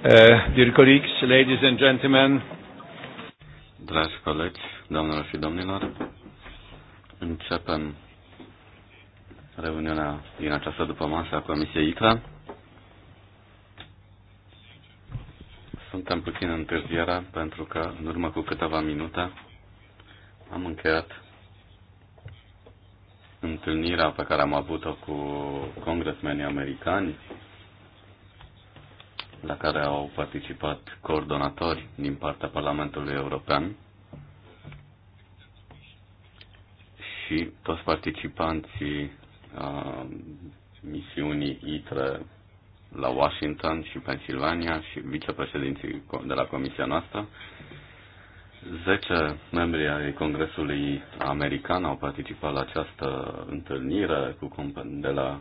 Uh, dear colleagues, ladies and gentlemen. Dragi colegi, doamnelor și domnilor, începem reuniunea din această după-masă a Comisiei ITRA. Suntem puțin în întârziere pentru că în urmă cu câteva minute am încheiat întâlnirea pe care am avut-o cu congresmenii americani la care au participat coordonatori din partea Parlamentului European și toți participanții misiunii ITRE la Washington și Pennsylvania și vicepreședinții de la comisia noastră. Zece membri ai Congresului American au participat la această întâlnire cu, de la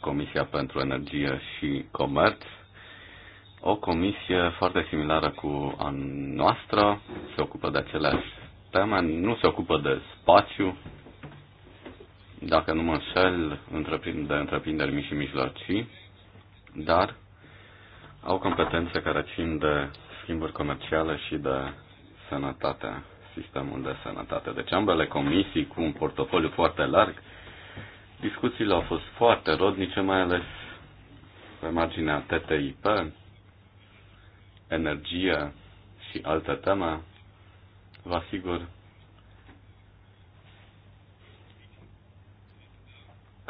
Comisia pentru Energie și Comerț o comisie foarte similară cu a noastră, se ocupă de aceleași teme, nu se ocupă de spațiu, dacă nu mă înșel, de întreprinderi mici și mijlocii, dar au competențe care țin de schimburi comerciale și de sănătate, sistemul de sănătate. Deci ambele comisii cu un portofoliu foarte larg, discuțiile au fost foarte rodnice, mai ales pe marginea TTIP, energia și alte teme, vă asigur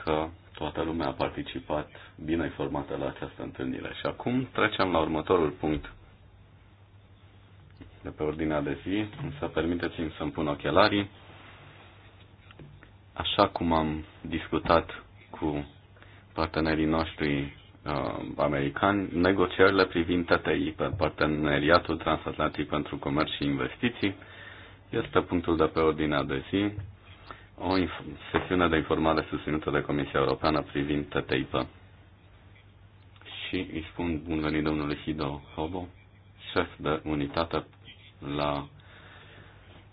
că toată lumea a participat bine informată la această întâlnire. Și acum trecem la următorul punct de pe ordinea de zi, însă permiteți-mi să-mi pun ochelarii. Așa cum am discutat cu partenerii noștri uh, americani negocierile privind TTIP, Parteneriatul Transatlantic pentru Comerț și Investiții. Este punctul de pe ordinea de zi, o sesiune de informare susținută de Comisia Europeană privind TTIP. Și îi spun bun venit domnului Hido Hobo, șef de unitate la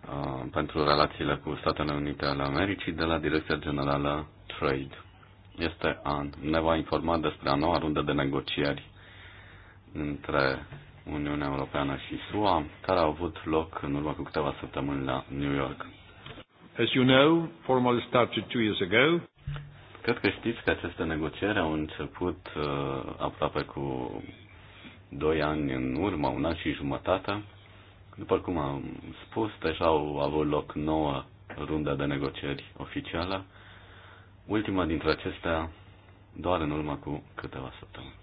uh, pentru relațiile cu Statele Unite ale Americii de la Direcția Generală Trade. Este an ne va informa despre a noua rundă de negocieri între Uniunea Europeană și SUA, care a avut loc în urmă cu câteva săptămâni la New York. As you know, formal started two years ago. Cred că știți că aceste negocieri au început uh, aproape cu doi ani în urmă, un an și jumătate. După cum am spus, deja au avut loc nouă runde de negocieri oficială ultima dintre acestea doar în urmă cu câteva săptămâni.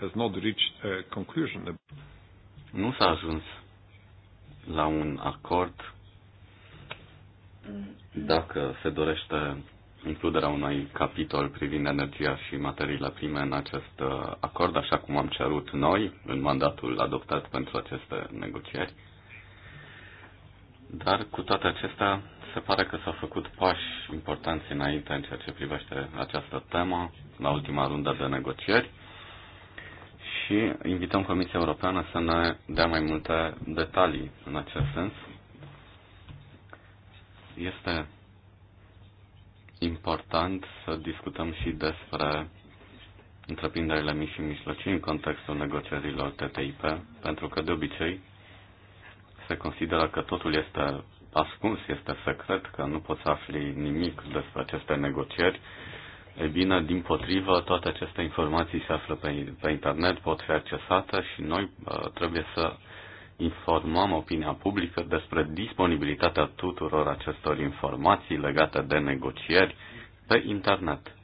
Has not reached a conclusion. Nu s-a ajuns la un acord dacă se dorește includerea unui capitol privind energia și materiile prime în acest uh, acord, așa cum am cerut noi în mandatul adoptat pentru aceste negocieri. Dar cu toate acestea, se pare că s-au făcut pași importanți înainte în ceea ce privește această temă, la ultima rundă de negocieri și invităm Comisia Europeană să ne dea mai multe detalii în acest sens. Este important să discutăm și despre întreprinderile mici și mijlocii în contextul negocierilor TTIP, pentru că de obicei se consideră că totul este ascuns, este secret, că nu poți afli nimic despre aceste negocieri. E bine, din potrivă, toate aceste informații se află pe, pe internet, pot fi accesate și noi uh, trebuie să informăm opinia publică despre disponibilitatea tuturor acestor informații legate de negocieri pe internet.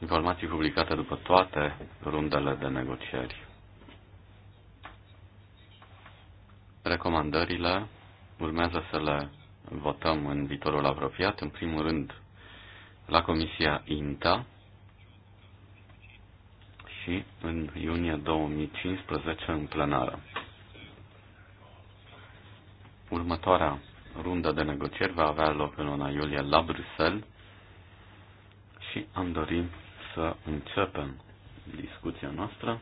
Informații publicate după toate rundele de negocieri. Recomandările Urmează să le votăm în viitorul apropiat. În primul rând, la Comisia INTA și în iunie 2015 în plenară. Următoarea rundă de negocieri va avea loc în luna iulie la Bruxelles și am dorit să începem discuția noastră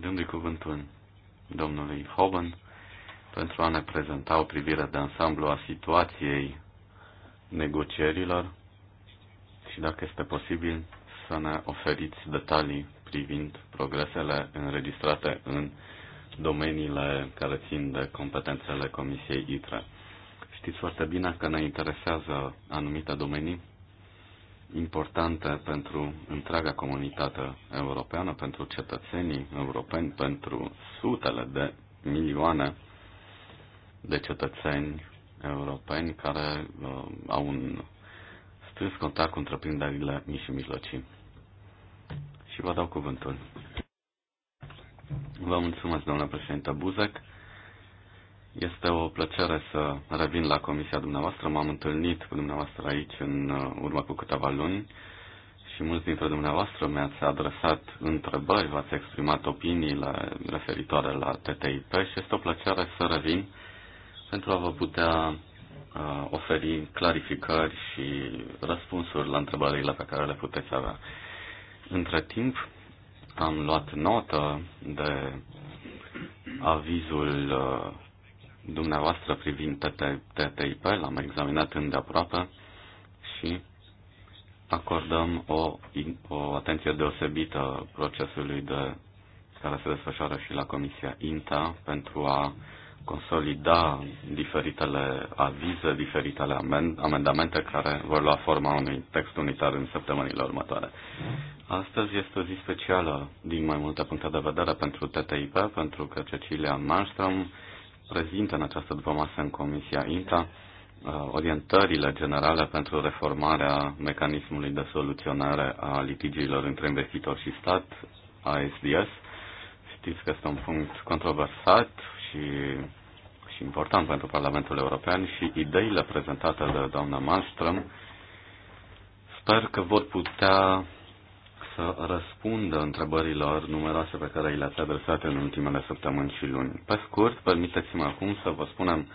dându-i cuvântul domnului Hoban pentru a ne prezenta o privire de ansamblu a situației negocierilor și dacă este posibil să ne oferiți detalii privind progresele înregistrate în domeniile care țin de competențele Comisiei ITRE. Știți foarte bine că ne interesează anumite domenii importante pentru întreaga comunitate europeană, pentru cetățenii europeni, pentru sutele de milioane de cetățeni europeni care uh, au un strâns contact cu întreprinderile mici și mijlocii. Și vă dau cuvântul. Vă mulțumesc, doamna președintă Buzek. Este o plăcere să revin la comisia dumneavoastră. M-am întâlnit cu dumneavoastră aici în uh, urmă cu câteva luni și mulți dintre dumneavoastră mi-ați adresat întrebări, v-ați exprimat opiniile referitoare la TTIP și este o plăcere să revin pentru a vă putea uh, oferi clarificări și răspunsuri la întrebările pe care le puteți avea. Între timp, am luat notă de avizul uh, dumneavoastră privind TTIP, l-am examinat îndeaproape și acordăm o, o atenție deosebită procesului de care se desfășoară și la Comisia INTA pentru a consolida diferitele avize, diferitele amend- amendamente care vor lua forma unui text unitar în săptămânile următoare. Astăzi este o zi specială din mai multe puncte de vedere pentru TTIP, pentru că Cecilia Malmström prezintă în această masă în Comisia INTA uh, orientările generale pentru reformarea mecanismului de soluționare a litigiilor între investitor și stat, ASDS. Știți că este un punct controversat și, și important pentru Parlamentul European și ideile prezentate de doamna Malmström sper că vor putea să răspundă întrebărilor numeroase pe care le-ați adresat în ultimele săptămâni și luni. Pe scurt, permiteți-mă acum să vă spunem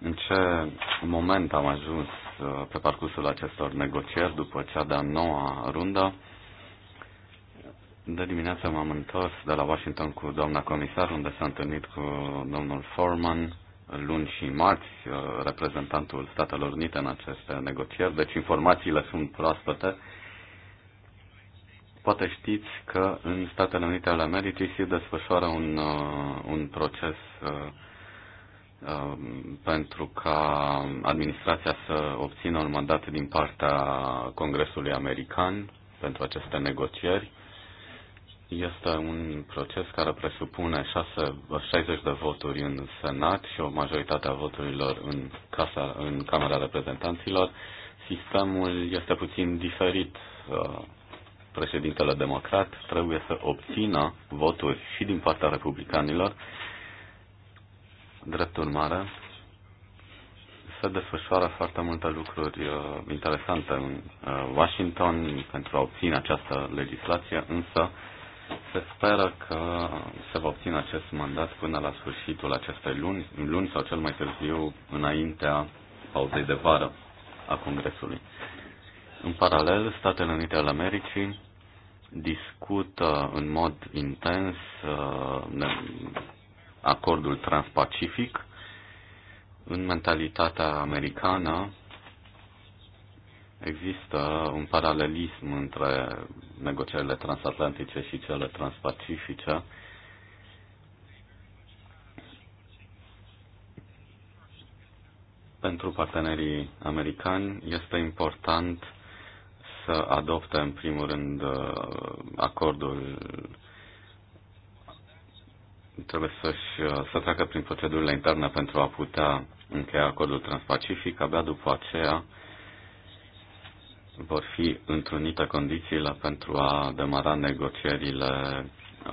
în ce moment am ajuns uh, pe parcursul acestor negocieri după cea de-a noua rundă. De dimineață m-am întors de la Washington cu doamna comisar, unde s-a întâlnit cu domnul Foreman luni și marți, uh, reprezentantul Statelor Unite în aceste negocieri, deci informațiile sunt proaspete Poate știți că în Statele Unite ale Americii se desfășoară un, uh, un proces uh, uh, pentru ca administrația să obțină un mandat din partea Congresului American pentru aceste negocieri. Este un proces care presupune 6, 60 de voturi în Senat și o majoritate a voturilor în, casa, în Camera Reprezentanților. Sistemul este puțin diferit uh, președintele democrat trebuie să obțină voturi și din partea republicanilor. Drept urmare, se desfășoară foarte multe lucruri uh, interesante în uh, Washington pentru a obține această legislație, însă se speră că se va obține acest mandat până la sfârșitul acestei luni, luni sau cel mai târziu înaintea pauzei de vară a Congresului. În paralel, Statele Unite ale Americii discută în mod intens uh, acordul transpacific. În mentalitatea americană există un paralelism între negocierile transatlantice și cele transpacifice. Pentru partenerii americani este important să adopte în primul rând uh, acordul trebuie să-și, uh, să treacă prin procedurile interne pentru a putea încheia acordul transpacific, abia după aceea vor fi întrunite condițiile pentru a demara negocierile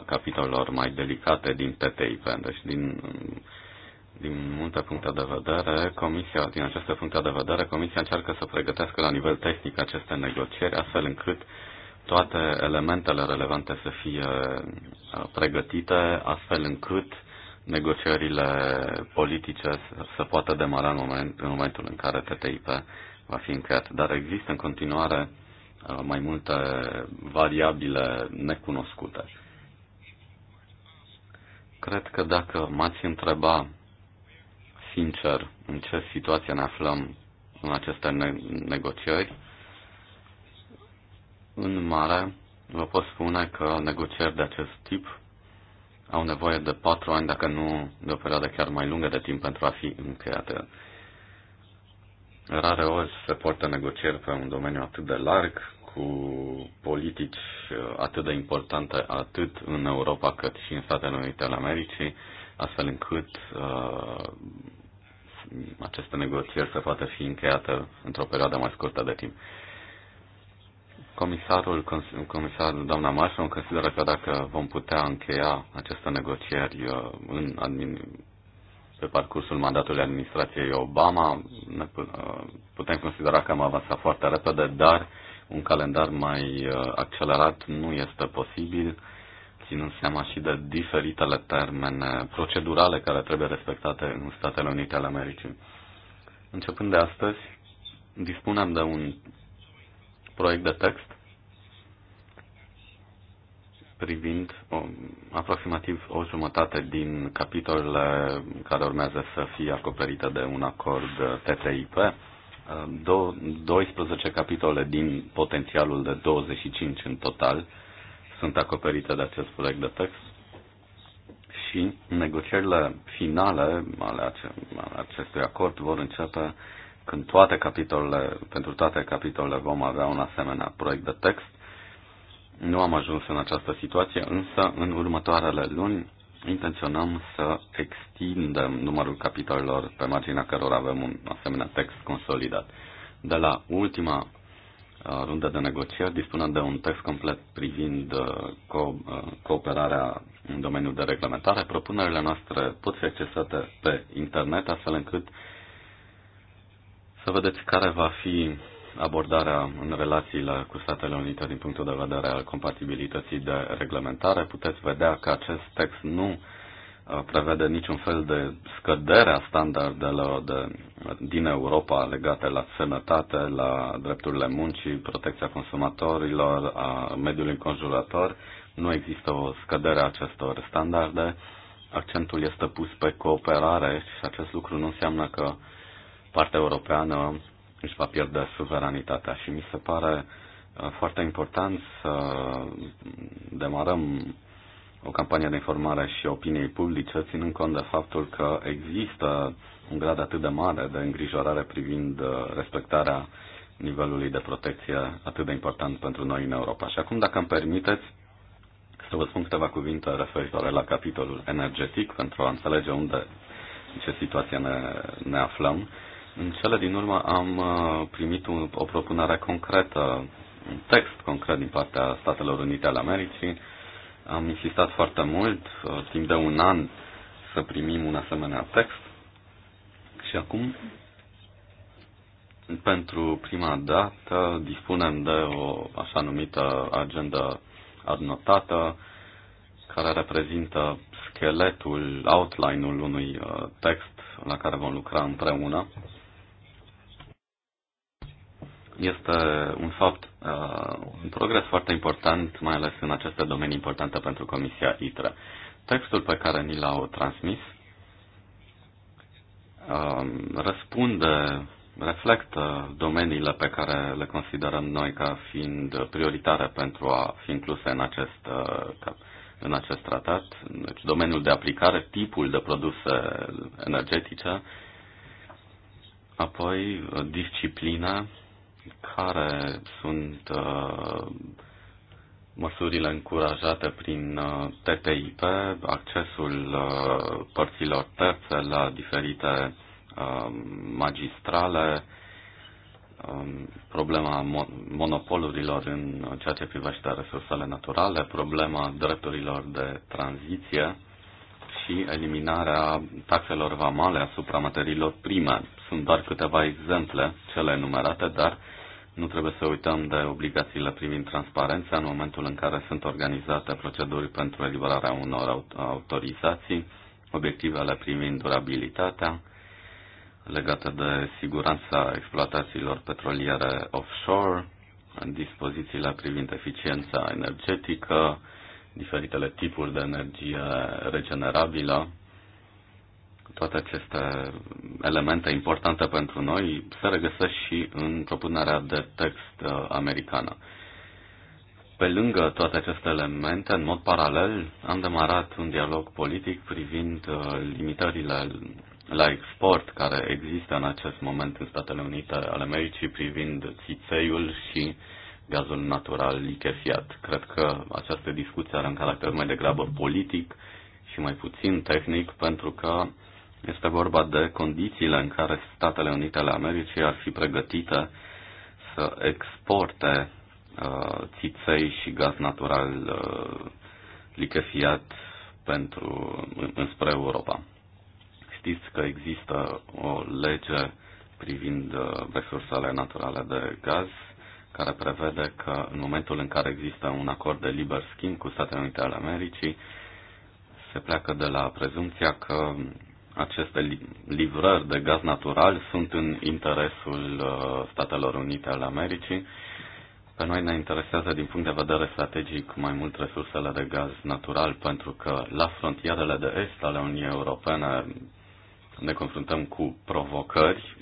capitolelor mai delicate din TTIP, deci din din multe puncte de vedere, Comisia, din aceste puncte de vedere, Comisia încearcă să pregătească la nivel tehnic aceste negocieri, astfel încât toate elementele relevante să fie pregătite, astfel încât negocierile politice să poată demara în, moment, în momentul în care TTIP va fi încheiat. Dar există în continuare mai multe variabile necunoscute. Cred că dacă m-ați întrebat sincer în ce situație ne aflăm în aceste ne- negocieri. În mare, vă pot spune că negocieri de acest tip au nevoie de patru ani, dacă nu de o perioadă chiar mai lungă de timp pentru a fi încheiate. Rare ori se poartă negocieri pe un domeniu atât de larg, cu politici uh, atât de importante atât în Europa cât și în Statele Unite ale Americii, astfel încât uh, aceste negocieri să poată fi încheiată într-o perioadă mai scurtă de timp. Comisarul, comisarul doamna Marșon consideră că dacă vom putea încheia aceste negocieri uh, în admin, pe parcursul mandatului administrației Obama, ne uh, putem considera că am avansat foarte repede, dar un calendar mai uh, accelerat nu este posibil ținând seama și de diferitele termene procedurale care trebuie respectate în Statele Unite ale Americii. Începând de astăzi, dispunem de un proiect de text privind o, aproximativ o jumătate din capitolele care urmează să fie acoperite de un acord TTIP, 12 capitole din potențialul de 25 în total, sunt acoperite de acest proiect de text și negocierile finale ale, ace- ale acestui acord vor începe când toate capitolele, pentru toate capitolele vom avea un asemenea proiect de text. Nu am ajuns în această situație, însă în următoarele luni intenționăm să extindem numărul capitolelor pe marginea cărora avem un asemenea text consolidat. De la ultima Uh, runde de negocieri, dispune de un text complet privind uh, co- uh, cooperarea în domeniul de reglementare. Propunerile noastre pot fi accesate pe internet, astfel încât să vedeți care va fi abordarea în relațiile cu Statele Unite din punctul de vedere al compatibilității de reglementare. Puteți vedea că acest text nu prevede niciun fel de scădere a standardelor de, din Europa legate la sănătate, la drepturile muncii, protecția consumatorilor, a mediului înconjurător. Nu există o scădere a acestor standarde. Accentul este pus pe cooperare și acest lucru nu înseamnă că partea europeană își va pierde suveranitatea și mi se pare uh, foarte important să demarăm o campanie de informare și opiniei publice, ținând cont de faptul că există un grad atât de mare de îngrijorare privind uh, respectarea nivelului de protecție atât de important pentru noi în Europa. Și acum, dacă îmi permiteți, să vă spun câteva cuvinte referitoare la capitolul energetic pentru a înțelege unde, în ce situație ne, ne aflăm. În cele din urmă am uh, primit un, o propunere concretă, un text concret din partea Statelor Unite ale Americii, am insistat foarte mult, uh, timp de un an, să primim un asemenea text. Și acum, pentru prima dată, dispunem de o așa numită agenda adnotată, care reprezintă scheletul, outline-ul unui uh, text la care vom lucra împreună este un fapt, uh, un progres foarte important, mai ales în aceste domenii importante pentru Comisia ITRE. Textul pe care ni l-au transmis um, răspunde, reflectă domeniile pe care le considerăm noi ca fiind prioritare pentru a fi incluse în acest, uh, în acest tratat, deci domeniul de aplicare, tipul de produse energetice, apoi disciplina care sunt uh, măsurile încurajate prin uh, TTIP, accesul uh, părților terțe la diferite magistrale, um, problema monopolurilor în ceea ce privește resursele naturale, problema drepturilor de tranziție și eliminarea taxelor vamale asupra materiilor prime. Sunt doar câteva exemple, cele enumerate, dar nu trebuie să uităm de obligațiile privind transparența în momentul în care sunt organizate proceduri pentru eliberarea unor autorizații, obiectivele privind durabilitatea, legată de siguranța exploatațiilor petroliere offshore, dispozițiile privind eficiența energetică, diferitele tipuri de energie regenerabilă toate aceste elemente importante pentru noi se regăsesc și în propunerea de text uh, americană. Pe lângă toate aceste elemente, în mod paralel, am demarat un dialog politic privind uh, limitările la export care există în acest moment în Statele Unite ale Americii privind țițeiul și gazul natural lichefiat. Cred că această discuție are un caracter mai degrabă politic și mai puțin tehnic pentru că este vorba de condițiile în care Statele Unite ale Americii ar fi pregătite să exporte uh, țiței și gaz natural uh, lichefiat pentru, înspre Europa. Știți că există o lege privind uh, resursele naturale de gaz care prevede că în momentul în care există un acord de liber schimb cu Statele Unite ale Americii, se pleacă de la prezumția că aceste livrări de gaz natural sunt în interesul uh, Statelor Unite ale Americii. Pe noi ne interesează din punct de vedere strategic mai mult resursele de gaz natural, pentru că la frontierele de est ale Uniunii Europene ne confruntăm cu provocări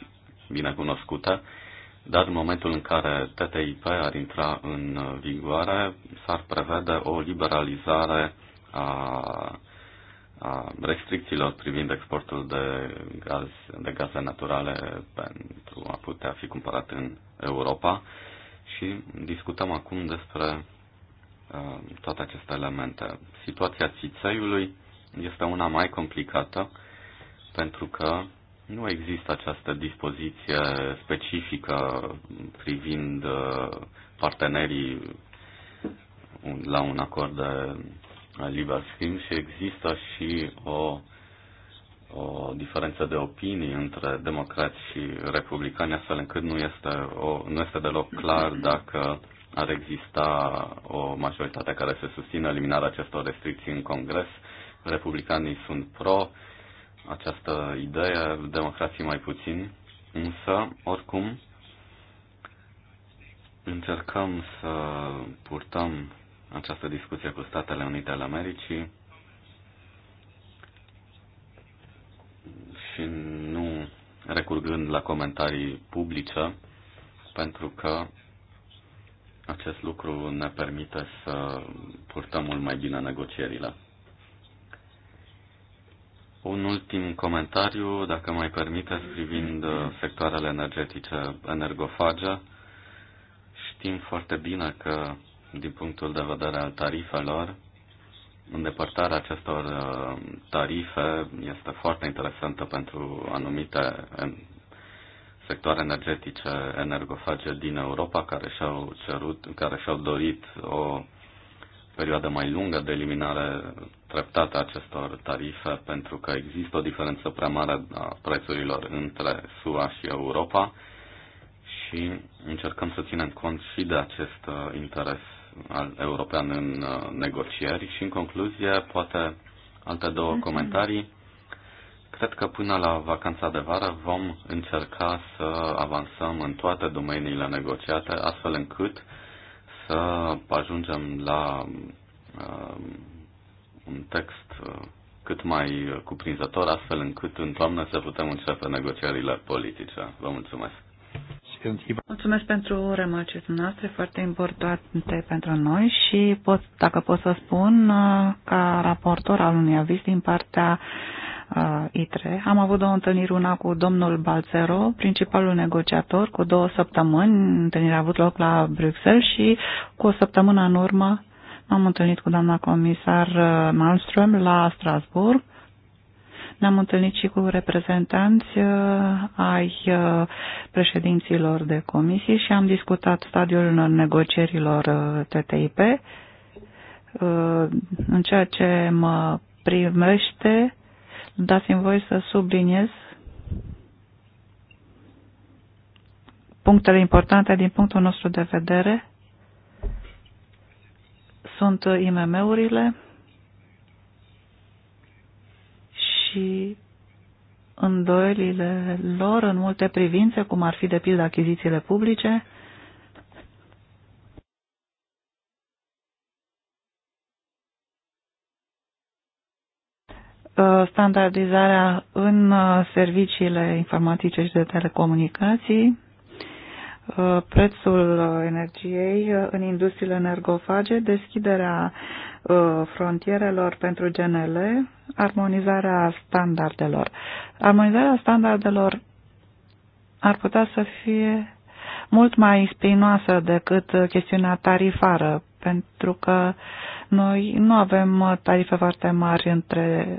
binecunoscute, dar în momentul în care TTIP ar intra în vigoare, s-ar prevede o liberalizare a a restricțiilor privind exportul de, gaz, de gaze naturale pentru a putea fi cumpărat în Europa și discutăm acum despre uh, toate aceste elemente. Situația țițeiului este una mai complicată pentru că nu există această dispoziție specifică privind partenerii la un acord de liber schimb și există și o, o diferență de opinii între democrați și republicani, astfel încât nu este, o, nu este deloc clar dacă ar exista o majoritate care să susțină eliminarea acestor restricții în Congres. Republicanii sunt pro această idee, democrații mai puțin, însă, oricum, încercăm să purtăm această discuție cu Statele Unite ale Americii și nu recurgând la comentarii publice, pentru că acest lucru ne permite să purtăm mult mai bine negocierile. Un ultim comentariu, dacă mai permiteți, privind uh, sectoarele energetice energofage. Știm foarte bine că din punctul de vedere al tarifelor, îndepărtarea acestor uh, tarife este foarte interesantă pentru anumite sectoare energetice energofage din Europa care și-au cerut, care și-au dorit o perioadă mai lungă de eliminare treptată a acestor tarife pentru că există o diferență prea mare a prețurilor între SUA și Europa și încercăm să ținem cont și de acest uh, interes european în uh, negocieri și, în concluzie, poate alte două comentarii. Cred că până la vacanța de vară vom încerca să avansăm în toate domeniile negociate, astfel încât să ajungem la uh, un text uh, cât mai cuprinzător, astfel încât în toamnă să putem începe negocierile politice. Vă mulțumesc! Mulțumesc pentru remarcile noastre, foarte importante pentru noi și pot, dacă pot să spun, ca raportor al unui avis din partea uh, ITRE, am avut o întâlniri, una cu domnul Balzero, principalul negociator, cu două săptămâni, întâlnirea a avut loc la Bruxelles și cu o săptămână în urmă m-am întâlnit cu doamna comisar uh, Malmström la Strasburg ne-am întâlnit și cu reprezentanți uh, ai uh, președinților de comisii și am discutat stadiul negocierilor uh, TTIP. În ceea ce mă primește, dați-mi voi să subliniez punctele importante din punctul nostru de vedere sunt IMM-urile, și îndoielile lor în multe privințe, cum ar fi de pildă achizițiile publice, uh, standardizarea în uh, serviciile informatice și de telecomunicații, Uh, prețul uh, energiei uh, în industriile energofage, deschiderea frontierelor pentru GNL, armonizarea standardelor. Armonizarea standardelor ar putea să fie mult mai spinoasă decât chestiunea tarifară, pentru că noi nu avem tarife foarte mari între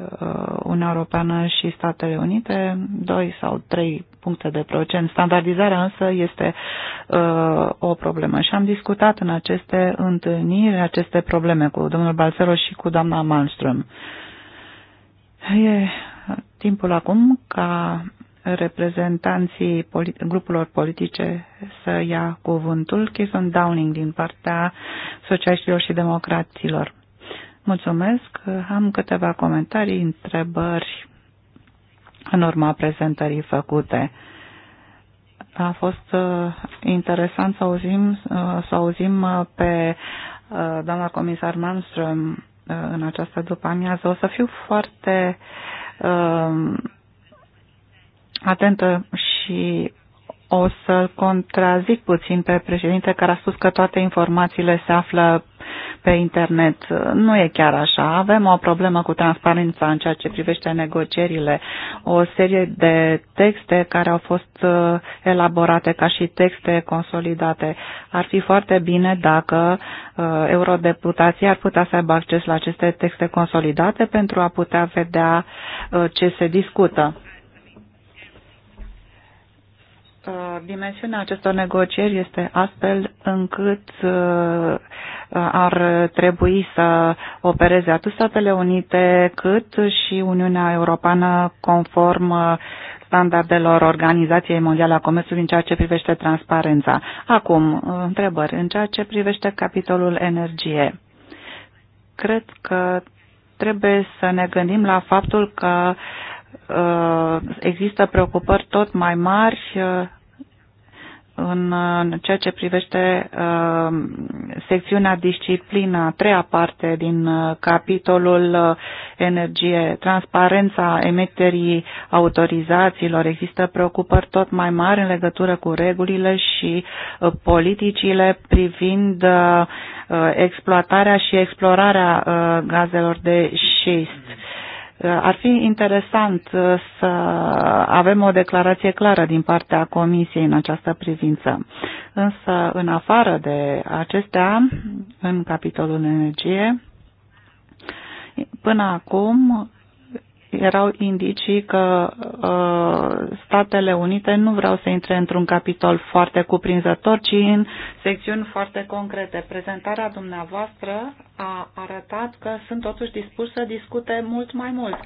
Uniunea Europeană și Statele Unite, 2 sau 3 puncte de procent. Standardizarea însă este uh, o problemă și am discutat în aceste întâlniri aceste probleme cu domnul Balsero și cu doamna Malmström. E timpul acum ca reprezentanții politi- grupurilor politice să ia cuvântul. sunt Downing din partea socialiștilor și democraților. Mulțumesc. Am câteva comentarii, întrebări în urma prezentării făcute. A fost uh, interesant să auzim, uh, să auzim uh, pe doamna comisar Malmström în această după-amiază. O să fiu foarte atentă și o să-l contrazic puțin pe președinte care a spus că toate informațiile se află pe internet. Nu e chiar așa. Avem o problemă cu transparența în ceea ce privește negocierile. O serie de texte care au fost uh, elaborate ca și texte consolidate. Ar fi foarte bine dacă uh, eurodeputații ar putea să aibă acces la aceste texte consolidate pentru a putea vedea uh, ce se discută. Uh, dimensiunea acestor negocieri este astfel încât uh, ar trebui să opereze atât Statele Unite cât și Uniunea Europeană conform uh, standardelor Organizației Mondiale a Comerțului în ceea ce privește transparența. Acum, întrebări. În ceea ce privește capitolul energie, cred că trebuie să ne gândim la faptul că uh, Uh, există preocupări tot mai mari uh, în ceea ce privește uh, secțiunea disciplina, a treia parte din capitolul energie, transparența emiterii autorizațiilor. Există preocupări tot mai mari în legătură cu regulile și politicile privind exploatarea și explorarea gazelor de șist ar fi interesant uh, să avem o declarație clară din partea Comisiei în această privință. Însă, în afară de acestea, în capitolul energie, până acum erau indicii că uh, Statele Unite nu vreau să intre într-un capitol foarte cuprinzător, ci în secțiuni foarte concrete. Prezentarea dumneavoastră a arătat că sunt totuși dispuși să discute mult mai mult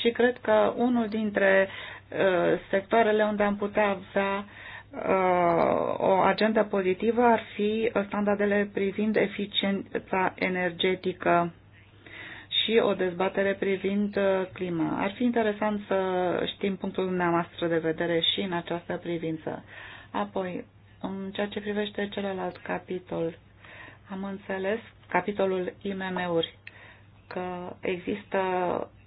și cred că unul dintre uh, sectoarele unde am putea avea uh, o agendă pozitivă ar fi standardele privind eficiența energetică și o dezbatere privind uh, clima. Ar fi interesant să știm punctul dumneavoastră de vedere și în această privință. Apoi, în ceea ce privește celălalt capitol, am înțeles, capitolul IMM-uri, că există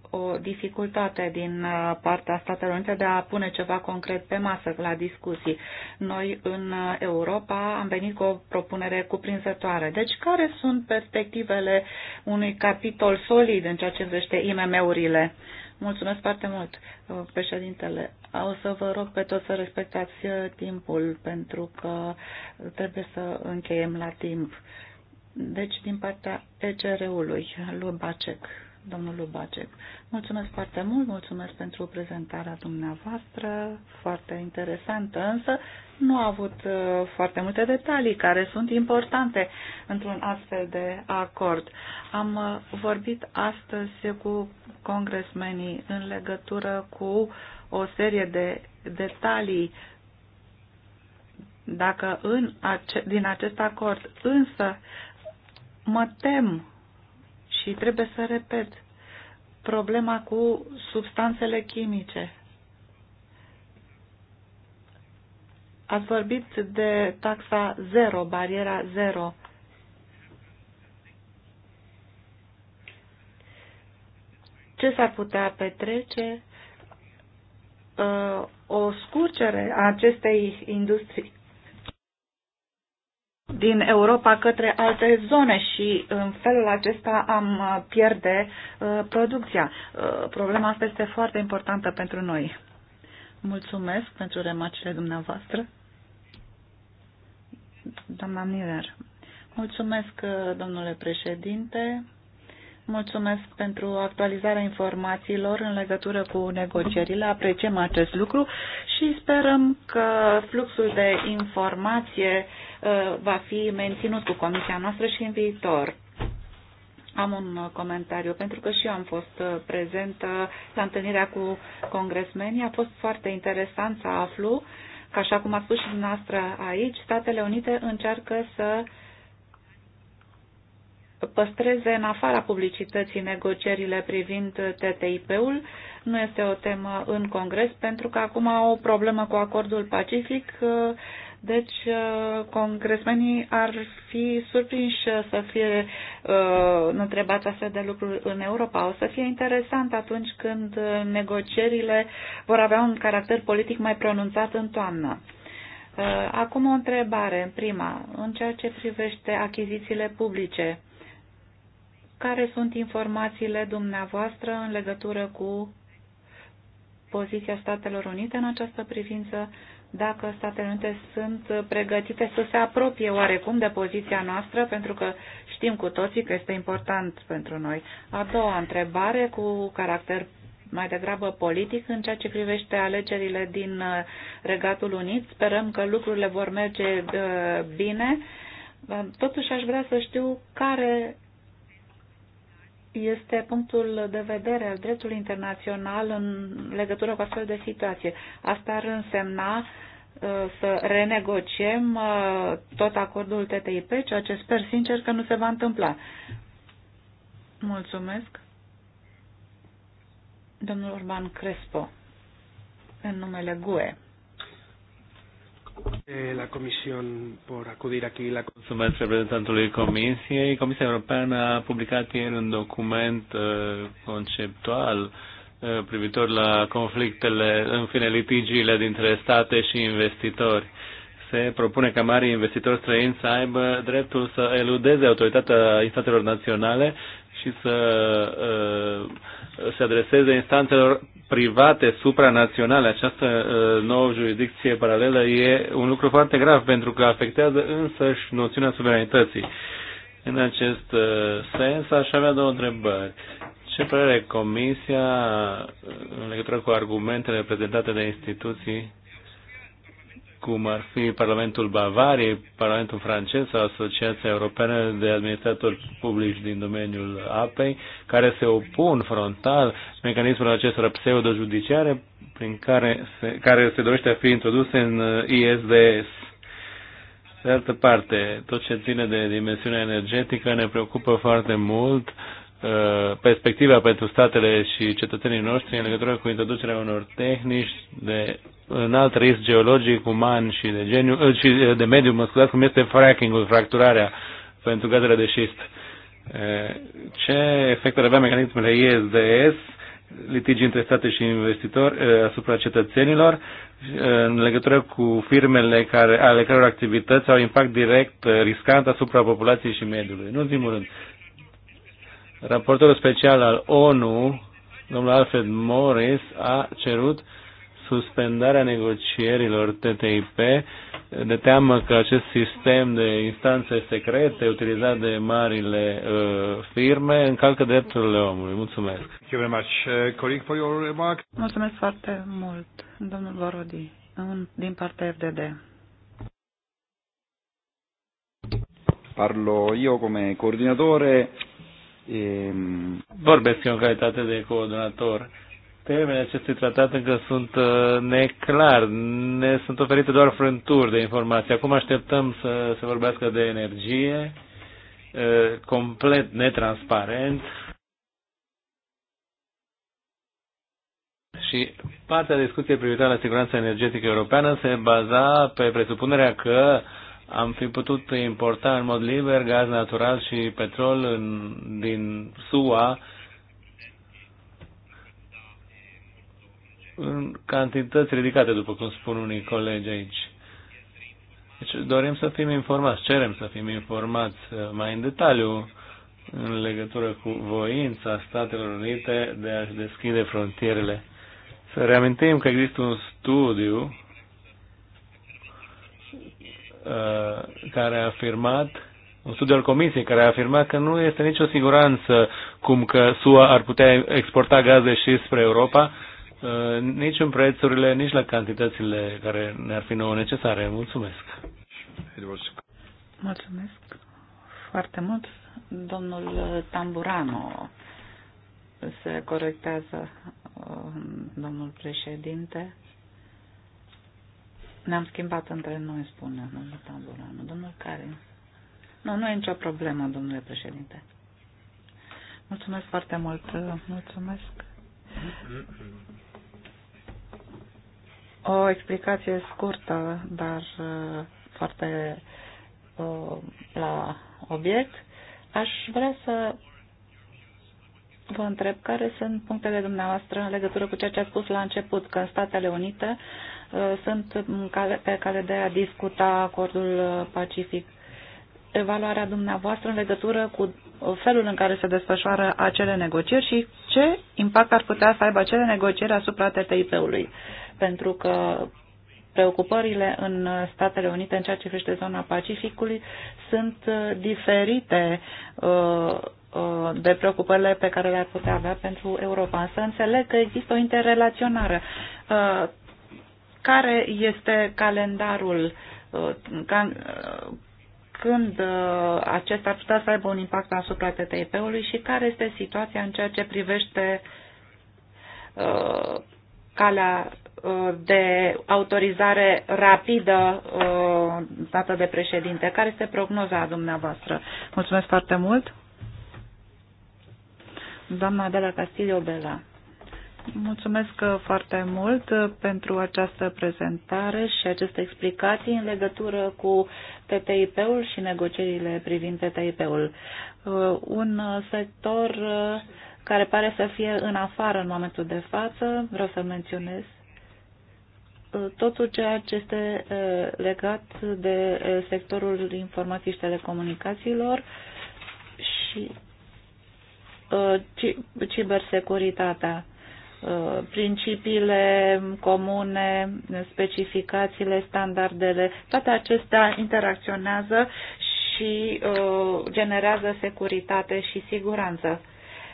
o dificultate din uh, partea Statelor Unite de a pune ceva concret pe masă la discuții. Noi în uh, Europa am venit cu o propunere cuprinzătoare. Deci care sunt perspectivele unui capitol solid în ceea ce vește IMM-urile? Mulțumesc foarte mult, uh, președintele. O să vă rog pe toți să respectați timpul, pentru că trebuie să încheiem la timp. Deci, din partea ECR-ului, lui Bacec domnul Lubacek. Mulțumesc foarte mult, mulțumesc pentru prezentarea dumneavoastră, foarte interesantă, însă nu a avut uh, foarte multe detalii care sunt importante într-un astfel de acord. Am uh, vorbit astăzi cu congresmenii în legătură cu o serie de detalii dacă în ace- din acest acord, însă mă tem și trebuie să repet, problema cu substanțele chimice. Ați vorbit de taxa zero, bariera zero. Ce s-ar putea petrece? Uh, o scurcere a acestei industrii din Europa către alte zone și în felul acesta am uh, pierde uh, producția. Uh, problema asta este foarte importantă pentru noi. Mulțumesc pentru remarcile dumneavoastră. Doamna Miller, mulțumesc, domnule președinte. Mulțumesc pentru actualizarea informațiilor în legătură cu negocierile. Apreciem acest lucru și sperăm că fluxul de informație uh, Uh, va fi menținut cu comisia noastră și în viitor. Am un uh, comentariu, pentru că și eu am fost uh, prezentă la întâlnirea cu congresmenii. A fost foarte interesant să aflu că, așa cum a spus și dumneavoastră aici, Statele Unite încearcă să păstreze în afara publicității negocierile privind TTIP-ul. Nu este o temă în Congres, pentru că acum au o problemă cu acordul Pacific deci, uh, congresmenii ar fi surprinși să fie uh, întrebați astfel de lucruri în Europa. O să fie interesant atunci când uh, negocierile vor avea un caracter politic mai pronunțat în toamnă. Uh, acum o întrebare, în prima, în ceea ce privește achizițiile publice. Care sunt informațiile dumneavoastră în legătură cu poziția Statelor Unite în această privință? Uh, dacă Statele Unite sunt uh, pregătite să se apropie oarecum de poziția noastră, pentru că știm cu toții că este important pentru noi. A doua întrebare cu caracter mai degrabă politic în ceea ce privește alegerile din uh, Regatul Unit. Sperăm că lucrurile vor merge uh, bine. Totuși aș vrea să știu care este punctul de vedere al dreptului internațional în legătură cu astfel de situație. Asta ar însemna uh, să renegociem uh, tot acordul TTIP, ceea ce sper sincer că nu se va întâmpla. Mulțumesc. Domnul Urban Crespo, în numele GUE. La Comisión por acudir aquí. La... Mulțumesc reprezentantului Comisiei. Comisia Europeană a publicat ieri un document uh, conceptual uh, privitor la conflictele, în fine, litigiile dintre state și investitori. Se propune ca mari investitori străini să aibă dreptul să eludeze autoritatea statelor naționale și să uh, se adreseze instanțelor private supranaționale. Această uh, nouă jurisdicție paralelă e un lucru foarte grav pentru că afectează însăși noțiunea suveranității. În acest uh, sens, aș avea două întrebări. Ce părere Comisia în legătură cu argumentele prezentate de instituții cum ar fi Parlamentul Bavariei, Parlamentul francez sau Asociația Europeană de Administratori Publici din domeniul apei, care se opun frontal mecanismul acestor pseudo-judiciare prin care se, care se dorește a fi introduse în uh, ISDS. De altă parte, tot ce ține de dimensiunea energetică ne preocupă foarte mult uh, perspectiva pentru statele și cetățenii noștri în legătură cu introducerea unor tehnici de în alt risc geologic, uman și de, geniu, uh, și de mediu, mă scuzați, cum este fracking-ul, fracturarea pentru gazele de șist. Uh, ce efectele avea mecanismele ISDS, litigi între state și investitori uh, asupra cetățenilor, în legătură cu firmele care, ale căror activități au impact direct riscant asupra populației și mediului. În ultimul rând, raportorul special al ONU, domnul Alfred Morris, a cerut uh, suspendarea negocierilor TTIP de teamă că acest sistem de instanțe secrete utilizat de marile uh, firme încalcă drepturile omului. Mulțumesc. Uh, Mulțumesc foarte mult, domnul Vorodi, din partea FDD. Parlo io come coordinatore. E... Ehm, Vorbesc eu în calitate de coordonator Termenii acestui tratat încă sunt uh, neclar, ne sunt oferite doar frânturi de informații. Acum așteptăm să se vorbească de energie, uh, complet netransparent. Și partea discuției privitoare la siguranța energetică europeană se baza pe presupunerea că am fi putut importa în mod liber gaz natural și petrol în, din SUA în cantități ridicate, după cum spun unii colegi aici. Deci dorim să fim informați, cerem să fim informați uh, mai în detaliu în legătură cu voința Statelor Unite de a-și deschide frontierele. Să reamintim că există un studiu uh, care a afirmat, un studiu al Comisiei care a afirmat că nu este nicio siguranță cum că SUA ar putea exporta gaze și spre Europa, Uh, nici în prețurile, nici la cantitățile care ne-ar fi nouă necesare. Mulțumesc! Mulțumesc foarte mult! Domnul Tamburano se corectează, uh, domnul președinte. Ne-am schimbat între noi, spune domnul Tamburano. Domnul Karin, Nu, nu e nicio problemă, domnule președinte. Mulțumesc foarte mult. Mulțumesc. O explicație scurtă, dar uh, foarte uh, la obiect. Aș vrea să vă întreb care sunt punctele dumneavoastră în legătură cu ceea ce a spus la început, că în Statele Unite uh, sunt pe cale de a discuta acordul pacific. Evaluarea dumneavoastră în legătură cu felul în care se desfășoară acele negocieri și ce impact ar putea să aibă acele negocieri asupra TTIP-ului. Pentru că preocupările în Statele Unite în ceea ce privește zona Pacificului sunt uh, diferite uh, uh, de preocupările pe care le-ar putea avea pentru Europa. Să înțeleg că există o interrelaționare. Care este calendarul când uh, acesta ar putea să aibă un impact asupra TTIP-ului și care este situația în ceea ce privește uh, calea uh, de autorizare rapidă dată de președinte. Care este prognoza dumneavoastră? Mulțumesc foarte mult. Doamna Adela Castillo Bela. Mulțumesc uh, foarte mult uh, pentru această prezentare și aceste explicații în legătură cu TTIP-ul și negocierile privind TTIP-ul. Uh, un sector care pare să fie în afară în momentul de față, vreau să menționez, totul ceea ce este legat de sectorul informației și telecomunicațiilor și cibersecuritatea Uh, principiile comune, specificațiile, standardele, toate acestea interacționează și uh, generează securitate și siguranță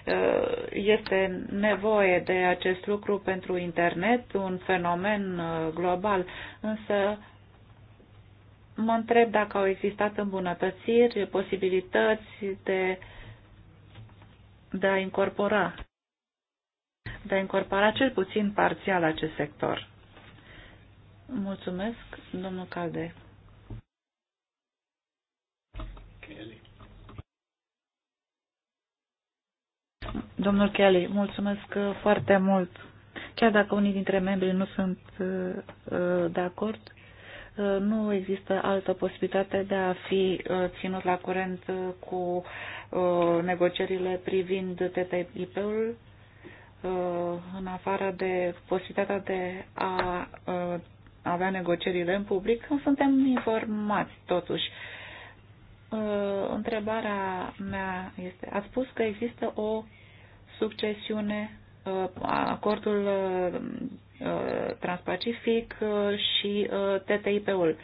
uh, este nevoie de acest lucru pentru internet, un fenomen global, însă mă întreb dacă au existat îmbunătățiri, posibilități de, de a incorpora de a incorpora cel puțin parțial acest sector. Mulțumesc, domnul Calde. Domnul Kelly, mulțumesc uh, foarte mult. Chiar dacă unii dintre membrii nu sunt uh, uh, de acord, nu există altă posibilitate de a fi ținut la curent cu negocierile privind TTIP-ul Uh, în afară de posibilitatea de a uh, avea negocierile în public, suntem informați totuși. Uh, întrebarea mea este, ați spus că există o succesiune, acordul transpacific și TTIP-ul.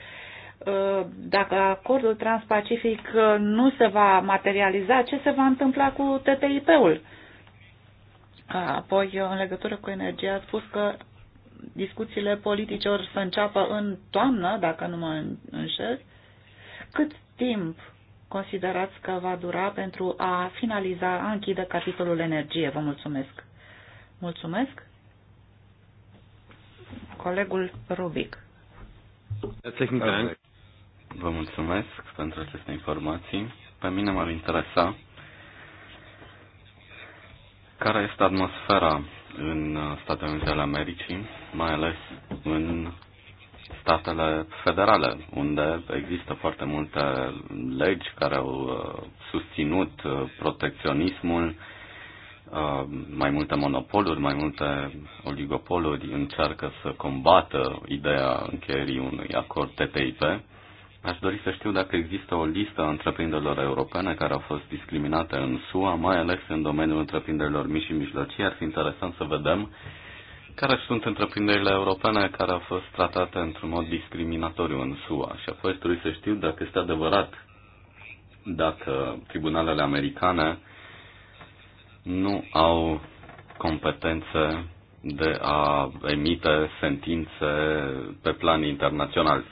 Dacă acordul transpacific nu se va materializa, ce se va întâmpla cu TTIP-ul? Uh, Apoi, în legătură cu energia, a spus că discuțiile politice or să înceapă în toamnă, dacă nu mă înșel. Cât timp considerați că va dura pentru a finaliza, a închide capitolul energie? Vă mulțumesc. Mulțumesc. Colegul Rubic. Vă mulțumesc pentru aceste informații. Pe mine m-ar interesa care este atmosfera în Statele Unite ale Americii, mai ales în statele federale, unde există foarte multe legi care au uh, susținut uh, protecționismul, uh, mai multe monopoluri, mai multe oligopoluri încearcă să combată ideea încheierii unui acord TTIP Aș dori să știu dacă există o listă a întreprinderilor europene care au fost discriminate în SUA, mai ales în domeniul întreprinderilor mici și mijlocii. Ar fi interesant să vedem care sunt întreprinderile europene care au fost tratate într-un mod discriminatoriu în SUA. Și apoi aș dori să știu dacă este adevărat dacă tribunalele americane nu au competențe de a emite sentințe pe plan internațional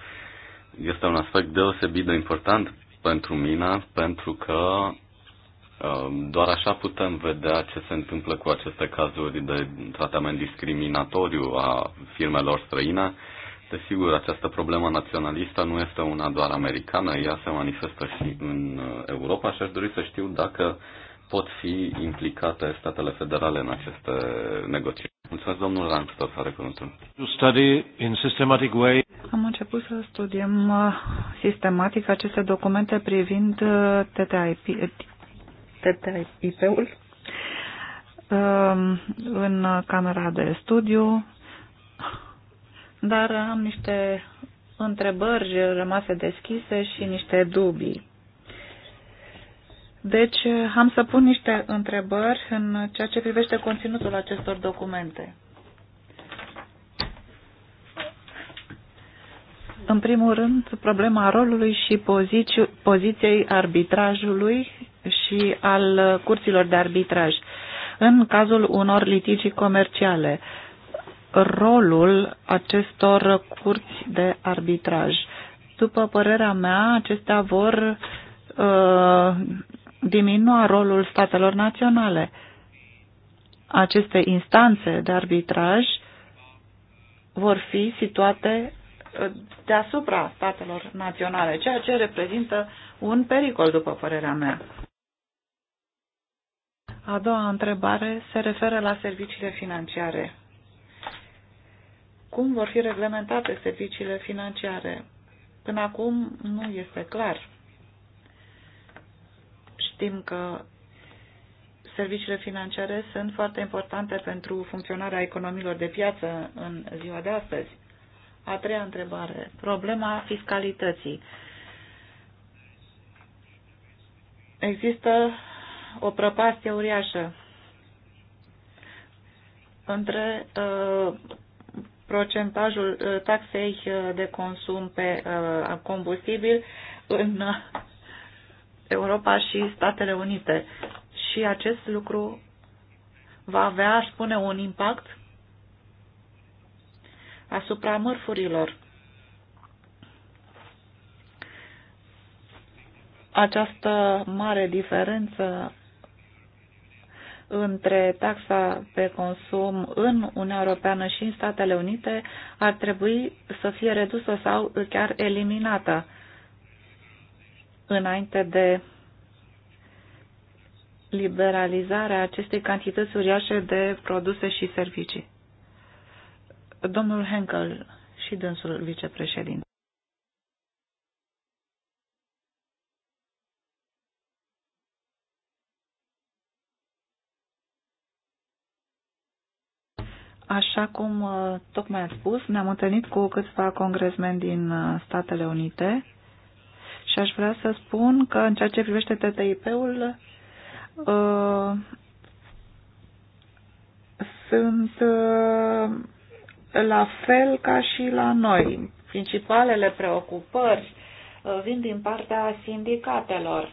este un aspect deosebit de important pentru mine, pentru că uh, doar așa putem vedea ce se întâmplă cu aceste cazuri de tratament discriminatoriu a firmelor străine. Desigur, această problemă naționalistă nu este una doar americană, ea se manifestă și în uh, Europa și aș dori să știu dacă uh, pot fi implicate statele federale în aceste negocieri. Mulțumesc, domnul Ransdorf, are cuvântul. Am început să studiem uh, sistematic aceste documente privind uh, TTIP-ul um, în camera de studiu, dar am niște întrebări rămase deschise și niște dubii. Deci eh, am să pun niște întrebări în ceea ce privește conținutul acestor documente. În primul rând, problema rolului și poziției arbitrajului și al curților de arbitraj. În cazul unor litigii comerciale, rolul acestor curți de arbitraj. După părerea mea, acestea vor uh, diminua rolul statelor naționale. Aceste instanțe de arbitraj vor fi situate uh, deasupra statelor naționale, ceea ce reprezintă un pericol, după părerea mea. A doua întrebare se referă la serviciile financiare. Cum vor fi reglementate serviciile financiare? Până acum nu este clar. Știm că serviciile financiare sunt foarte importante pentru funcționarea economiilor de piață în ziua de astăzi. A treia întrebare, problema fiscalității. Există o prăpastie uriașă între uh, procentajul uh, taxei uh, de consum pe uh, combustibil în Europa și Statele Unite. Și acest lucru va avea, aș spune, un impact asupra mărfurilor. Această mare diferență între taxa pe consum în Uniunea Europeană și în Statele Unite ar trebui să fie redusă sau chiar eliminată înainte de liberalizarea acestei cantități uriașe de produse și servicii. Domnul Henkel și dânsul vicepreședinte. Așa cum uh, tocmai ați spus, ne-am întâlnit cu câțiva congresmeni din uh, Statele Unite și aș vrea să spun că în ceea ce privește TTIP-ul, uh, sunt uh, la fel ca și la noi. Principalele preocupări uh, vin din partea sindicatelor.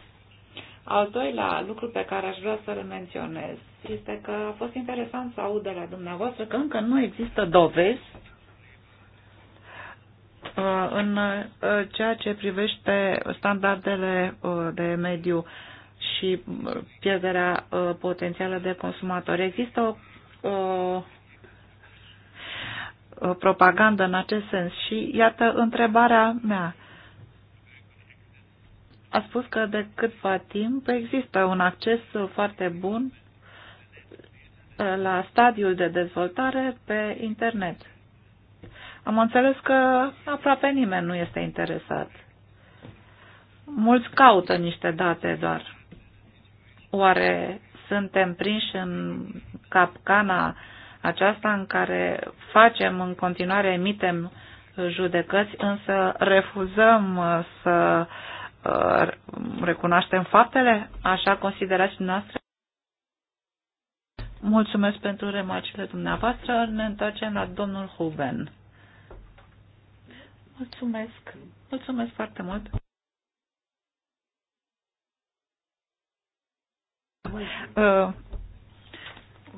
Al doilea lucru pe care aș vrea să-l menționez este că a fost interesant să aud de la dumneavoastră că încă nu există dovezi Uh, în uh, ceea ce privește standardele uh, de mediu și pierderea potențială de consumatori, există o propagandă în acest sens și iată întrebarea mea. A spus că de câtva timp există un acces foarte bun la stadiul de dezvoltare pe internet. Am înțeles că aproape nimeni nu este interesat. Mulți caută niște date doar. Oare suntem prinși în capcana aceasta în care facem în continuare, emitem judecăți, însă refuzăm să uh, recunoaștem faptele? Așa considerați noastră? Mulțumesc pentru remarcile dumneavoastră. Ne întoarcem la domnul Huben. Mulțumesc! Mulțumesc foarte mult! Uh,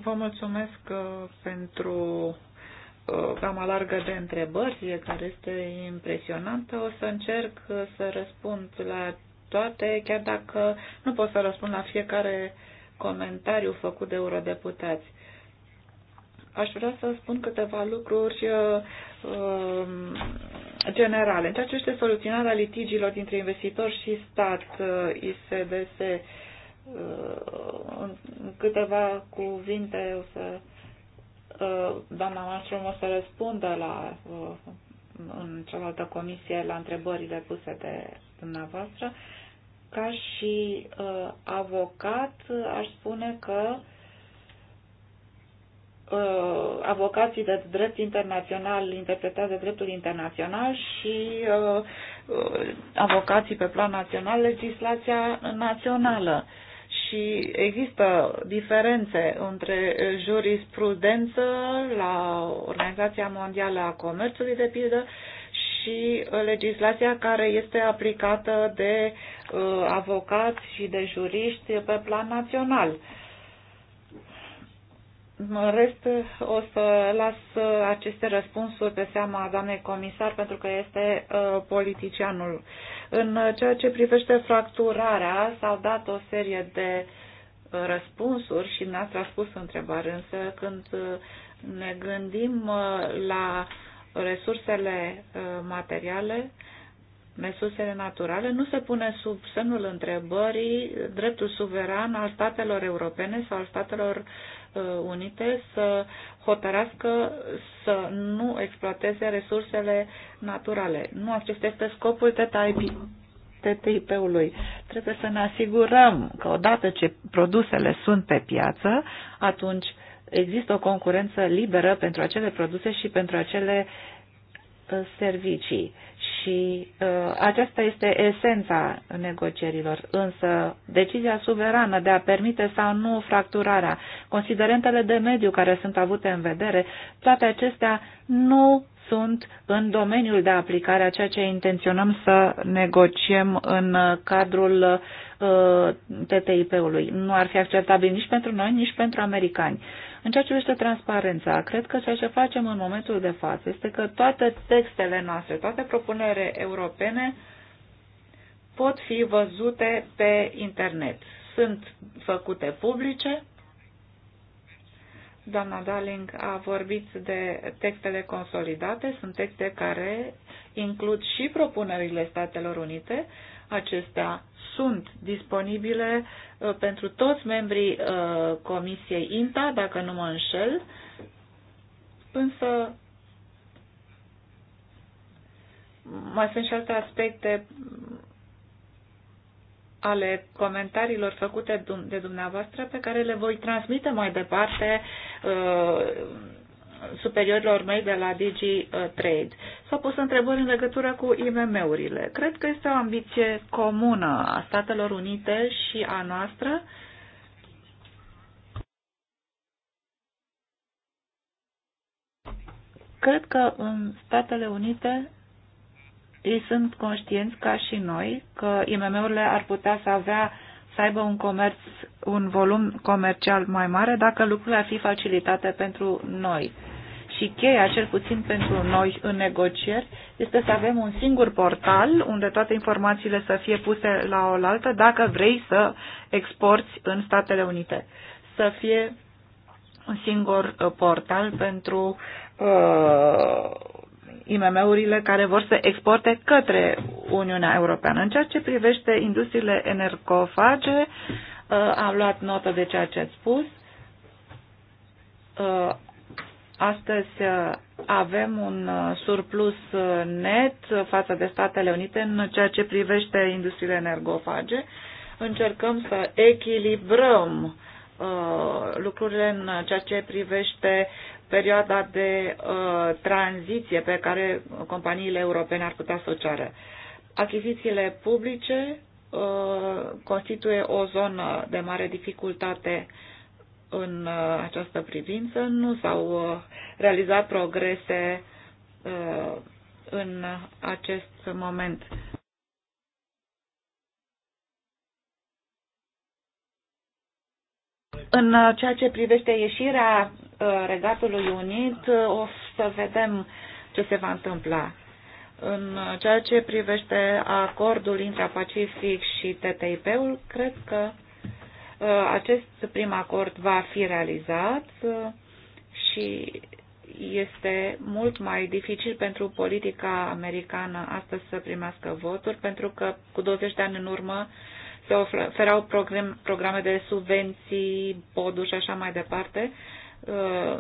vă mulțumesc uh, pentru cam uh, largă de întrebări, care este impresionantă. O să încerc să răspund la toate, chiar dacă nu pot să răspund la fiecare comentariu făcut de eurodeputați. Aș vrea să spun câteva lucruri generale. În ceea ce este soluționarea litigiilor dintre investitori și stat, uh, ISDS, uh, în câteva cuvinte o să uh, doamna Malmström o să răspundă la, în cealaltă comisie la întrebările puse de dumneavoastră. Ca și avocat, aș spune că uh, avocații de drept internațional interpretează dreptul internațional și uh, uh, avocații pe plan național legislația națională. Și există diferențe între jurisprudență la Organizația Mondială a Comerțului, de pildă, și legislația care este aplicată de uh, avocați și de juriști pe plan național. Uh, în rest, o să las aceste răspunsuri pe seama doamnei comisar, pentru că este uh, politicianul. În ceea ce privește fracturarea, s-au dat o serie de uh, răspunsuri și noastră a spus întrebări, însă când uh, ne gândim la resursele materiale, resursele naturale, nu se pune sub semnul întrebării dreptul suveran al statelor europene sau al statelor uh, Uh, unite să hotărească să nu exploateze resursele naturale. Nu, acesta este scopul TTIP. TTIP-ului. Trebuie să ne asigurăm că odată ce produsele sunt pe piață, atunci există o concurență liberă pentru acele produse și pentru acele uh, servicii și uh, aceasta este esența negocierilor. Însă, decizia suverană de a permite sau nu fracturarea, considerentele de mediu care sunt avute în vedere, toate acestea nu sunt în domeniul de aplicare a ceea ce intenționăm să negociem în cadrul uh, TTIP-ului. Nu ar fi acceptabil nici pentru noi, nici pentru americani. În ceea ce privește transparența, cred că ceea ce facem în momentul de față este că toate textele noastre, toate propunerile europene pot fi văzute pe internet. Sunt făcute publice, Doamna Darling a vorbit de textele consolidate, sunt texte care includ și propunerile Statelor Unite. Acestea sunt disponibile uh, pentru toți membrii uh, Comisiei INTA, dacă nu mă înșel, însă mai sunt și alte aspecte ale comentariilor făcute de dumneavoastră pe care le voi transmite mai departe uh, superiorilor mei de la Digi uh, Trade. S-au pus întrebări în legătură cu IMM-urile. Cred că este o ambiție comună a Statelor Unite și a noastră Cred că în Statele Unite ei sunt conștienți ca și noi că IMM-urile ar putea să avea să aibă un comerț, un volum comercial mai mare dacă lucrurile ar fi facilitate pentru noi. Și cheia, cel puțin pentru noi în negocieri, este să avem un singur portal unde toate informațiile să fie puse la oaltă dacă vrei să exporți în Statele Unite. Să fie un singur uh, portal pentru uh, IMM-urile care vor să exporte către Uniunea Europeană. În ceea ce privește industriile energofage, uh, am luat notă de ceea ce ați spus. Uh, astăzi uh, avem un surplus net față de Statele Unite în ceea ce privește industriile energofage. Încercăm să echilibrăm lucrurile în ceea ce privește perioada de uh, tranziție pe care companiile europene ar putea să o ceară. Achizițiile publice uh, constituie o zonă de mare dificultate în uh, această privință. Nu s-au uh, realizat progrese uh, în acest moment. În uh, ceea ce privește ieșirea Uh, Regatului Unit, uh, o să vedem ce se va întâmpla. În ceea ce privește acordul Pacific și TTIP-ul, cred că uh, acest prim acord va fi realizat și este mult mai dificil pentru politica americană astăzi să primească voturi, pentru că cu 20 de ani în urmă se oferau programe de subvenții, poduri și așa mai departe, Uh,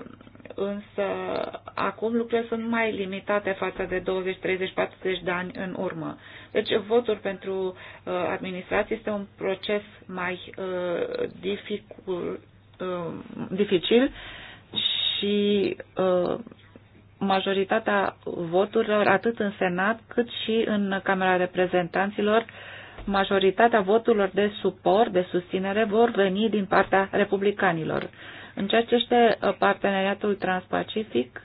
însă acum lucrurile sunt mai limitate față de 20, 30, 40 de ani în urmă. Deci votul pentru uh, administrație este un proces mai uh, dificil, dificil și majoritatea voturilor, atât în Senat cât și în Camera Reprezentanților, majoritatea voturilor de suport, de susținere, vor veni din partea republicanilor. În ceea ce este uh, parteneriatul transpacific,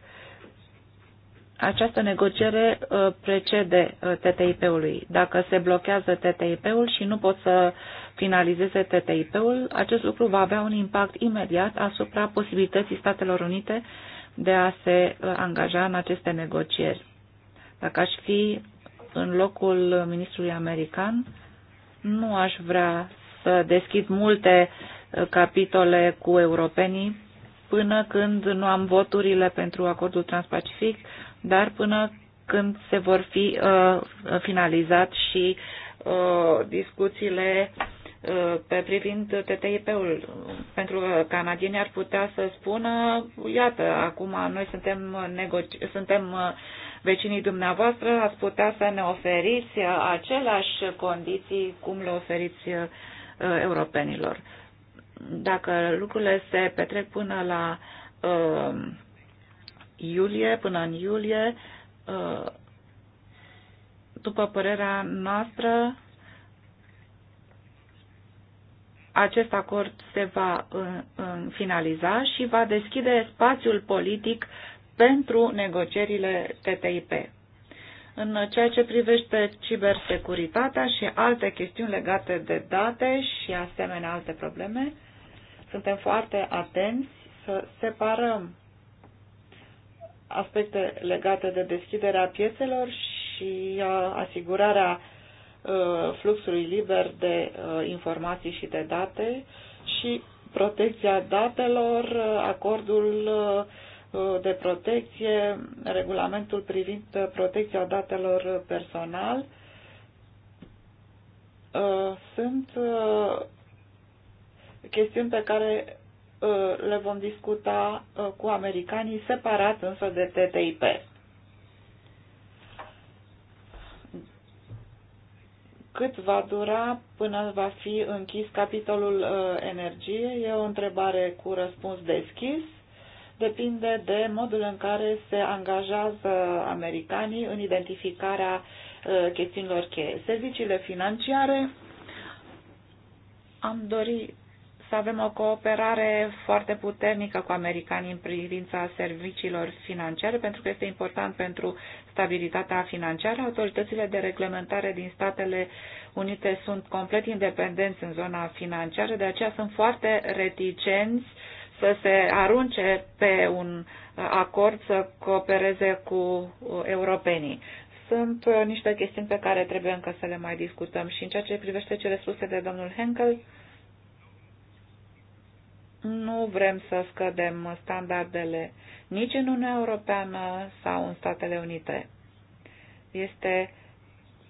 această negociere uh, precede uh, TTIP-ului. Dacă se blochează TTIP-ul și nu pot să finalizeze TTIP-ul, acest lucru va avea un impact imediat asupra posibilității Statelor Unite de a se angaja în aceste negocieri. Dacă aș fi în locul ministrului american, nu aș vrea să deschid multe Uh, capitole cu europenii până când nu am voturile pentru acordul transpacific, dar până când se vor fi uh, finalizat și uh, discuțiile uh, pe privind TTIP-ul, pentru că canadienii ar putea să spună, iată, acum noi suntem, negoci- suntem uh, vecinii dumneavoastră, ați putea să ne oferiți uh, aceleași condiții cum le oferiți uh, europenilor. Dacă lucrurile se petrec până la uh, iulie, până în iulie, uh, după părerea noastră, acest acord se va uh, uh, finaliza și va deschide spațiul politic pentru negocierile TTIP. În ceea ce privește cibersecuritatea și alte chestiuni legate de date și asemenea alte probleme, suntem foarte atenți să separăm aspecte legate de deschiderea piețelor și uh, asigurarea uh, fluxului liber de uh, informații și de date și protecția datelor, acordul de protecție, regulamentul privind protecția datelor personal sunt chestiuni pe care uh, le vom discuta uh, cu americanii separat însă de TTIP. Cât va dura până va fi închis capitolul uh, energie? E o întrebare cu răspuns deschis. Depinde de modul în care se angajează americanii în identificarea chestiunilor cheie. Serviciile financiare, am dori să avem o cooperare foarte puternică cu americanii în privința serviciilor financiare, pentru că este important pentru stabilitatea financiară. Autoritățile de reglementare din Statele Unite sunt complet independenți în zona financiară, de aceea sunt foarte reticenți să se arunce pe un acord să coopereze cu europenii sunt uh, niște chestiuni pe care trebuie încă să le mai discutăm. Și în ceea ce privește cele spuse de domnul Henkel, nu vrem să scădem standardele nici în Uniunea Europeană sau în Statele Unite. Este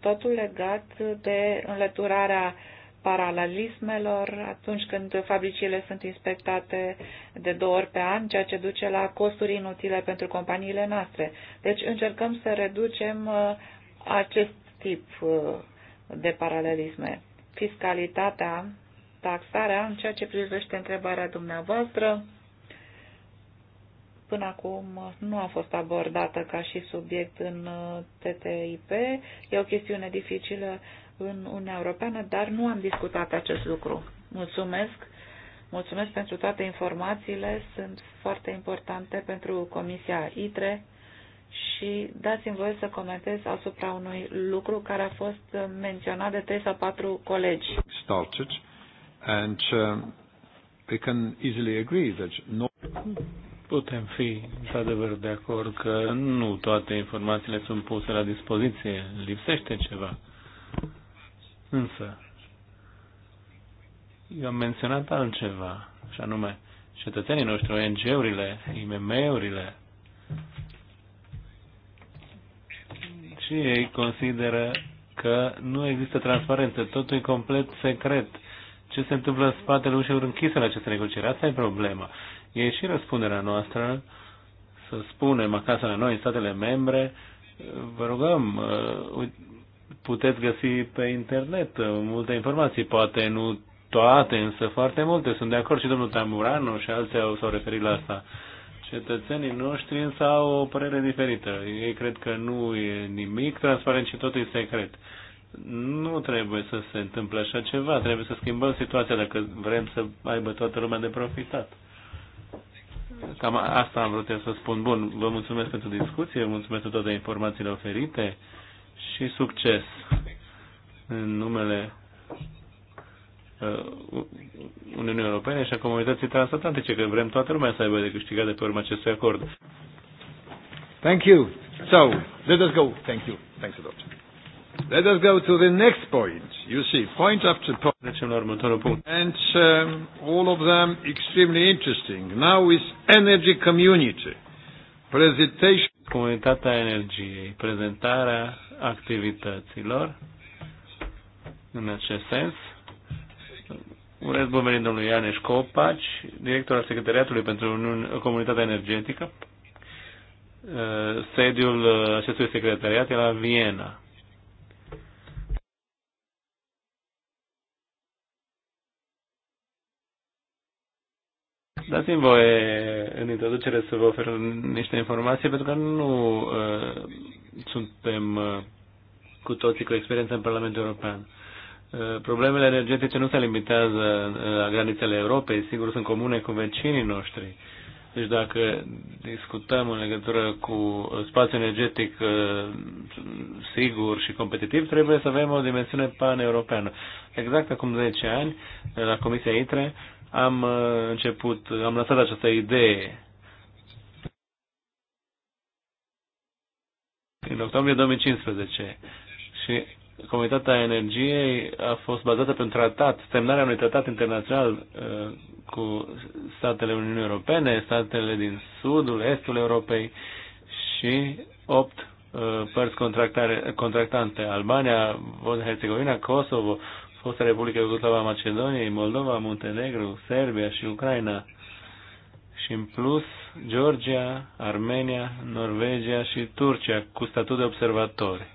totul legat de înlăturarea paralelismelor atunci când fabricile sunt inspectate de două ori pe an, ceea ce duce la costuri inutile pentru companiile noastre. Deci încercăm să reducem uh, acest tip uh, de paralelisme. Fiscalitatea taxarea în ceea ce privește întrebarea dumneavoastră. Până acum nu a fost abordată ca și subiect în uh, TTIP. E o chestiune dificilă în Uniunea Europeană, dar nu am discutat acest lucru. Mulțumesc! Mulțumesc pentru toate informațiile, sunt foarte importante pentru Comisia ITRE și dați-mi voie să comentez asupra unui lucru care a fost menționat de 3 sau 4 colegi. Started And um, we can easily agree that no Putem fi, într-adevăr, de acord că nu toate informațiile sunt puse la dispoziție, lipsește ceva. Însă, eu am menționat altceva, și anume, cetățenii noștri, ONG-urile, IMM-urile, și ei consideră că nu există transparență, totul e complet secret ce se întâmplă în spatele ușilor închise la aceste negocieri. Asta e problema. E și răspunderea noastră să spunem acasă la noi, în statele membre, vă rugăm, uh, puteți găsi pe internet uh, multe informații, poate nu toate, însă foarte multe. Sunt de acord și domnul Tamurano și alții au, s-au referit la asta. Cetățenii noștri însă au o părere diferită. Ei cred că nu e nimic transparent și totul e secret. Nu trebuie să se întâmple așa ceva, trebuie să schimbăm situația dacă vrem să aibă toată lumea de profitat. Cam asta am vrut eu să spun. Bun, vă mulțumesc pentru discuție, mulțumesc pentru toate informațiile oferite și succes în numele uh, Uniunii Europene și a comunității transatlantice, că vrem toată lumea să aibă de câștigat de pe urma acestui acord. Thank you. So, let us go. Thank you. Thanks a lot. Let us go to the next point. You see, point after point. Deci, următorul punct. And um, all of them extremely interesting. Now is energy community. Presentation. Comunitatea energiei. Prezentarea activităților. În acest sens. Urez bun venit domnului Ianeș Copaci, director al Secretariatului pentru Comunitatea Energetică. Uh, sediul uh, acestui secretariat e la Viena. Dați-mi voie în introducere să vă ofer niște informații, pentru că nu uh, suntem uh, cu toții cu experiență în Parlamentul European. Uh, problemele energetice nu se limitează uh, la granițele Europei, sigur sunt comune cu vecinii noștri. Deci dacă discutăm în legătură cu spațiul energetic uh, sigur și competitiv, trebuie să avem o dimensiune pan-europeană. Exact acum 10 ani, la Comisia ITRE, am uh, început, am lăsat această idee în octombrie 2015 și Comunitatea Energiei a fost bazată pe un tratat, semnarea unui tratat internațional uh, cu statele Uniunii Europene, statele din sudul, estul Europei și opt uh, părți contractante, Albania, Bosnia-Herzegovina, Kosovo, fosta Republică a Macedoniei, Moldova, Muntenegru, Serbia și Ucraina. Și în plus, Georgia, Armenia, Norvegia și Turcia cu statut de observatori.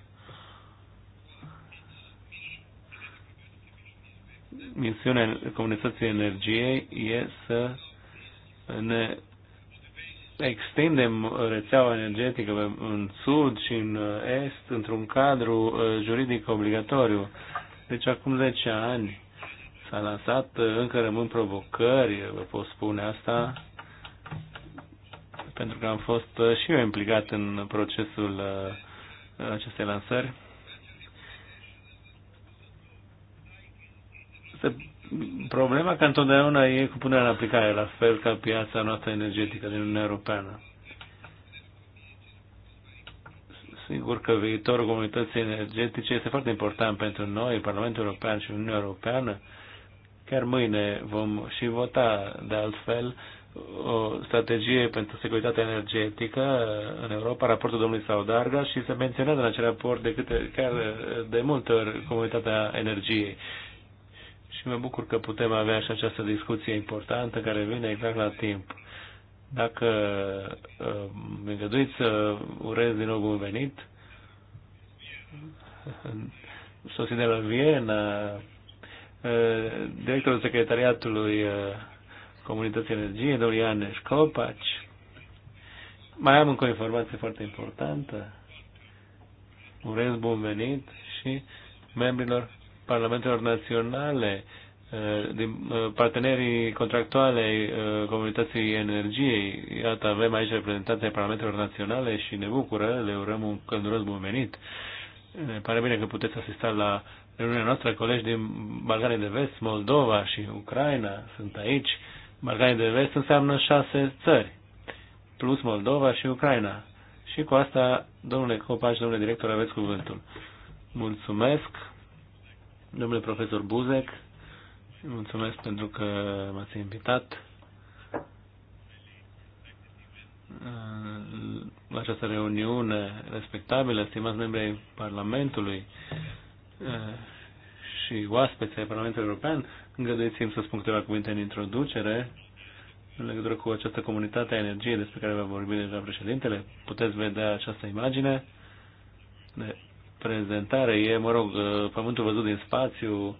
Misiunea Comunității Energiei e să ne extindem rețeaua energetică în sud și în est într-un cadru uh, juridic obligatoriu deci acum 10 ani s-a lansat, încă rămân provocări, vă pot spune asta, pentru că am fost și eu implicat în procesul uh, acestei lansări. Problema ca întotdeauna e cu punerea în aplicare, la fel ca piața noastră energetică din Uniunea Europeană. Sigur că viitorul comunității energetice este foarte important pentru noi, Parlamentul European și Uniunea Europeană. Chiar mâine vom și vota, de altfel, o strategie pentru securitatea energetică în Europa, raportul domnului Saudarga și se menționează în acel raport de câte, chiar de multe ori comunitatea energiei. Și mă bucur că putem avea și această discuție importantă care vine exact la timp. Dacă uh, mi îngăduiți să urez din nou bun venit, sosit de la Viena, uh, directorul secretariatului uh, Comunității Energie, domnul Ianeș Copaci. Mai am încă o informație foarte importantă. Urez bun venit și membrilor Parlamentelor Naționale Eh, din eh, partenerii contractuale ai eh, Comunității Energiei. Iată, avem aici reprezentanții Parlamentelor Naționale și ne bucură, le urăm un călduros bun venit. Ne pare bine că puteți asista la reuniunea noastră, colegi din Balcanii de Vest, Moldova și Ucraina sunt aici. Balcanii de Vest înseamnă șase țări, plus Moldova și Ucraina. Și cu asta, domnule Copaș, domnule director, aveți cuvântul. Mulțumesc, domnule profesor Buzec Mulțumesc pentru că m-ați invitat la această reuniune respectabilă, stimați membri ai Parlamentului eh, și oaspeți ai Parlamentului European, îngăduiți-mi să spun câteva cuvinte în introducere în legătură cu această comunitate a energiei despre care va vorbit deja președintele. Puteți vedea această imagine de prezentare. E, mă rog, eh, pământul văzut din spațiu,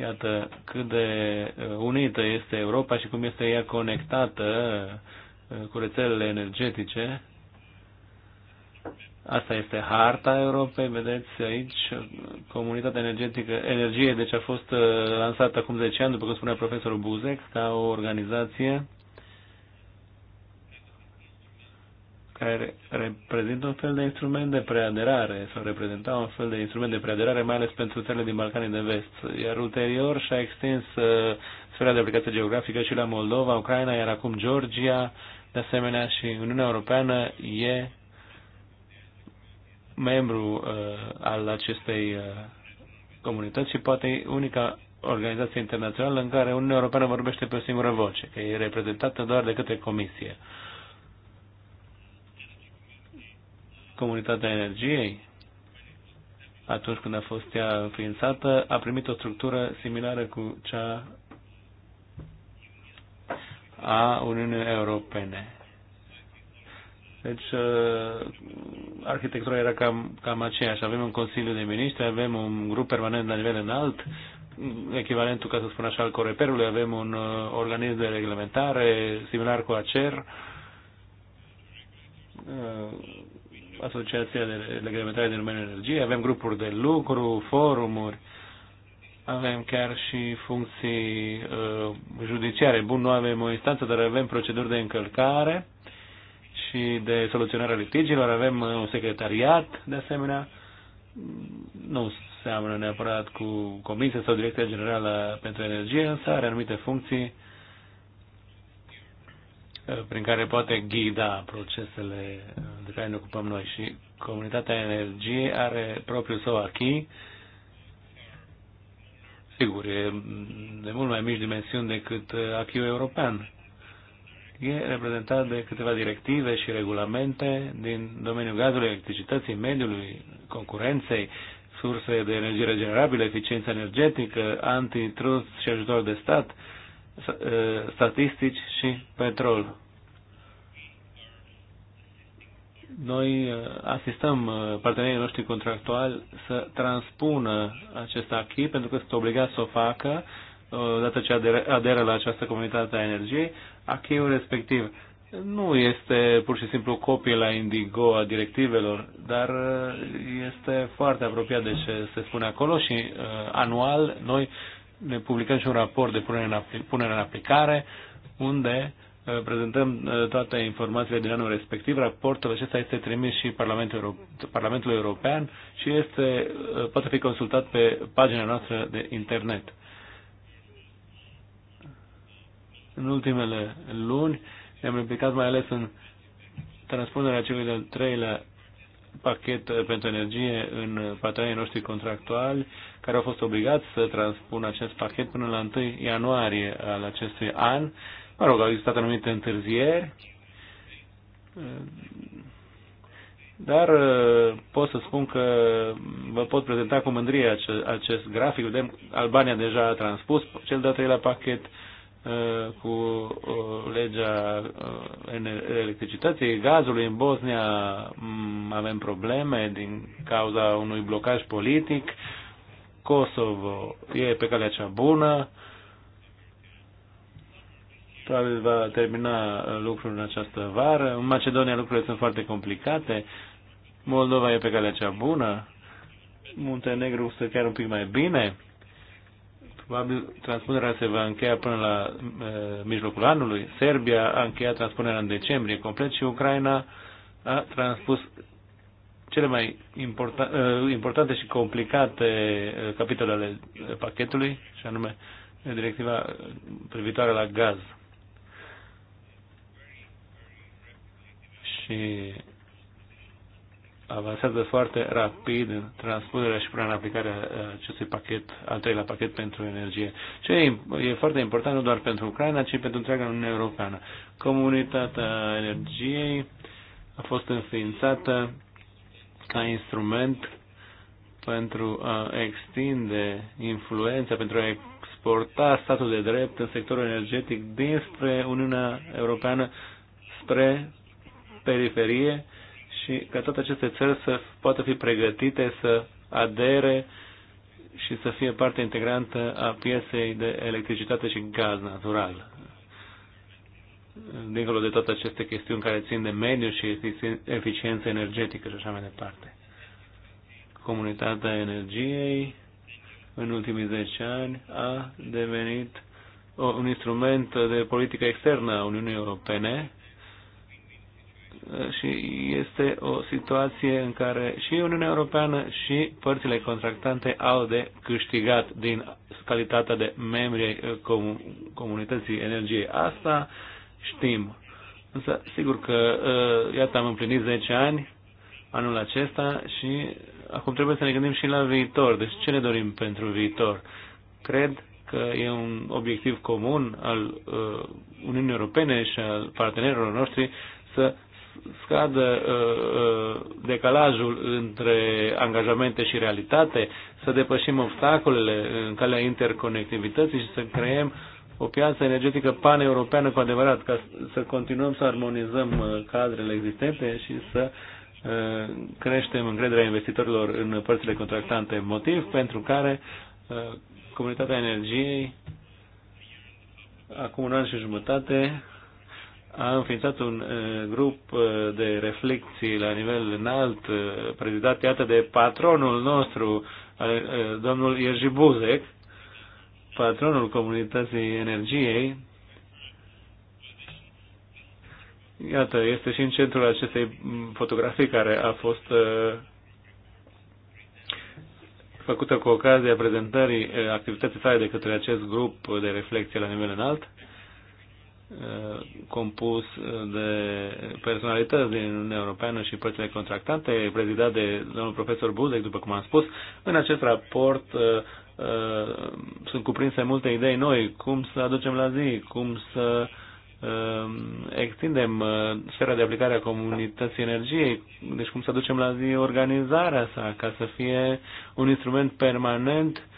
Iată cât de uh, unită este Europa și cum este ea conectată uh, cu rețelele energetice. Asta este harta Europei, vedeți aici, comunitatea energetică, energie, deci a fost uh, lansată acum 10 ani, după cum spunea profesorul Buzek, ca o organizație care reprezintă un fel de instrument de preaderare sau reprezenta un fel de instrument de preaderare, mai ales pentru țările din Balcanii de Vest. Iar ulterior și-a extins uh, sfera de aplicație geografică și la Moldova, Ucraina, iar acum Georgia, de asemenea și Uniunea Europeană e membru uh, al acestei uh, comunități și poate unica organizație internațională în care Uniunea Europeană vorbește pe o singură voce, că e reprezentată doar de către Comisie. Uh, Comunitatea Energiei, atunci când a fost ea înființată, a primit o structură similară cu cea a Uniunii Europene. Deci, uh, arhitectura era cam, cam aceeași. Avem un Consiliu de Ministri, avem un grup permanent la nivel înalt, echivalentul, ca să spun așa, al Coreperului, avem un uh, organism de reglementare similar cu ACER, uh, Asociația de Reglementare de Domeniul energie avem grupuri de lucru, forumuri, avem chiar și funcții uh, judiciare. Bun, nu avem o instanță, dar avem proceduri de încălcare și de soluționare a litigilor, avem uh, un secretariat, de asemenea, nu seamănă neapărat cu Comisia sau Direcția Generală pentru Energie, însă are anumite funcții uh, prin care poate ghida procesele de care ne ocupăm noi și comunitatea energiei are propriul său achi. Sigur, e de mult mai mici dimensiuni decât achiul european. E reprezentat de câteva directive și regulamente din domeniul gazului, electricității, mediului, concurenței, surse de energie regenerabile, eficiență energetică, antitrust și ajutor de stat, uh, statistici și petrol. Noi asistăm partenerii noștri contractuali să transpună acest acquis pentru că sunt obligați să o facă odată ce aderă la această comunitate a energiei, acquis respectiv nu este pur și simplu copie la indigo a directivelor, dar este foarte apropiat de ce se spune acolo și anual noi ne publicăm și un raport de punere în, punere în aplicare, unde uh, prezentăm uh, toate informațiile din anul respectiv. Raportul acesta este trimis și Parlamentul, Euro Parlamentul European și este, uh, poate fi consultat pe pagina noastră de internet. În ultimele luni ne-am implicat mai ales în transpunerea celui de-al treilea pachet pentru energie în partenerii noștri contractuali, care au fost obligați să transpună acest pachet până la 1 ianuarie al acestui an. Mă rog, au existat anumite întârzieri, dar uh, pot să spun că vă pot prezenta cu mândrie acest grafic. Vedem, Albania deja a transpus cel de-al treilea pachet, Uh, cu uh, legea uh, electricității, gazului în Bosnia mm, avem probleme din cauza unui blocaj politic, Kosovo e pe calea cea bună, probabil va termina lucrul în această vară, în Macedonia lucrurile sunt foarte complicate, Moldova e pe calea cea bună, Muntenegru stă chiar un pic mai bine, Probabil transpunerea se va încheia până la uh, mijlocul anului. Serbia a încheiat transpunerea în decembrie complet și Ucraina a transpus cele mai importan, uh, importante și complicate uh, capitole ale pachetului, și anume directiva privitoare la gaz. Și avansează foarte rapid în transpunerea și până în aplicarea acestui pachet, al treilea pachet pentru energie. Ce e, e foarte important nu doar pentru Ucraina, ci pentru întreaga Uniunea Europeană. Comunitatea energiei a fost înființată ca instrument pentru a extinde influența, pentru a exporta statul de drept în sectorul energetic dinspre Uniunea Europeană spre periferie și ca toate aceste țări să poată fi pregătite să adere și să fie parte integrantă a piesei de electricitate și gaz natural. Dincolo de toate aceste chestiuni care țin de mediu și eficiență energetică și așa mai departe. Comunitatea energiei în ultimii 10 ani a devenit un instrument de politică externă a Uniunii Europene și este o situație în care și Uniunea Europeană și părțile contractante au de câștigat din calitatea de membri ai uh, comunității energiei. Asta știm. Însă, sigur că, uh, iată, am împlinit 10 ani anul acesta și acum trebuie să ne gândim și la viitor. Deci ce ne dorim pentru viitor? Cred că e un obiectiv comun al uh, Uniunii Europene și al partenerilor noștri să scadă uh, uh, decalajul între angajamente și realitate, să depășim obstacolele în calea interconectivității și să creăm o piață energetică paneuropeană cu adevărat, ca să continuăm să armonizăm uh, cadrele existente și să creștem încrederea investitorilor în părțile contractante, motiv pentru care comunitatea energiei acum un an și jumătate a înființat un grup de reflexii la nivel înalt, prezidat, iată, de patronul nostru, domnul Ierji Buzek, patronul comunității energiei. Iată, este și în centrul acestei fotografii care a fost făcută cu ocazia prezentării activității sale de către acest grup de reflexie la nivel înalt compus de personalități din Uniunea Europeană și părțile contractante, prezidat de domnul profesor Buzek, după cum am spus. În acest raport uh, uh, sunt cuprinse multe idei noi, cum să aducem la zi, cum să um, extindem uh, sfera de aplicare a comunității energiei, deci cum să aducem la zi organizarea sa, ca să fie un instrument permanent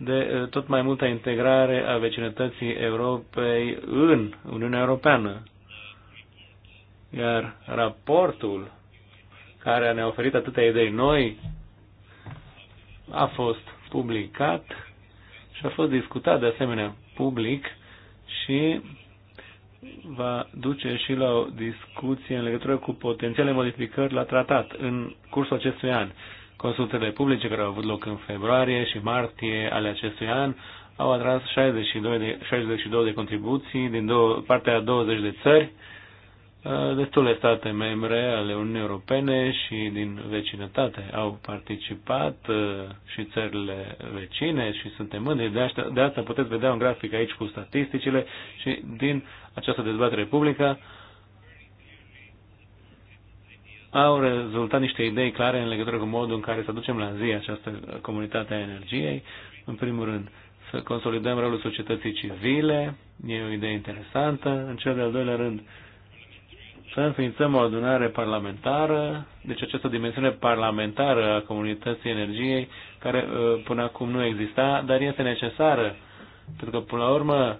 de eh, tot mai multă integrare a vecinătății Europei în Uniunea Europeană. Iar raportul care ne-a oferit atâtea idei noi a fost publicat și a fost discutat de asemenea public și va duce și la o discuție în legătură cu potențiale modificări la tratat în cursul acestui an. Consultele publice care au avut loc în februarie și martie ale acestui an au atras 62 de, 62 de contribuții din două, partea a 20 de țări, uh, destule state membre ale Uniunii Europene și din vecinătate au participat uh, și țările vecine și suntem mândri de asta, de asta puteți vedea un grafic aici cu statisticile și din această dezbatere publică au rezultat niște idei clare în legătură cu modul în care să ducem la zi această comunitate a energiei. În primul rând, să consolidăm rolul societății civile, e o idee interesantă. În cel de-al doilea rând, să înființăm o adunare parlamentară, deci această dimensiune parlamentară a comunității energiei, care uh, până acum nu exista, dar este necesară, pentru că, până la urmă,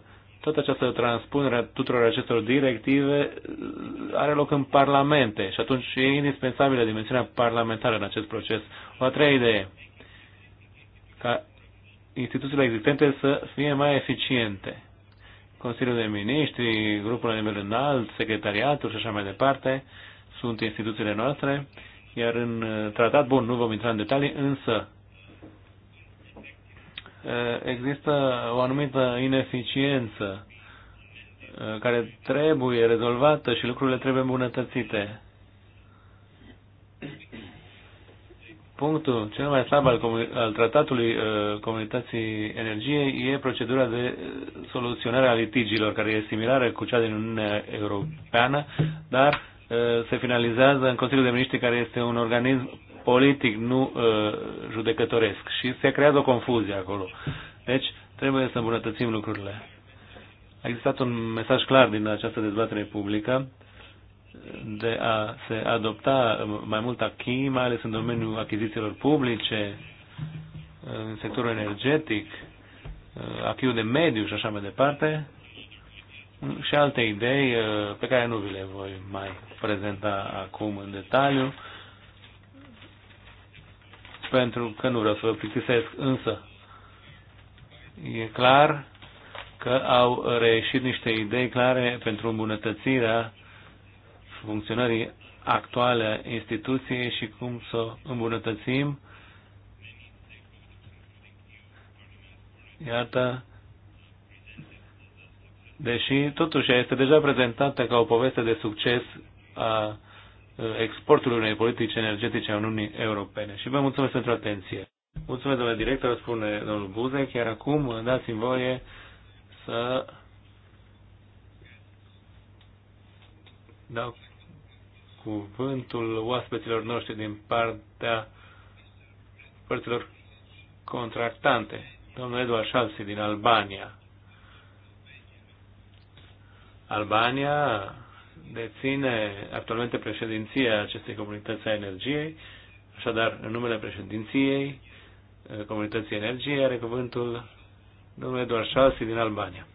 Toată această transpunere a tuturor acestor directive uh, are loc în parlamente și atunci e indispensabilă dimensiunea parlamentară în acest proces. O a treia idee, ca instituțiile existente să fie mai eficiente. Consiliul de Ministri, grupul la nivel înalt, secretariatul și așa mai departe sunt instituțiile noastre, iar în uh, tratat, bun, nu vom intra în detalii, însă Eh, există o anumită ineficiență eh, care trebuie rezolvată și lucrurile trebuie îmbunătățite. Punctul cel mai slab al, al tratatului uh, Comunității Energiei e procedura de soluționare a litigilor, care e similară cu cea din Uniunea Europeană, dar uh, se finalizează în Consiliul de Miniștri, care este un organism politic, nu uh, judecătoresc. Și se creează o confuzie acolo. Deci, trebuie să îmbunătățim lucrurile. A existat un mesaj clar din această dezbatere publică de a se adopta mai mult acquis, mai ales în domeniul achizițiilor publice, în sectorul energetic, uh, achiul de mediu și așa mai departe, și alte idei uh, pe care nu vi le voi mai prezenta acum în detaliu, pentru că nu vreau să vă plictisesc, însă e clar că au reieșit niște idei clare pentru îmbunătățirea funcționării actuale a instituției și cum să o îmbunătățim. Iată, deși totuși este deja prezentată ca o poveste de succes a exportul unei politici energetice a Uniunii Europene. Și vă mulțumesc pentru atenție. Mulțumesc, domnule director, spune domnul Buze, chiar acum dați-mi voie să dau cuvântul oaspeților noștri din partea părților contractante. Domnul Eduard Șalsi din Albania. Albania deține actualmente președinția acestei comunități a energiei, așadar, în numele președinției eh, comunității energiei, are cuvântul domnul Eduard Șalsi din Albania.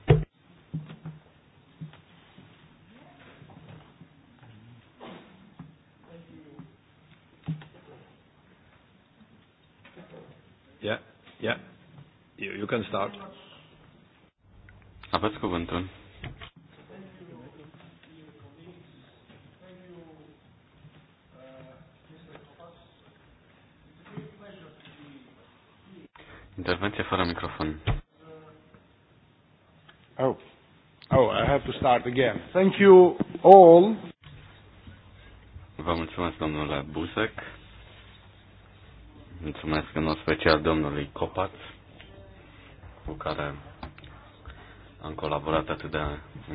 Yeah, yeah. You, you can start. Aveți cuvântul. Intervenție fără microfon. Oh. Oh, I have to start again. Thank you all. Vă mulțumesc, domnule Busec. Mulțumesc în special domnului Copaț, cu care am colaborat atât de,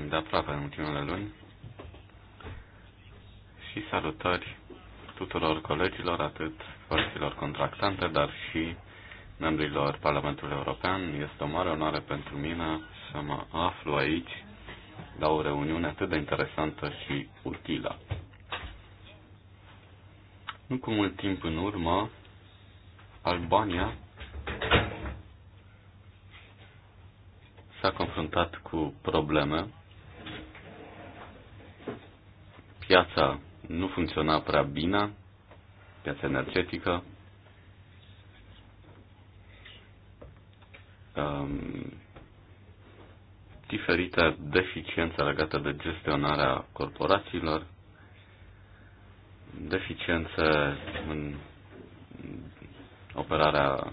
de aproape în ultimele luni. Și salutări tuturor colegilor, atât părților contractante, dar și membrilor Parlamentului European. Este o mare onoare pentru mine să mă aflu aici la o reuniune atât de interesantă și utilă. Nu cu mult timp în urmă, Albania s-a confruntat cu probleme. Piața nu funcționa prea bine, piața energetică, um, diferite deficiențe legate de gestionarea corporațiilor, deficiențe în operarea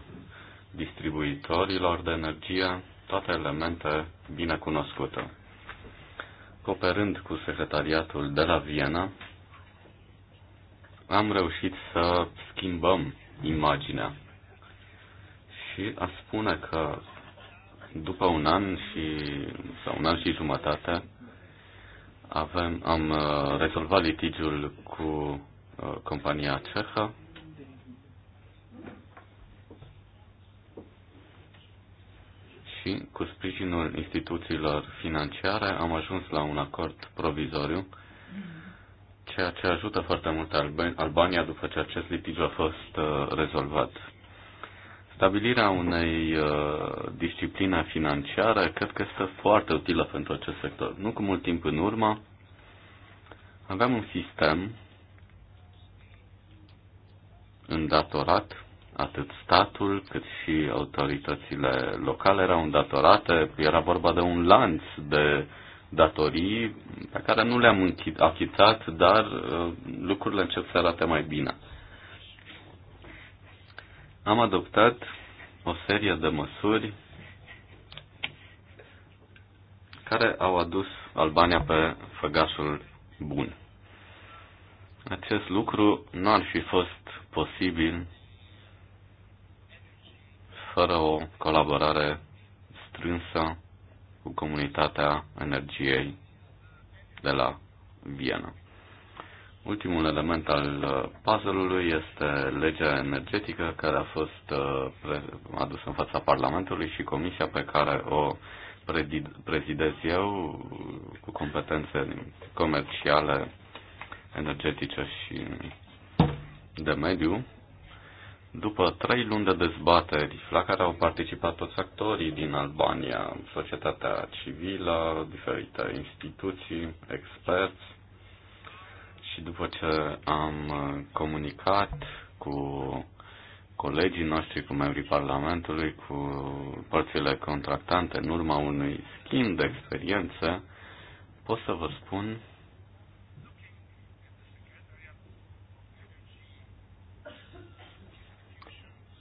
distribuitorilor de energie, toate elemente bine cunoscute. Cooperând cu secretariatul de la Viena, am reușit să schimbăm imaginea și a spune că după un an și, sau un an și jumătate, avem, am uh, rezolvat litigiul cu uh, compania cehă. Și cu sprijinul instituțiilor financiare am ajuns la un acord provizoriu, ceea ce ajută foarte mult Albania după ce acest litigiu a fost uh, rezolvat. Stabilirea unei uh, discipline financiare cred că este foarte utilă pentru acest sector. Nu cu mult timp în urmă, aveam un sistem îndatorat, atât statul cât și autoritățile locale erau îndatorate, era vorba de un lanț de datorii pe care nu le-am achitat, dar uh, lucrurile încep să arate mai bine am adoptat o serie de măsuri care au adus Albania pe făgașul bun. Acest lucru nu ar fi fost posibil fără o colaborare strânsă cu comunitatea energiei de la Viena. Ultimul element al uh, puzzle-ului este legea energetică care a fost uh, adusă în fața Parlamentului și comisia pe care o prezidez eu uh, cu competențe comerciale, energetice și de mediu. După trei luni de dezbateri la care au participat toți actorii din Albania, societatea civilă, diferite instituții, experți, și după ce am uh, comunicat cu colegii noștri, cu membrii Parlamentului, cu părțile contractante, în urma unui schimb de experiență, pot să vă spun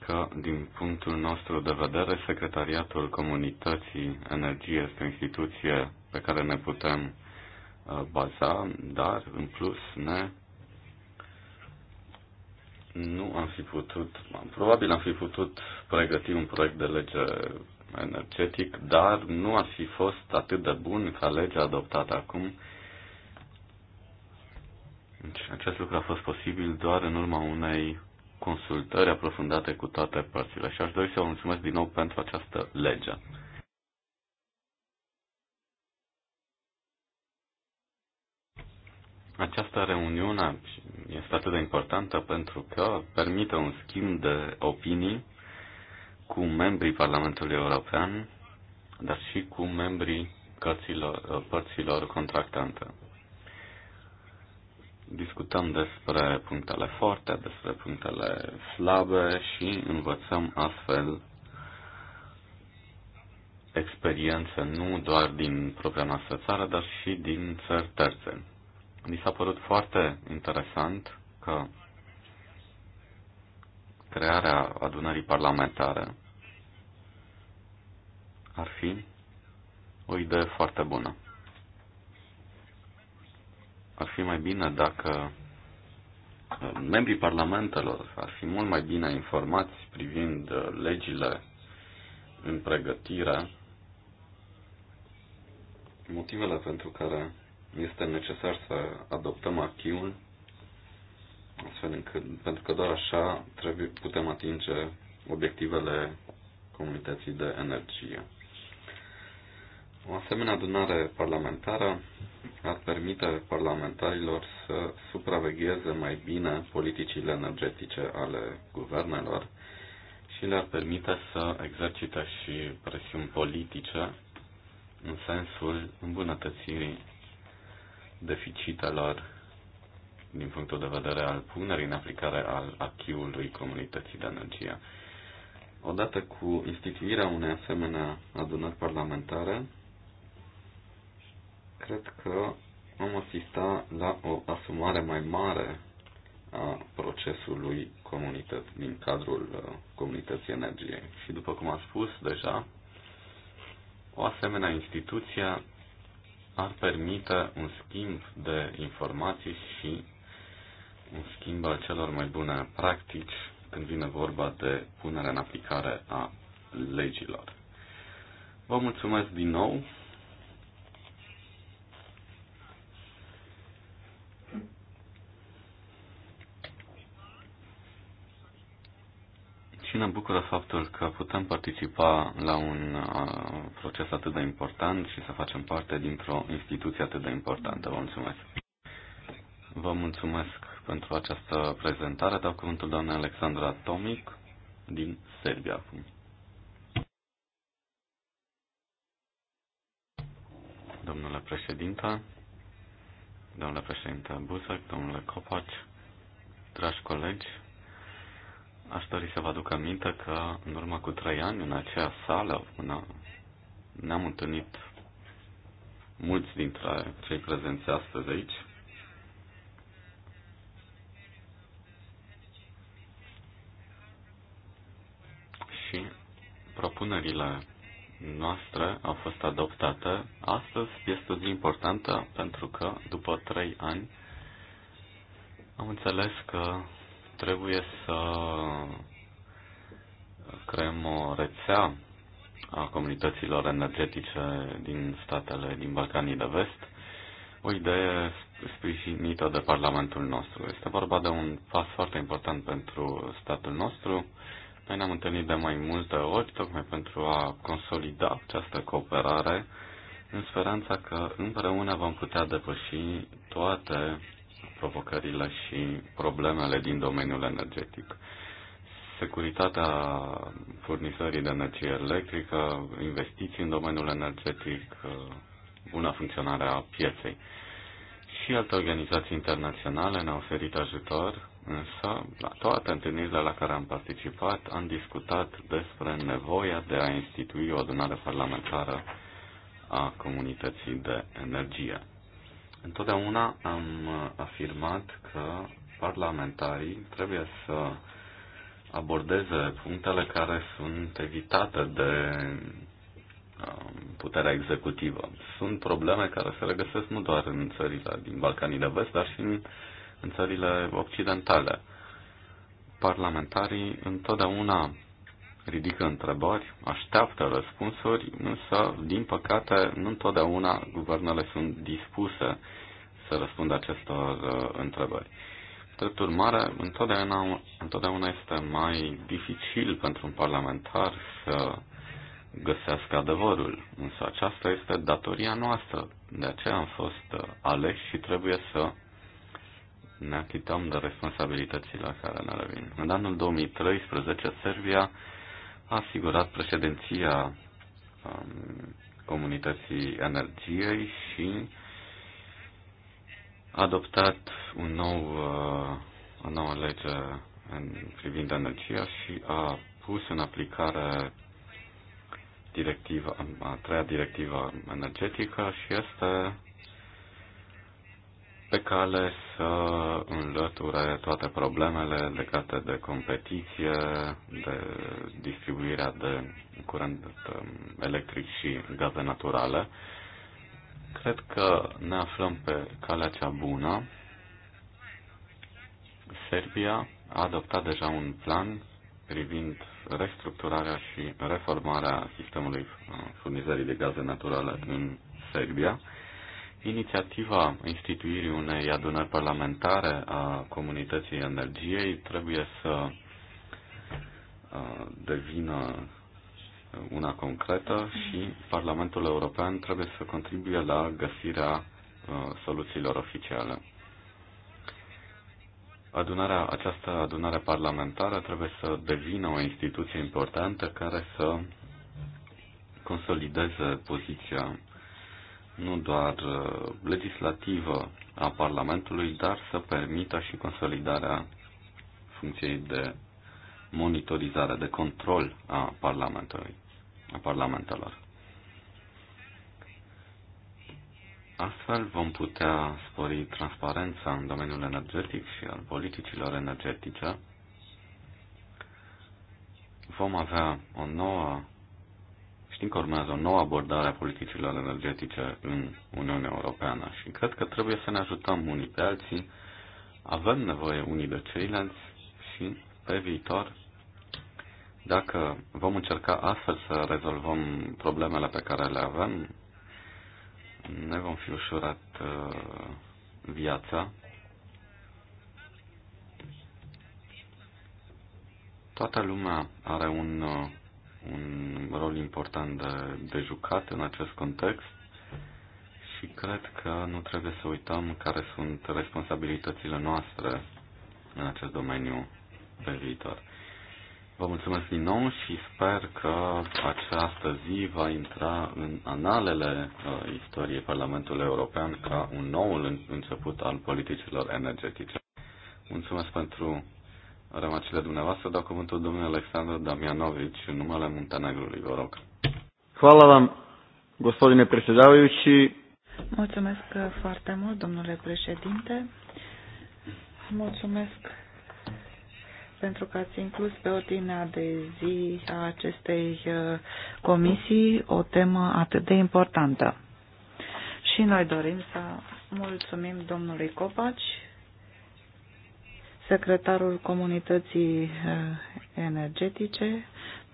că, din punctul nostru de vedere, Secretariatul Comunității Energie este o instituție pe care ne putem baza, dar în plus ne nu am fi putut, probabil am fi putut pregăti un proiect de lege energetic, dar nu ar fi fost atât de bun ca legea adoptată acum. Deci, acest lucru a fost posibil doar în urma unei consultări aprofundate cu toate părțile și aș dori să vă mulțumesc din nou pentru această lege. Această reuniune este atât de importantă pentru că permite un schimb de opinii cu membrii Parlamentului European, dar și cu membrii cărților, părților contractante. Discutăm despre punctele forte, despre punctele slabe și învățăm astfel experiențe nu doar din propria noastră țară, dar și din țări terțe. Mi s-a părut foarte interesant că crearea adunării parlamentare ar fi o idee foarte bună. Ar fi mai bine dacă membrii parlamentelor ar fi mult mai bine informați privind legile în pregătire, motivele pentru care este necesar să adoptăm acțiuni astfel încât, pentru că doar așa trebuie, putem atinge obiectivele comunității de energie. O asemenea adunare parlamentară ar permite parlamentarilor să supravegheze mai bine politicile energetice ale guvernelor și le-ar permite să exercite și presiuni politice în sensul îmbunătățirii deficitelor din punctul de vedere al punerii în aplicare al achiului comunității de energie. Odată cu instituirea unei asemenea adunări parlamentare, cred că am asista la o asumare mai mare a procesului comunități, din cadrul uh, comunității energiei. Și după cum am spus deja, o asemenea instituție ar permite un schimb de informații și un schimb al celor mai bune practici când vine vorba de punerea în aplicare a legilor. Vă mulțumesc din nou și ne bucură faptul că putem participa la un proces atât de important și să facem parte dintr-o instituție atât de importantă. Vă mulțumesc! Vă mulțumesc pentru această prezentare. Dau cuvântul doamna Alexandra Tomic din Serbia Domnule președinte, domnule președinte Buzek, domnule Copaci, dragi colegi, Aș dori să vă aduc aminte că în urmă cu trei ani, în acea sală, ne-am întâlnit mulți dintre cei prezenți astăzi aici. Și propunerile noastre au fost adoptate. Astăzi este o zi importantă pentru că după trei ani am înțeles că Trebuie să creăm o rețea a comunităților energetice din statele din Balcanii de Vest, o idee sprijinită de Parlamentul nostru. Este vorba de un pas foarte important pentru statul nostru. Noi ne-am întâlnit de mai multe ori, tocmai pentru a consolida această cooperare, în speranța că împreună vom putea depăși toate provocările și problemele din domeniul energetic. Securitatea furnizării de energie electrică, investiții în domeniul energetic, bună funcționare a pieței. Și alte organizații internaționale ne-au oferit ajutor, însă la toate întâlnirile la care am participat am discutat despre nevoia de a institui o adunare parlamentară a comunității de energie. Întotdeauna am afirmat că parlamentarii trebuie să abordeze punctele care sunt evitate de um, puterea executivă. Sunt probleme care se regăsesc nu doar în țările din Balcanii de Vest, dar și în, în țările occidentale. Parlamentarii întotdeauna ridică întrebări, așteaptă răspunsuri, însă, din păcate, nu întotdeauna guvernele sunt dispuse să răspundă acestor uh, întrebări. Drept urmare, întotdeauna, întotdeauna este mai dificil pentru un parlamentar să găsească adevărul, însă aceasta este datoria noastră. De aceea am fost uh, aleși și trebuie să ne achităm de responsabilitățile care ne revin. În anul 2013, Serbia a asigurat președinția um, comunității energiei și adoptat un nou, uh, o nouă lege în privind energia și a pus în aplicare directiva, a treia directivă energetică și este pe cale să înlăture toate problemele legate de competiție, de distribuirea de curent um, electric și gaze naturale. Cred că ne aflăm pe calea cea bună. Serbia a adoptat deja un plan privind restructurarea și reformarea sistemului uh, furnizării de gaze naturale în Serbia Inițiativa instituirii unei adunări parlamentare a comunității energiei trebuie să devină una concretă și Parlamentul European trebuie să contribuie la găsirea soluțiilor oficiale. Adunarea, această adunare parlamentară trebuie să devină o instituție importantă care să consolideze poziția nu doar uh, legislativă a Parlamentului, dar să permită și consolidarea funcției de monitorizare, de control a Parlamentului, a parlamentelor. Astfel vom putea spori transparența în domeniul energetic și al politicilor energetice. Vom avea o nouă Știm că urmează o nouă abordare a politicilor energetice în Uniunea Europeană și cred că trebuie să ne ajutăm unii pe alții. Avem nevoie unii de ceilalți și pe viitor, dacă vom încerca astfel să rezolvăm problemele pe care le avem, ne vom fi ușurat uh, viața. Toată lumea are un uh, un rol important de, de jucat în acest context și cred că nu trebuie să uităm care sunt responsabilitățile noastre în acest domeniu pe viitor. Vă mulțumesc din nou și sper că această zi va intra în analele uh, istoriei Parlamentului European ca un nou început al politicilor energetice. Mulțumesc pentru remarcile dumneavoastră, dau cuvântul domnului Alexandru Damianovici în numele Muntenegrului, vă rog. Hvala vam, gospodine președavajući. Mulțumesc foarte mult, domnule președinte. Mulțumesc pentru că ați inclus pe ordinea de zi a acestei uh, comisii o temă atât de importantă. Și noi dorim să mulțumim domnului Copaci secretarul comunității eh, energetice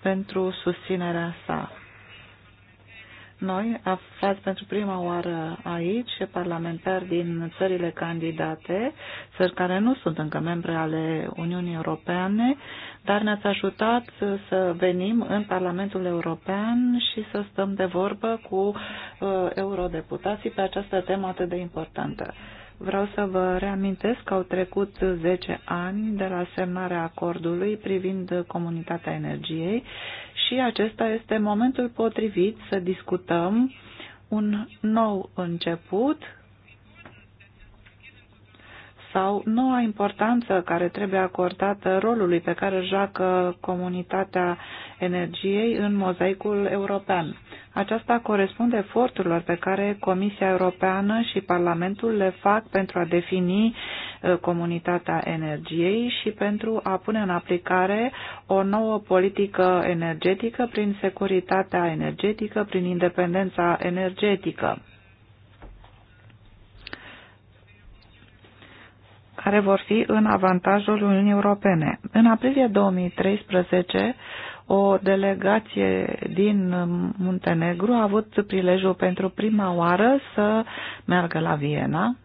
pentru susținerea sa. Noi, aflați pentru prima oară aici, parlamentari din țările candidate, țări care nu sunt încă membre ale Uniunii Europene, dar ne-ați ajutat să venim în Parlamentul European și să stăm de vorbă cu uh, eurodeputații pe această temă atât de importantă. Uh, Vreau să vă reamintesc că au trecut 10 ani de la semnarea acordului privind comunitatea energiei și acesta este momentul potrivit să discutăm un nou început sau noua importanță care trebuie acordată rolului pe care joacă comunitatea energiei în mozaicul european. Aceasta corespunde eforturilor pe care Comisia Europeană și Parlamentul le fac pentru a defini uh, comunitatea energiei și pentru a pune în aplicare o nouă politică energetică prin securitatea energetică, prin independența energetică. care vor fi în avantajul Uniunii Europene. În aprilie 2013, o delegație din Muntenegru a avut prilejul pentru prima oară să meargă la Viena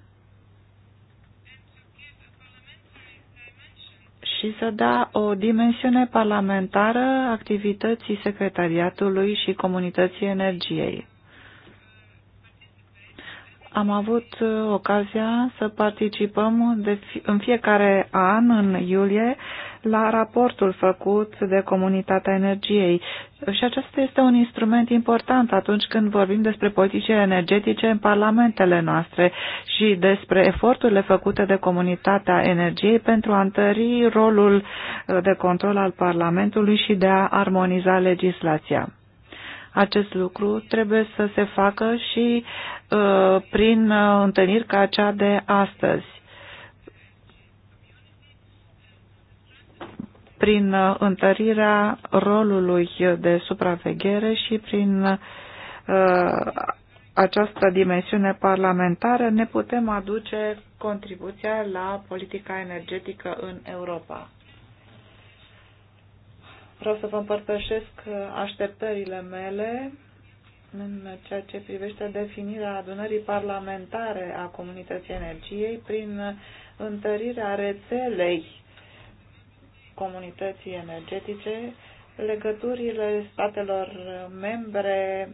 și să da o dimensiune parlamentară activității secretariatului și comunității energiei. Am avut uh, ocazia să participăm de fi, în fiecare an, în iulie, la raportul făcut de Comunitatea Energiei. Și acesta este un instrument important atunci când vorbim despre politicile energetice în parlamentele noastre și despre eforturile făcute de Comunitatea Energiei pentru a întări rolul uh, de control al Parlamentului și de a armoniza legislația. Acest lucru trebuie să se facă și uh, prin uh, întâlniri ca cea de astăzi. prin uh, întărirea rolului de supraveghere și prin uh, această dimensiune parlamentară ne putem aduce contribuția la politica energetică în Europa. Vreau să vă împărtășesc uh, așteptările mele în ceea ce privește definirea adunării parlamentare a comunității energiei prin uh, întărirea rețelei comunității energetice, legăturile statelor uh, membre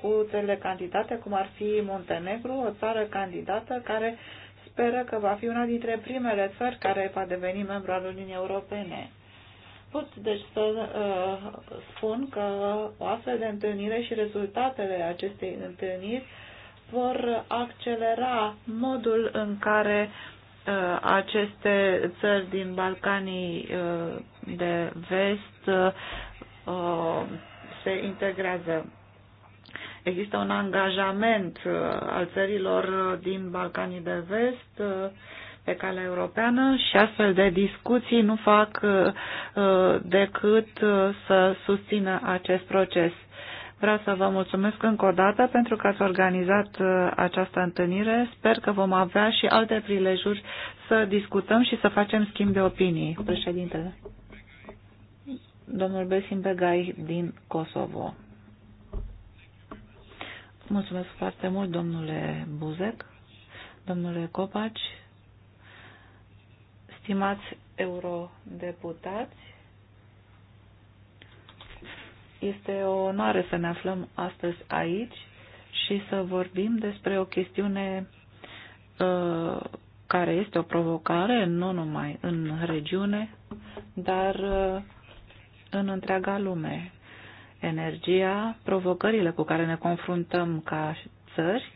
cu țările candidate, cum ar fi Muntenegru, o țară candidată care speră că va fi una dintre primele țări care va deveni membru al Uniunii Europene. Pot deci să uh, spun că o astfel de întâlnire și rezultatele acestei întâlniri vor accelera modul în care uh, aceste țări din Balcanii uh, de vest uh, se integrează. Există un angajament uh, al țărilor din Balcanii de vest uh, pe calea europeană și astfel de discuții nu fac uh, decât uh, să susțină acest proces. Vreau să vă mulțumesc încă o dată pentru că ați organizat uh, această întâlnire. Sper că vom avea și alte prilejuri să discutăm și să facem schimb de opinii. Președintele. Domnul Besim Begai din Kosovo. Mulțumesc foarte mult, domnule Buzec, domnule Copaci Stimați eurodeputați, este o onoare să ne aflăm astăzi aici și să vorbim despre o chestiune uh, care este o provocare, nu numai în regiune, dar uh, în întreaga lume. Energia, provocările cu care ne confruntăm ca țări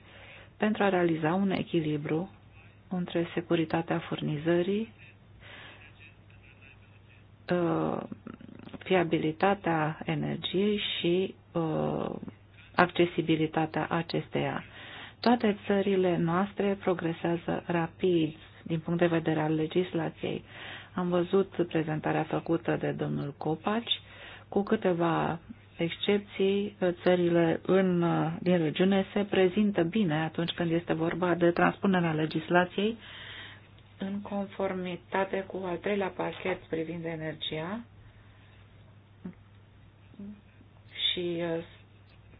pentru a realiza un echilibru între securitatea furnizării Uh, fiabilitatea energiei și uh, accesibilitatea acesteia. Toate țările noastre progresează rapid din punct de vedere al legislației. Am văzut prezentarea făcută de domnul Copaci, cu câteva excepții, țările în, uh, din regiune se prezintă bine atunci când este vorba de transpunerea legislației în conformitate cu al treilea pachet privind energia și uh,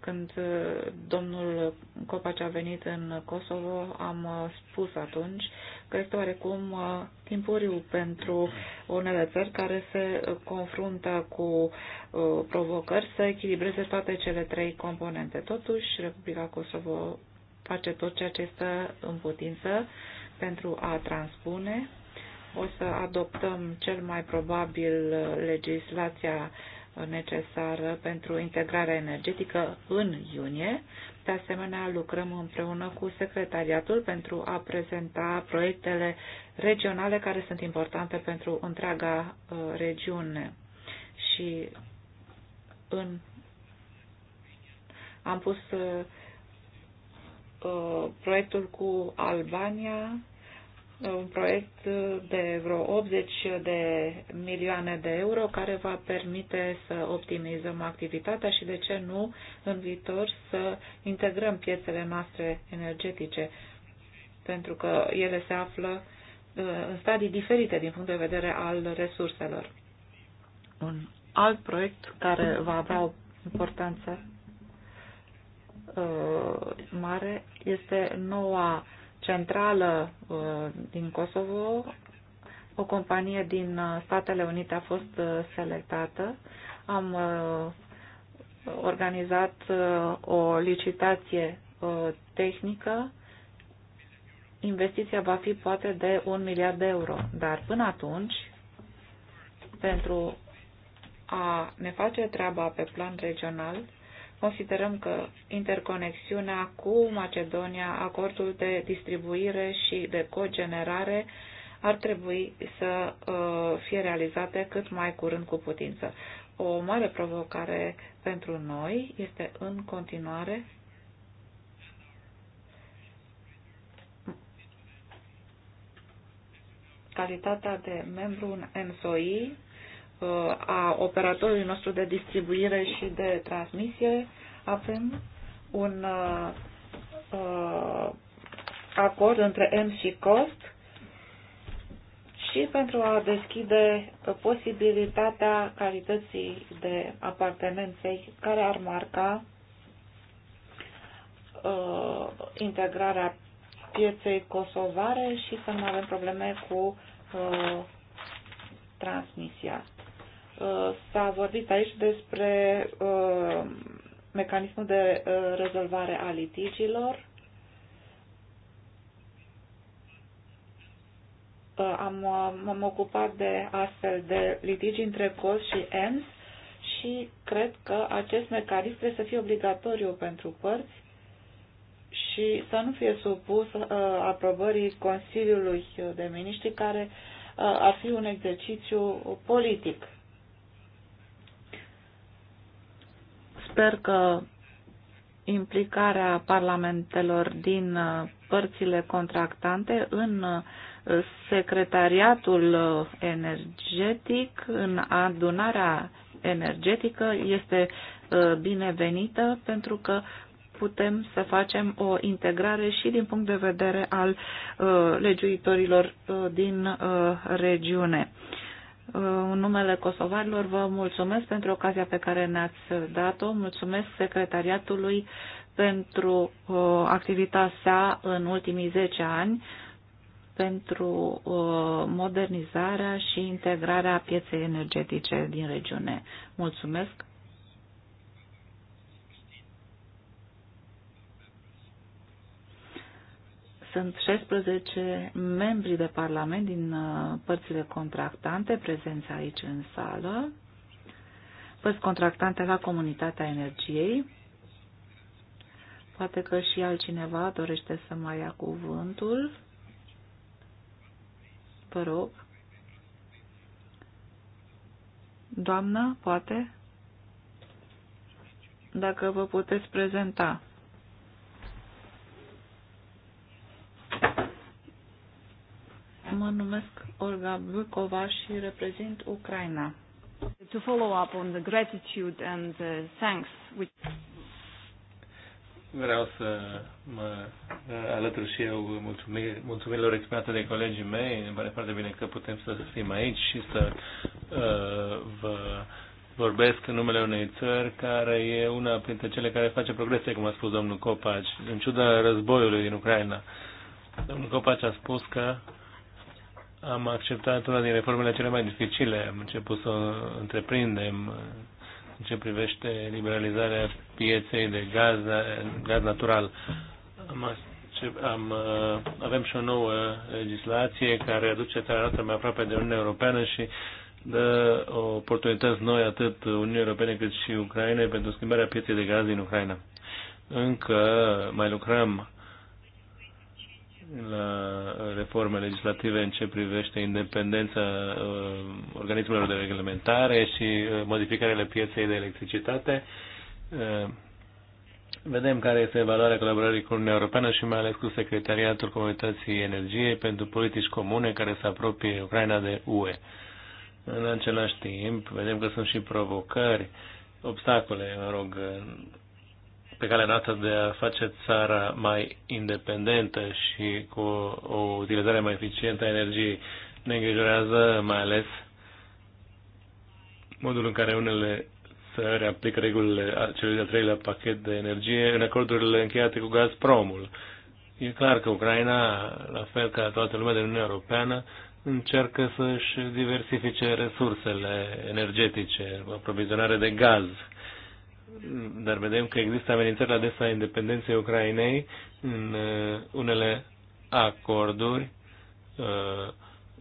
când uh, domnul Copaci a venit în Kosovo, am uh, spus atunci că este oarecum timpuriu pentru unele țări care se confruntă cu provocări să echilibreze toate cele trei componente. Totuși, Republica Kosovo face tot ceea ce este în putință pentru a transpune. O să adoptăm cel mai probabil uh, legislația necesară pentru integrarea energetică în iunie. De asemenea, lucrăm împreună cu secretariatul pentru a prezenta proiectele regionale care sunt importante pentru întreaga uh, regiune. Și în, am pus uh, Uh, proiectul cu Albania, un proiect de vreo 80 de milioane de euro care va permite să optimizăm activitatea și, de ce nu, în viitor să integrăm piețele noastre energetice, pentru că ele se află uh, în stadii diferite din punct de vedere al resurselor. Un alt proiect care va avea o importanță Uh, mare este noua centrală uh, din Kosovo. O companie din uh, Statele Unite a fost selectată. Am organizat o licitație tehnică. Investiția va fi poate de un miliard de euro, dar până atunci, pentru a ne face treaba pe plan regional, Considerăm că interconexiunea cu Macedonia, acordul de distribuire și de cogenerare ar trebui să uh, fie realizate cât mai curând cu putință. O mare provocare pentru noi este în continuare calitatea de membru în NSOI Uh, a operatorului nostru de distribuire și de transmisie, avem un uh, uh, acord între M și Cost și pentru a deschide posibilitatea calității de apartenenței care ar marca uh, integrarea pieței kosovare și să nu avem probleme cu uh, transmisia. Uh, s-a vorbit aici despre uh, mecanismul de uh, rezolvare a litigilor. Am, m-am ocupat de astfel de litigi între COS și EMS și cred că acest mecanism trebuie să fie obligatoriu pentru părți și să nu fie supus uh, aprobării Consiliului de Miniștri, care uh, ar fi un exercițiu politic. Sper că implicarea parlamentelor din uh, părțile contractante în uh, secretariatul uh, energetic, în adunarea energetică este binevenită pentru că putem să facem o integrare și din punct de vedere al legiuitorilor din regiune. În numele kosovarilor vă mulțumesc pentru ocazia pe care ne-ați dat-o, mulțumesc secretariatului pentru uh, activitatea sa în ultimii 10 ani, pentru uh, modernizarea și integrarea pieței energetice din regiune. Mulțumesc! Sunt 16 membri de Parlament din uh, părțile contractante prezenți aici în sală, părți contractante la Comunitatea Energiei. Poate că și altcineva dorește să mai ia cuvântul. Vă rog. Doamnă, poate? Dacă vă puteți prezenta. Mă numesc Olga Bukova și reprezint Ucraina. To follow up on the gratitude and the thanks which vreau să mă alătur și eu mulțumir, mulțumirilor exprimate de colegii mei. Îmi pare foarte bine că putem să fim aici și să uh, vă vorbesc în numele unei țări care e una dintre cele care face progrese, cum a spus domnul Copaci, în ciuda războiului din Ucraina. Domnul Copaci a spus că uh, am acceptat una din reformele cele mai dificile. Am început să o întreprindem în ce privește liberalizarea pieței de gaz, gaz natural. Am, am, uh, avem și o nouă legislație care aduce țara noastră mai aproape de Uniunea Europeană și dă oportunități noi atât Uniunii Europene cât și Ucrainei pentru schimbarea pieței de gaz din Ucraina. Încă mai lucrăm la reforme legislative în ce privește independența uh, organismelor de reglementare și uh, modificările pieței de electricitate. Uh, vedem care este valoarea colaborării cu Uniunea Europeană și mai ales cu Secretariatul Comunității Energiei pentru politici comune care să apropie Ucraina de UE. În același timp, vedem că sunt și provocări, obstacole, mă rog, pe calea noastră de a face țara mai independentă și cu o utilizare mai eficientă a energiei. Ne îngrijorează mai ales modul în care unele țări aplică regulile celui de-al treilea pachet de energie în acordurile încheiate cu Gazpromul. E clar că Ucraina, la fel ca toată lumea din Uniunea Europeană, încearcă să-și diversifice resursele energetice, aprovizionare de gaz dar vedem că există amenințări la adresa independenței Ucrainei în uh, unele acorduri. Uh,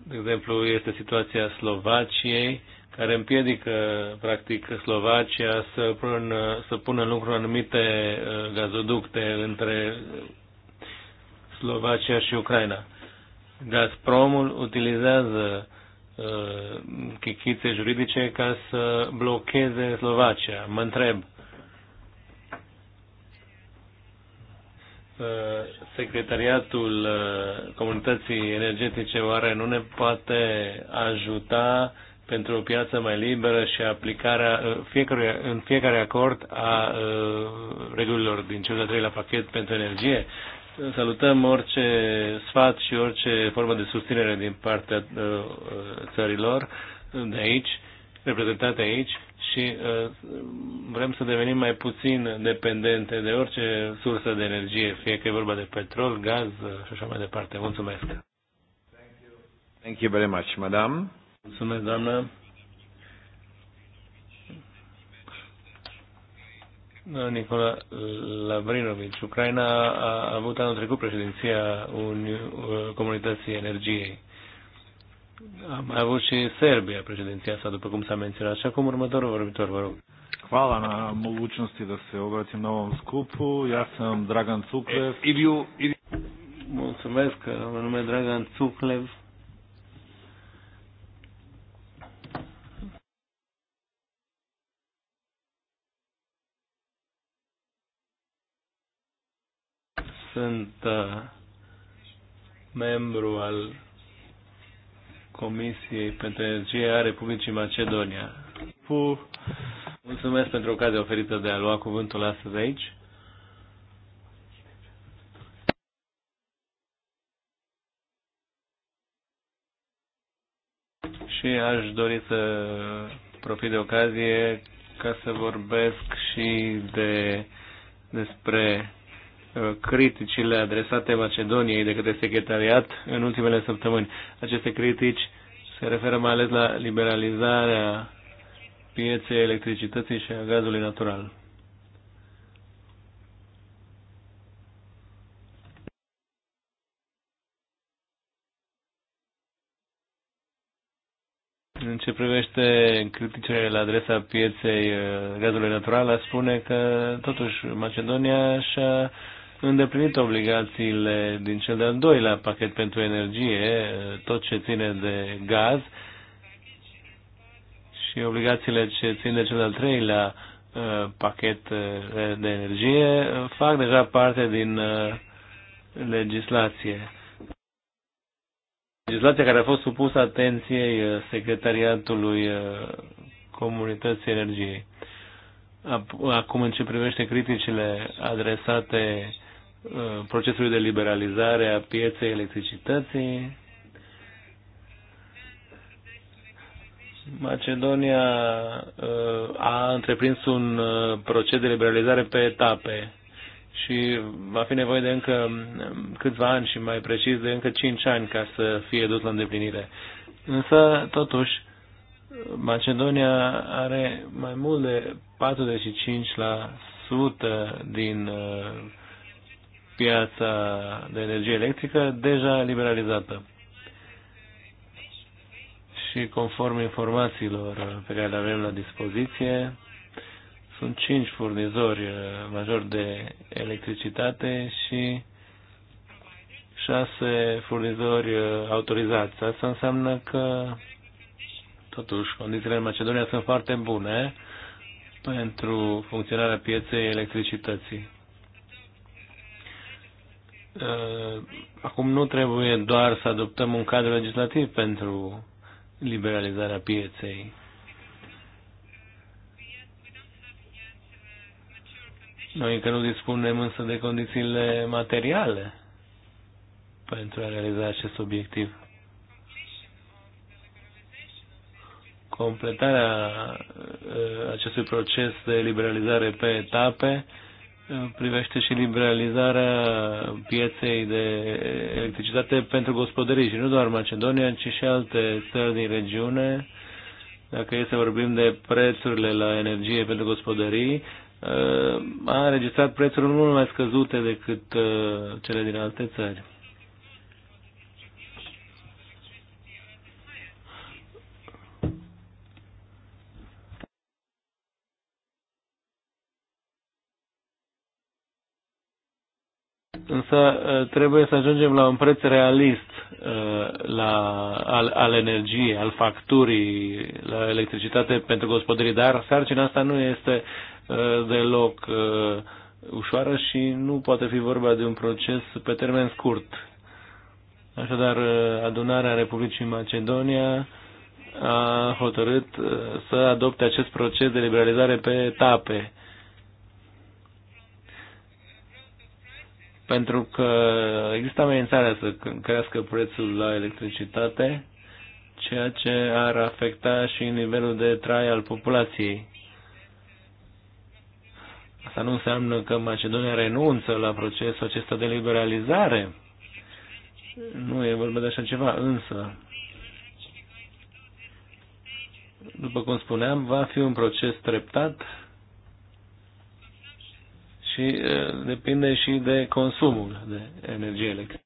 de exemplu, este situația Slovaciei, care împiedică, practic, Slovacia să pună, să pună în lucru anumite uh, gazoducte între Slovacia și Ucraina. Gazpromul utilizează chichițe juridice ca să blocheze Slovacia. Mă întreb, Uh, secretariatul uh, comunității energetice oare nu ne poate ajuta pentru o piață mai liberă și aplicarea uh, fiecare, în fiecare acord a regulilor din cel de-al treilea pachet pentru energie? Salutăm orice sfat și orice formă de susținere din partea țărilor de aici reprezentate aici și uh, vrem să devenim mai puțin dependente de orice sursă de energie, fie că e vorba de petrol, gaz uh, și așa mai departe. Mulțumesc! Thank you, Thank you very much, madam. Mulțumesc, doamnă. Da, Nicola Lavrinovici. Ucraina a avut anul trecut președinția Uni- uh, Comunității Energiei. A mai avut și Serbia președinția asta, după cum s-a menționat. Și acum următorul vorbitor, vă rog. Hvala na mogućnosti da se obratim na ovom skupu. Ja sam Dragan Cuklev. Ilju, Ilju. Mulțumesc, uh, mă nume Dragan Cuklev. Sunt uh, membru al Comisiei pentru Energie a Republicii Macedonia. Puh. Mulțumesc pentru ocazia oferită de a lua cuvântul astăzi aici. Și aș dori să profit de ocazie ca să vorbesc și de despre criticile adresate Macedoniei de către secretariat în ultimele săptămâni. Aceste critici se referă mai ales la liberalizarea pieței electricității și a gazului natural. În ce privește criticile la adresa pieței uh, gazului natural, a spune că totuși Macedonia și-a îndeplinit obligațiile din cel de-al doilea pachet pentru energie, tot ce ține de gaz și obligațiile ce țin de cel de-al treilea uh, pachet uh, de energie uh, fac deja parte din legislație. Legislația care a fost supusă atenției Secretariatului Comunității Energiei. Acum, în ce privește criticile adresate procesului de liberalizare a pieței electricității. Macedonia uh, a întreprins un uh, proces de liberalizare pe etape și va fi nevoie de încă um, câțiva ani și mai precis de încă 5 ani ca să fie dus la îndeplinire. Însă, totuși, Macedonia are mai mult de 45% din uh, piața de energie electrică deja liberalizată. Și conform informațiilor pe care le avem la dispoziție, sunt cinci furnizori uh, majori de electricitate și șase furnizori uh, autorizați. Asta înseamnă că, totuși, condițiile în Macedonia sunt foarte bune pentru funcționarea pieței electricității. Uh, acum nu trebuie doar să adoptăm un cadru legislativ pentru liberalizarea pieței. Noi încă nu dispunem însă de condițiile materiale pentru a realiza acest obiectiv. Completarea uh, acestui proces de liberalizare pe etape privește și liberalizarea pieței de electricitate pentru gospodării și nu doar Macedonia, ci și alte țări din regiune. Dacă e să vorbim de prețurile la energie pentru gospodării, a înregistrat prețuri mult mai scăzute decât uh, cele din alte țări. însă ă, trebuie să ajungem la un preț realist ă, la, al, al energiei, al facturii, la electricitate pentru gospodării, dar sarcina asta nu este ă, deloc ușoară și nu poate fi vorba de un proces pe termen scurt. Așadar, adunarea Republicii Macedonia a hotărât să adopte acest proces de liberalizare pe etape pentru că există amenințarea să crească prețul la electricitate, ceea ce ar afecta și nivelul de trai al populației. Asta nu înseamnă că Macedonia renunță la procesul acesta de liberalizare. Nu e vorba de așa ceva, însă, după cum spuneam, va fi un proces treptat și depinde și de consumul de energie electrică.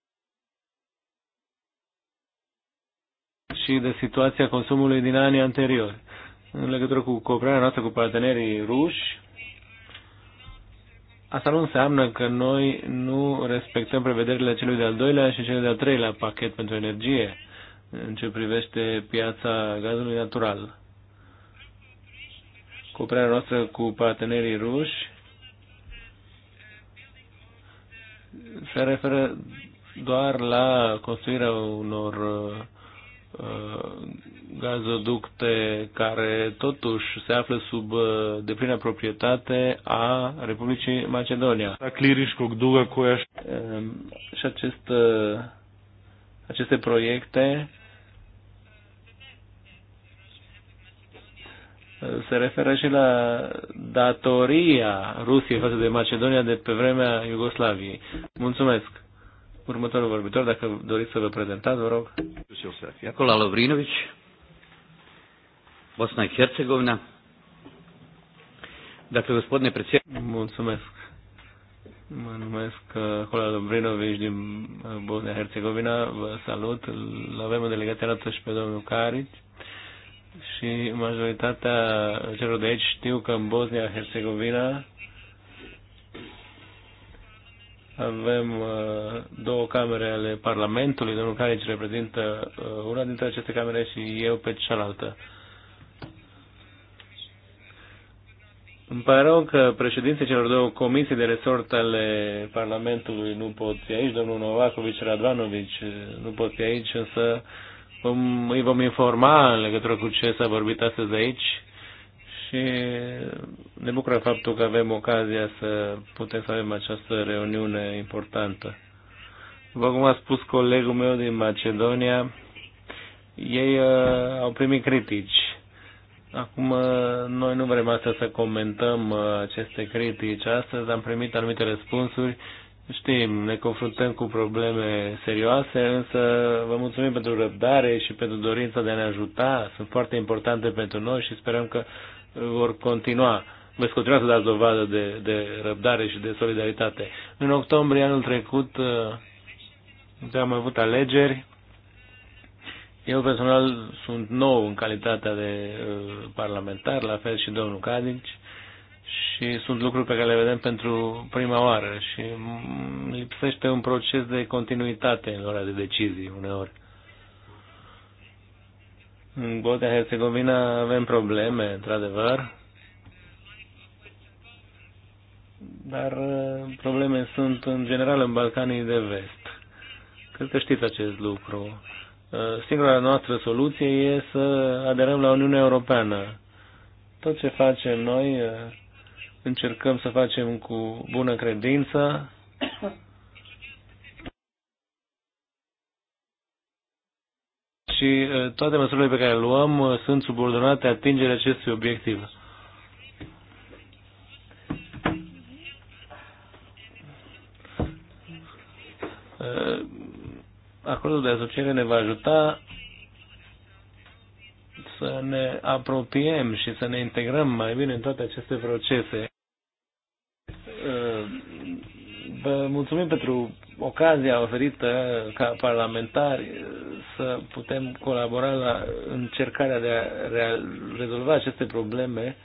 și de situația consumului din anii anteriori. În legătură cu cooperarea noastră cu partenerii ruși, asta nu înseamnă că noi nu respectăm prevederile celui de-al doilea și celui de-al treilea pachet pentru energie în ce privește piața gazului natural. Cooperarea noastră cu partenerii ruși se referă doar la construirea unor uh, gazoducte care totuși se află sub uh, deplină proprietate a Republicii Macedonia. Um, și acest, uh, aceste proiecte se referă și la datoria Rusiei față de Macedonia de pe vremea Iugoslaviei. Mulțumesc! Următorul vorbitor, dacă doriți să vă prezentați, vă rog. Acolo Lovrinović, Bosna i Hercegovina. Dakle, gospodine predsjedniče. Mulțumesc. Mă numesc Hola uh, Dobrinovic din uh, Bosnia-Herzegovina. Vă salut. L avem în delegația noastră și pe domnul Carici și majoritatea celor de aici știu că în Bosnia-Herzegovina avem uh, două camere ale Parlamentului, domnul Carici reprezintă uh, una dintre aceste camere și eu pe cealaltă. Îmi pare rău că președinții celor două comisii de resort ale Parlamentului nu pot fi aici, domnul Novakovic, Radvanovic uh, nu pot fi aici, însă uh, vom, îi vom informa în legătură cu ce s-a vorbit astăzi aici și ne bucură faptul că avem ocazia să putem să avem această reuniune importantă. După cum a spus colegul meu din Macedonia, ei uh, au primit critici. Acum, uh, noi nu vrem asta să comentăm uh, aceste critici. Astăzi am primit anumite răspunsuri Știm, ne confruntăm cu probleme serioase, însă vă mulțumim pentru răbdare și pentru dorința de a ne ajuta. Sunt foarte importante pentru noi și sperăm că vor continua. Veți continua să dați dovadă de, de răbdare și de solidaritate. În octombrie anul trecut uh, am avut alegeri. Eu personal sunt nou în calitatea de uh, parlamentar, la fel și domnul Cadici și sunt lucruri pe care le vedem pentru prima oară și lipsește un proces de continuitate în ora de decizii uneori. În Botea herzegovina avem probleme, într-adevăr, dar uh, probleme sunt în general în Balcanii de Vest. Cred că știți acest lucru. Uh, singura noastră soluție e să aderăm la Uniunea Europeană. Tot ce facem noi uh, încercăm să facem cu bună credință. Și uh, toate măsurile pe care le luăm uh, sunt subordonate atingerea acestui obiectiv. Uh, acordul de asociere ne va ajuta să ne apropiem și să ne integrăm mai bine în toate aceste procese. Uh, vă mulțumim pentru ocazia oferită ca parlamentari să putem colabora la încercarea de a rezolva aceste probleme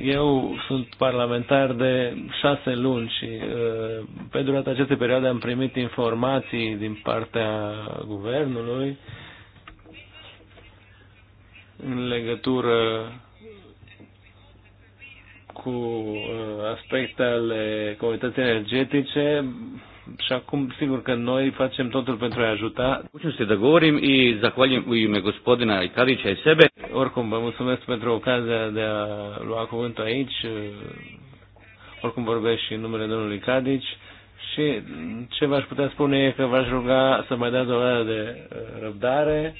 Eu sunt parlamentar de șase luni și uh, pe durata acestei perioade am primit informații din partea guvernului în legătură cu uh, aspecte ale comunității energetice și acum, sigur că noi facem totul pentru a-i ajuta. Putem să dogovorim da și zahvalim ime gospodina Icarici și sebe. Oricum, vă mulțumesc pentru ocazia de a lua cuvântul aici. Oricum vorbesc și în numele domnului Cadici. Și ce v-aș putea spune e că v-aș ruga să mai dați o de uh, răbdare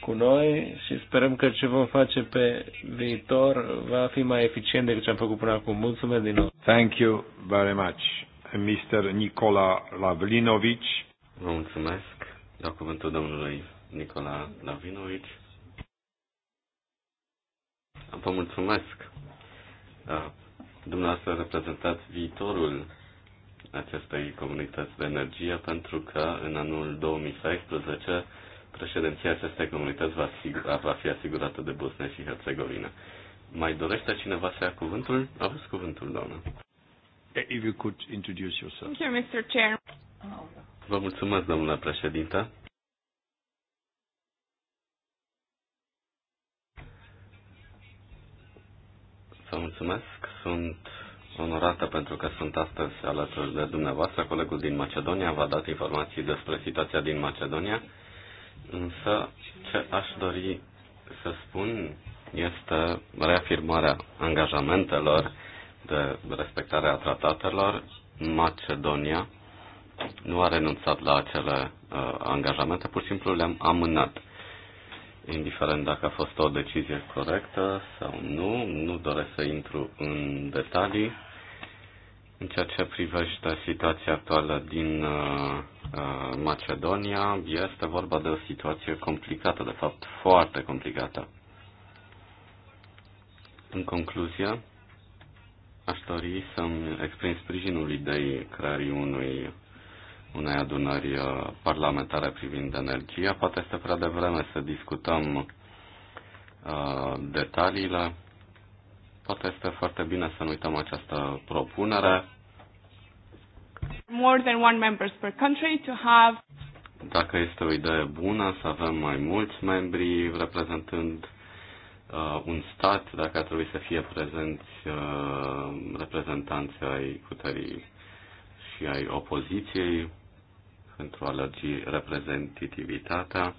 cu noi și sperăm că ce vom face pe viitor va fi mai eficient decât ce am făcut până acum. Mulțumesc din nou! Thank you very much! Mr. Nicola Lavlinovic. Vă mulțumesc. Dau cuvântul domnului Nicola Lavlinovic. Vă mulțumesc. Da, dumneavoastră reprezentați viitorul acestei comunități de energie pentru că în anul 2016 președinția acestei comunități va, asigur, va fi asigurată de Bosnia și Herțegovina. Mai dorește cineva să ia cuvântul? Aveți cuvântul, doamnă. Eh, if you could introduce yourself. Thank you, Mr. Chair. Vă mulțumesc, domnule președinte. Vă mulțumesc. Sunt onorată pentru că sunt astăzi alături de dumneavoastră. Colegul din Macedonia v-a dat informații despre situația din Macedonia. Însă, ce aș dori să spun este reafirmarea angajamentelor de respectare a tratatelor, Macedonia nu a renunțat la acele uh, angajamente, pur și simplu le-am amânat. Indiferent dacă a fost o decizie corectă sau nu, nu doresc să intru în detalii. În ceea ce privește situația actuală din uh, uh, Macedonia, este vorba de o situație complicată, de fapt foarte complicată. În concluzie, Aș dori să-mi exprim sprijinul ideii creării unui, unei adunări uh, parlamentare privind energia. Poate este prea devreme să discutăm uh, detaliile. Poate este foarte bine să nu uităm această propunere. More than one members per country to have... Dacă este o idee bună să avem mai mulți membri reprezentând uh, un stat, dacă ar trebui să fie prezenți uh, reprezentanții ai puterii și ai opoziției pentru a lărgi reprezentativitatea,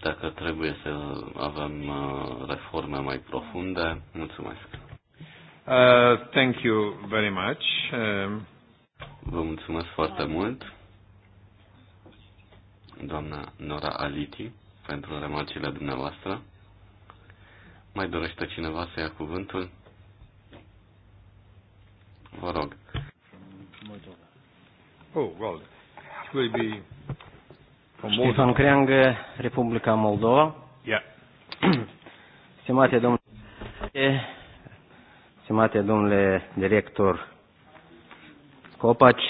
dacă trebuie să avem uh, reforme mai profunde. Mulțumesc! Uh, thank you very much. Uh... Vă mulțumesc foarte mult, doamna Nora Aliti pentru remarcile dumneavoastră. Mai dorește cineva să ia cuvântul? Vă rog. Oh, well, it will be from Ștefan Creang, Republica Moldova. Yeah. Stimate domnule, stimate domnule director Copaci,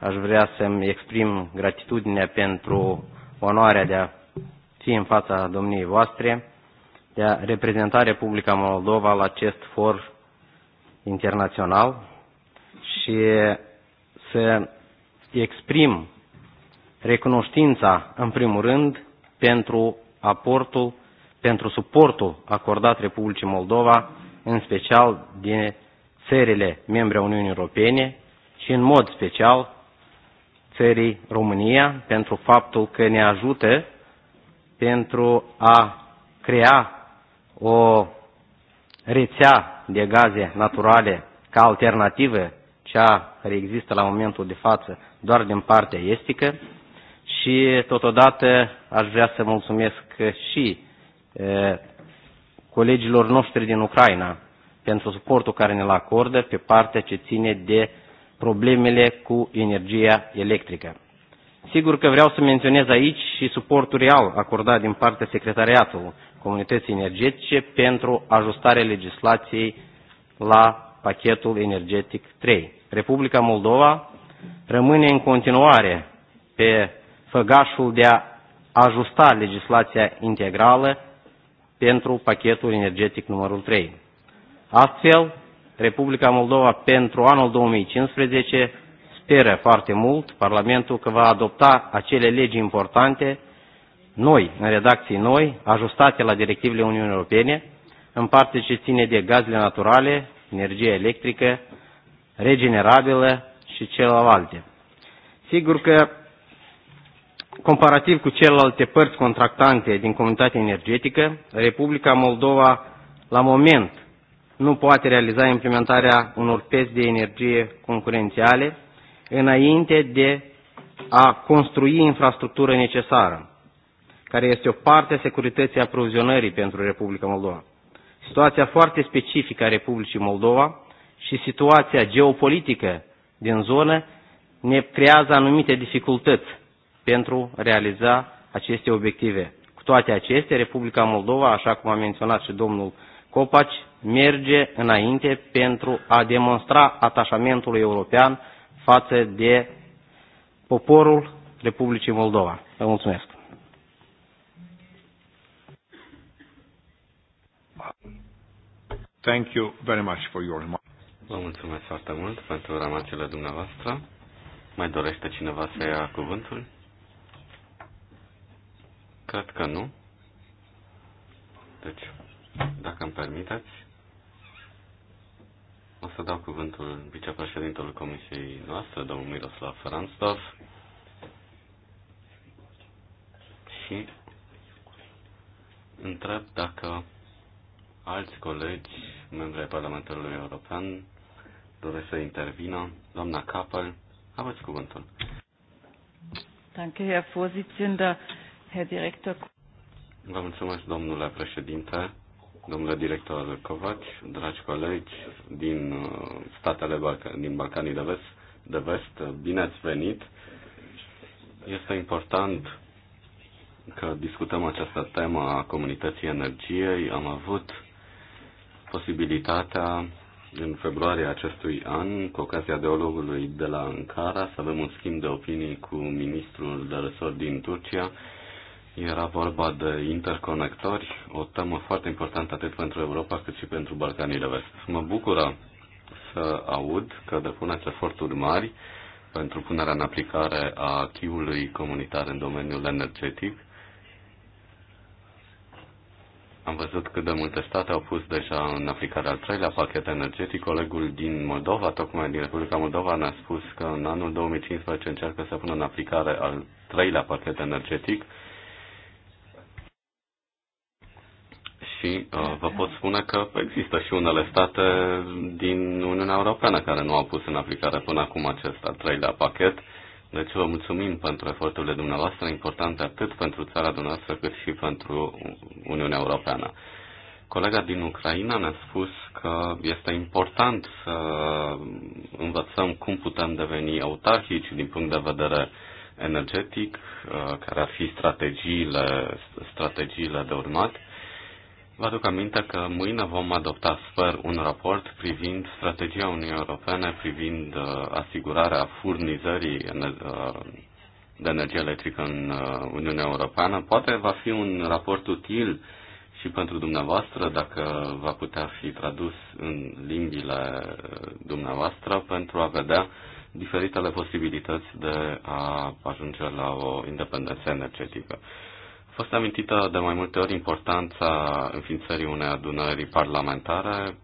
aș vrea să-mi exprim gratitudinea pentru onoarea de a ție în fața domniei voastre de a reprezenta Republica Moldova la acest for internațional și să exprim recunoștința, în primul rând, pentru aportul, pentru suportul acordat Republicii Moldova, în special din țările membre a Uniunii Europene și, în mod special, țării România, pentru faptul că ne ajută pentru a crea o rețea de gaze naturale ca alternativă cea care există la momentul de față doar din partea estică și totodată aș vrea să mulțumesc și e, colegilor noștri din Ucraina pentru suportul care ne-l acordă pe partea ce ține de problemele cu energia electrică. Sigur că vreau să menționez aici și suportul real acordat din partea Secretariatului Comunității Energetice pentru ajustarea legislației la pachetul energetic 3. Republica Moldova rămâne în continuare pe făgașul de a ajusta legislația integrală pentru pachetul energetic numărul 3. Astfel, Republica Moldova pentru anul 2015 speră foarte mult Parlamentul că va adopta acele legi importante, noi, în redacții noi, ajustate la directivele Uniunii Europene, în parte ce ține de gazele naturale, energie electrică, regenerabilă și celelalte. Sigur că, comparativ cu celelalte părți contractante din comunitatea energetică, Republica Moldova, la moment, nu poate realiza implementarea unor peți de energie concurențiale, înainte de a construi infrastructură necesară, care este o parte a securității aprovizionării pentru Republica Moldova. Situația foarte specifică a Republicii Moldova și situația geopolitică din zonă ne creează anumite dificultăți pentru a realiza aceste obiective. Cu toate acestea, Republica Moldova, așa cum a menționat și domnul Copaci, merge înainte pentru a demonstra atașamentul european față de poporul Republicii Moldova. Vă mulțumesc! Thank you very much for your remarks. Vă mulțumesc foarte mult pentru rămațele dumneavoastră. Mai dorește cineva să ia cuvântul? Cred că nu. Deci, dacă îmi permiteți, o să dau cuvântul vicepreședintelui Comisiei noastre, domnul Miroslav Ranstov. Și întreb dacă alți colegi, membri ai Parlamentului European, doresc să intervină. Doamna Capel, aveți cuvântul. Danke, Herr Vorsitzender, Herr Director. Vă mulțumesc, domnule președinte, domnule director Covaci, dragi colegi din uh, statele Balca- din Balcanii de Vest, de Vest, bine ați venit. Este important că discutăm această temă a comunității energiei. Am avut posibilitatea în februarie acestui an, cu ocazia dialogului de la Ankara, să avem un schimb de opinii cu ministrul de resort din Turcia, era vorba de interconectori, o temă foarte importantă atât pentru Europa cât și pentru Balcanii de Vest. Mă bucură să aud că depuneți eforturi mari pentru punerea în aplicare a chiului comunitar în domeniul energetic. Am văzut cât de multe state au pus deja în aplicare al treilea pachet energetic. Colegul din Moldova, tocmai din Republica Moldova, ne-a spus că în anul 2015 încearcă să pună în aplicare al treilea pachet energetic și uh, vă pot spune că există și unele state din Uniunea Europeană care nu au pus în aplicare până acum acest al treilea pachet. Deci vă mulțumim pentru eforturile dumneavoastră importante atât pentru țara dumneavoastră cât și pentru Uniunea Europeană. Colega din Ucraina ne-a spus că este important să învățăm cum putem deveni autarhici din punct de vedere energetic, uh, care ar fi strategiile, strategiile de urmat Vă aduc aminte că mâine vom adopta, sper, un raport privind strategia Uniunii Europene, privind uh, asigurarea furnizării uh, de energie electrică în uh, Uniunea Europeană. Poate va fi un raport util și pentru dumneavoastră, dacă va putea fi tradus în limbile uh, dumneavoastră, pentru a vedea diferitele posibilități de a ajunge la o independență energetică. A fost amintită de mai multe ori importanța înființării unei adunări parlamentare.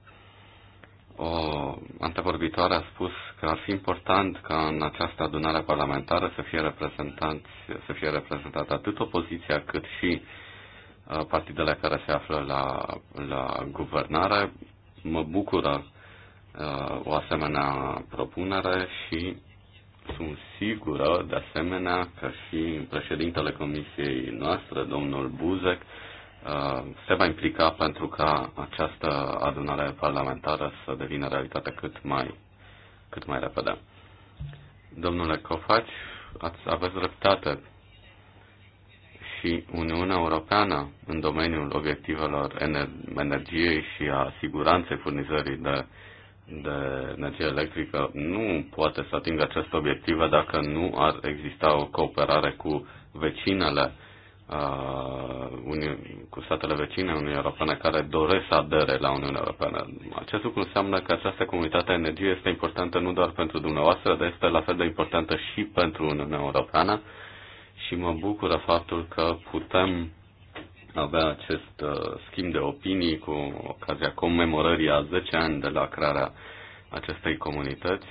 O antevorbitoare a spus că ar fi important ca în această adunare parlamentară să fie, reprezentanți, să fie reprezentată atât opoziția cât și uh, partidele care se află la, la guvernare. Mă bucură uh, o asemenea propunere și sunt sigură, de asemenea, că și președintele comisiei noastre, domnul Buzek, uh, se va implica pentru ca această adunare parlamentară să devină realitate cât mai, cât mai repede. Domnule Cofaci, ați, aveți dreptate și Uniunea Europeană în domeniul obiectivelor energiei și a siguranței furnizării de de energie electrică nu poate să atingă aceste obiective dacă nu ar exista o cooperare cu vecinele, uh, cu statele vecine Uniunii Europene care doresc să adere la Uniunea Europeană. Acest lucru înseamnă că această comunitate a energiei este importantă nu doar pentru dumneavoastră, dar este la fel de importantă și pentru Uniunea Europeană și mă bucură faptul că putem avea acest uh, schimb de opinii cu ocazia comemorării a 10 ani de la crearea acestei comunități.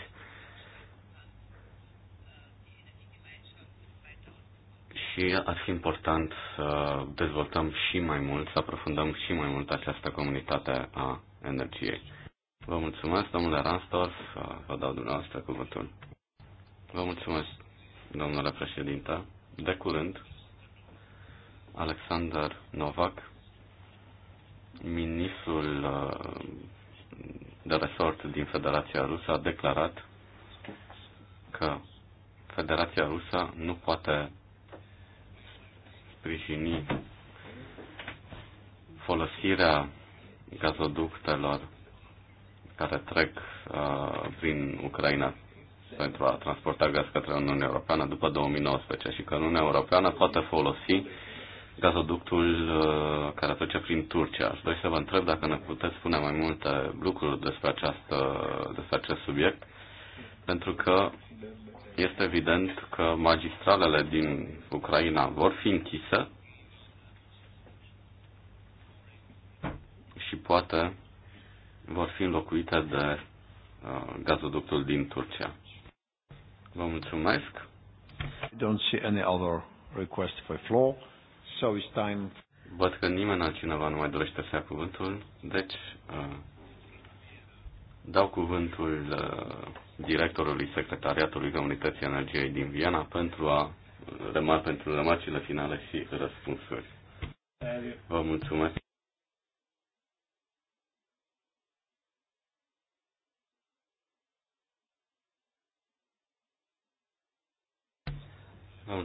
Și ar fi important să dezvoltăm și mai mult, să aprofundăm și mai mult această comunitate a energiei. Vă mulțumesc, domnule Ransdorf, vă dau dumneavoastră cuvântul. Vă mulțumesc, domnule președinte. De curând, Alexander Novak, ministrul uh, de resort din Federația Rusă a declarat că Federația Rusă nu poate sprijini folosirea gazoductelor care trec uh, prin Ucraina pentru a transporta gaz către Uniunea Europeană după 2019 și că Uniunea Europeană poate folosi gazoductul uh, care trece prin Turcia. Aș dori să vă întreb dacă ne puteți spune mai multe lucruri despre, această, despre acest subiect, pentru că este evident că magistralele din Ucraina vor fi închise și poate vor fi înlocuite de uh, gazoductul din Turcia. Vă mulțumesc. I don't see any other request for floor so it's time. Văd că nimeni altcineva nu mai dorește să ia cuvântul, deci uh, dau cuvântul uh, directorului Secretariatului Comunității Energiei din Viena pentru a rămâne pentru remarcile finale și răspunsuri. Vă mulțumesc.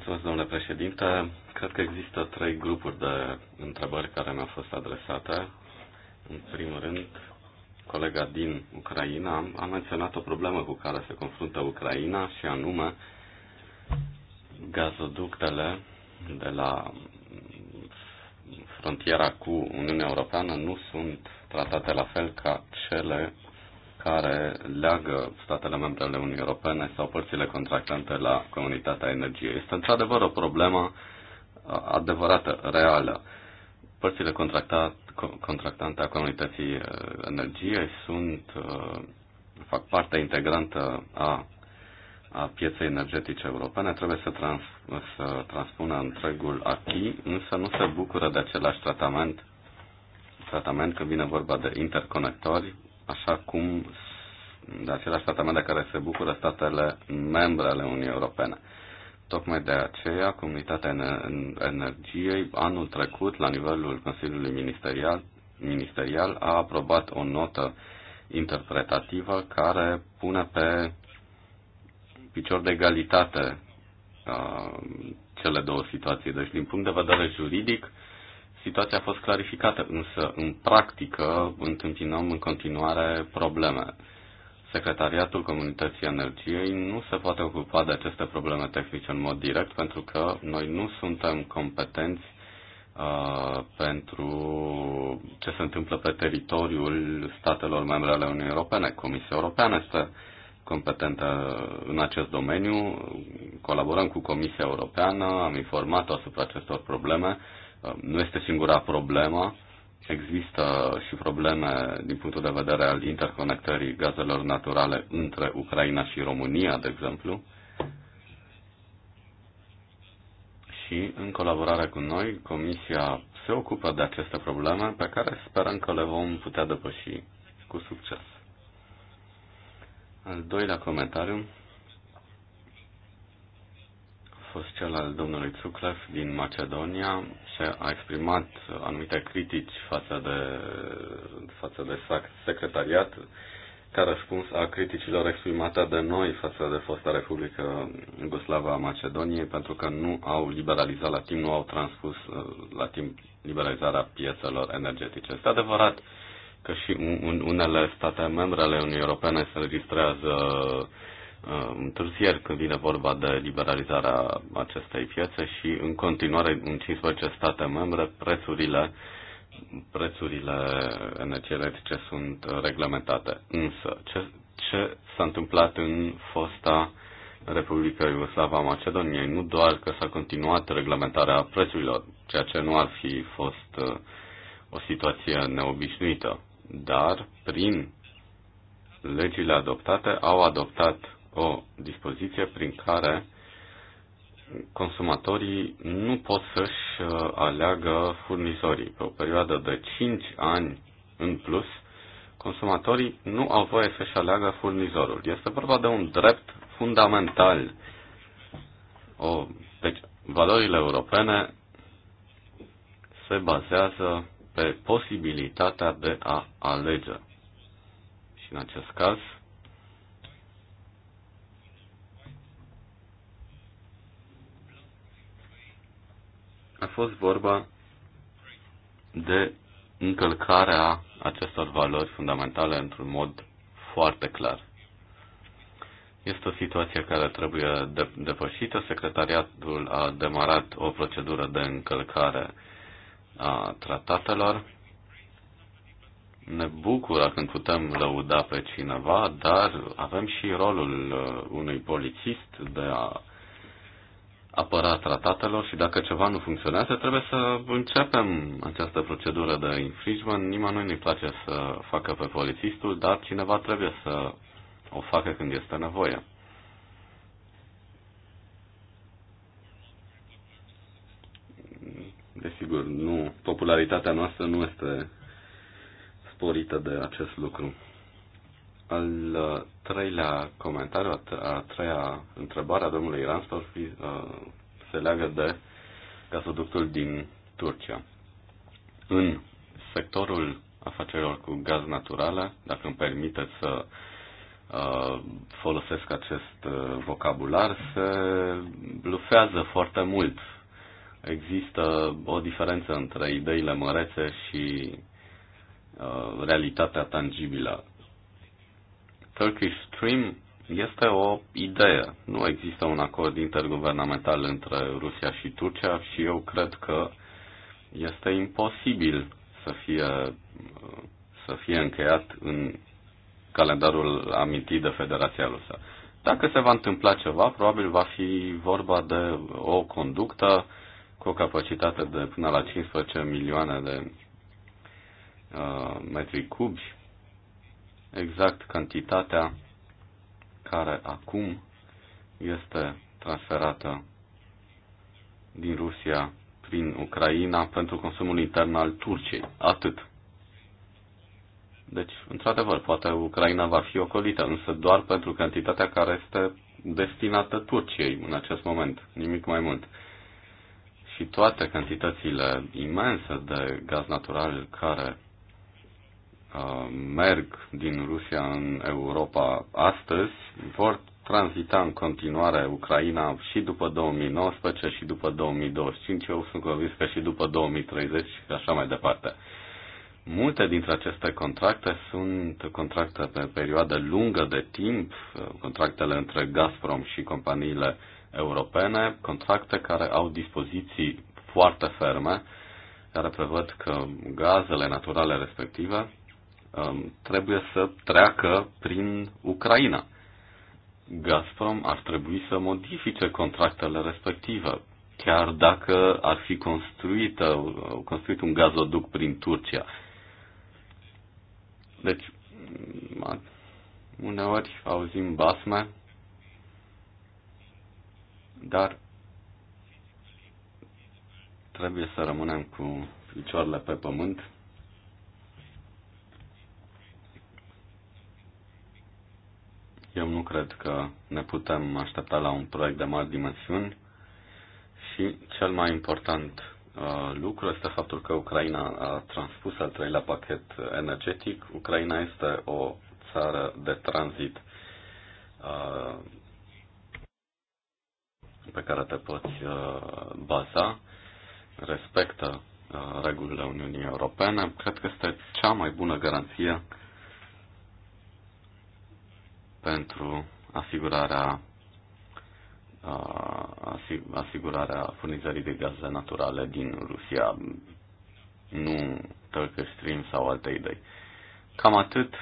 Mulțumesc, domnule președinte. Cred că există trei grupuri de întrebări care mi-au fost adresate. În primul rând, colega din Ucraina a menționat o problemă cu care se confruntă Ucraina și anume gazoductele de la frontiera cu Uniunea Europeană nu sunt tratate la fel ca cele care leagă statele membre ale Uniunii Europene sau părțile contractante la comunitatea energiei. Este într-adevăr o problemă adevărată, reală. Părțile contractante a comunității energiei sunt, fac parte integrantă a, a pieței energetice europene, trebuie să, trans, să transpună întregul achi, însă nu se bucură de același tratament tratament când vine vorba de interconectori, așa cum de același tratament de care se bucură statele membre ale Uniunii Europene. Tocmai de aceea, Comunitatea Energiei, anul trecut, la nivelul Consiliului Ministerial, ministerial a aprobat o notă interpretativă care pune pe picior de egalitate uh, cele două situații. Deci, din punct de vedere juridic, Situația a fost clarificată, însă în practică întâmpinăm în continuare probleme. Secretariatul Comunității Energiei nu se poate ocupa de aceste probleme tehnice în mod direct pentru că noi nu suntem competenți uh, pentru ce se întâmplă pe teritoriul statelor membre ale Uniunii Europene. Comisia Europeană este competentă în acest domeniu, colaborăm cu Comisia Europeană, am informat-o asupra acestor probleme Um, nu este singura problemă. Există și probleme din punctul de vedere al interconectării gazelor naturale între Ucraina și România, de exemplu. Și, în colaborare cu noi, Comisia se ocupă de aceste probleme pe care sperăm că le vom putea depăși cu succes. Al doilea comentariu fost cel al domnului Tsuclef din Macedonia și a exprimat anumite critici față de, față de secretariat ca răspuns a criticilor exprimate de noi față de fosta Republică Iugoslavă a Macedoniei, pentru că nu au liberalizat la timp, nu au transpus uh, la timp liberalizarea piețelor energetice. Este adevărat că și unele state membre ale Uniunii Europene se înregistrează Uh, întârziere când vine vorba de liberalizarea acestei piețe și în continuare în 15 state membre prețurile prețurile energetice sunt reglementate. Însă, ce, ce s-a întâmplat în fosta Republica Iugoslava a Macedoniei? Nu doar că s-a continuat reglementarea prețurilor, ceea ce nu ar fi fost uh, o situație neobișnuită, dar prin legile adoptate au adoptat o dispoziție prin care consumatorii nu pot să-și uh, aleagă furnizorii. Pe o perioadă de 5 ani în plus, consumatorii nu au voie să-și aleagă furnizorul. Este vorba de un drept fundamental. O, deci, valorile europene se bazează pe posibilitatea de a alege. Și în acest caz, a fost vorba de încălcarea acestor valori fundamentale într-un mod foarte clar. Este o situație care trebuie depășită. Secretariatul a demarat o procedură de încălcare a tratatelor. Ne bucură când putem lăuda pe cineva, dar avem și rolul uh, unui polițist de a apăra tratatelor și dacă ceva nu funcționează, trebuie să începem această procedură de infringement. Nimănui nu-i place să facă pe polițistul, dar cineva trebuie să o facă când este nevoie. Desigur, nu, popularitatea noastră nu este sporită de acest lucru. Al treilea comentariu, a treia întrebare a domnului Ransdorf uh, se leagă de gazoductul din Turcia. În sectorul afacerilor cu gaz naturale, dacă îmi permite să uh, folosesc acest uh, vocabular, se blufează foarte mult. Există o diferență între ideile mărețe și realitatea tangibilă Turkish Stream este o idee. Nu există un acord interguvernamental între Rusia și Turcia și eu cred că este imposibil să fie, să fie încheiat în calendarul amintit de Federația Rusă. Dacă se va întâmpla ceva, probabil va fi vorba de o conductă cu o capacitate de până la 15 milioane de uh, metri cubi exact cantitatea care acum este transferată din Rusia prin Ucraina pentru consumul intern al Turciei. Atât. Deci, într-adevăr, poate Ucraina va fi ocolită, însă doar pentru cantitatea care este destinată Turciei în acest moment, nimic mai mult. Și toate cantitățile imense de gaz natural care Uh, merg din Rusia în Europa astăzi vor tranzita în continuare Ucraina și după 2019 și după 2025. Eu sunt convins că și după 2030 și așa mai departe. Multe dintre aceste contracte sunt contracte pe perioadă lungă de timp, uh, contractele între Gazprom și companiile europene, contracte care au dispoziții foarte ferme, care prevăd că gazele naturale respective Um, trebuie să treacă prin Ucraina. Gazprom ar trebui să modifice contractele respective, chiar dacă ar fi construită, uh, construit un gazoduc prin Turcia. Deci, uneori auzim basme, dar trebuie să rămânem cu picioarele pe pământ cred că ne putem aștepta la un proiect de mari dimensiuni și cel mai important uh, lucru este faptul că Ucraina a transpus al treilea pachet energetic. Ucraina este o țară de tranzit uh, pe care te poți uh, baza, respectă regulile Uniunii Europene. Cred că este cea mai bună garanție pentru asigurarea uh, asigurarea furnizării de gaze naturale din Rusia, nu Turkish Stream sau alte idei. Cam atât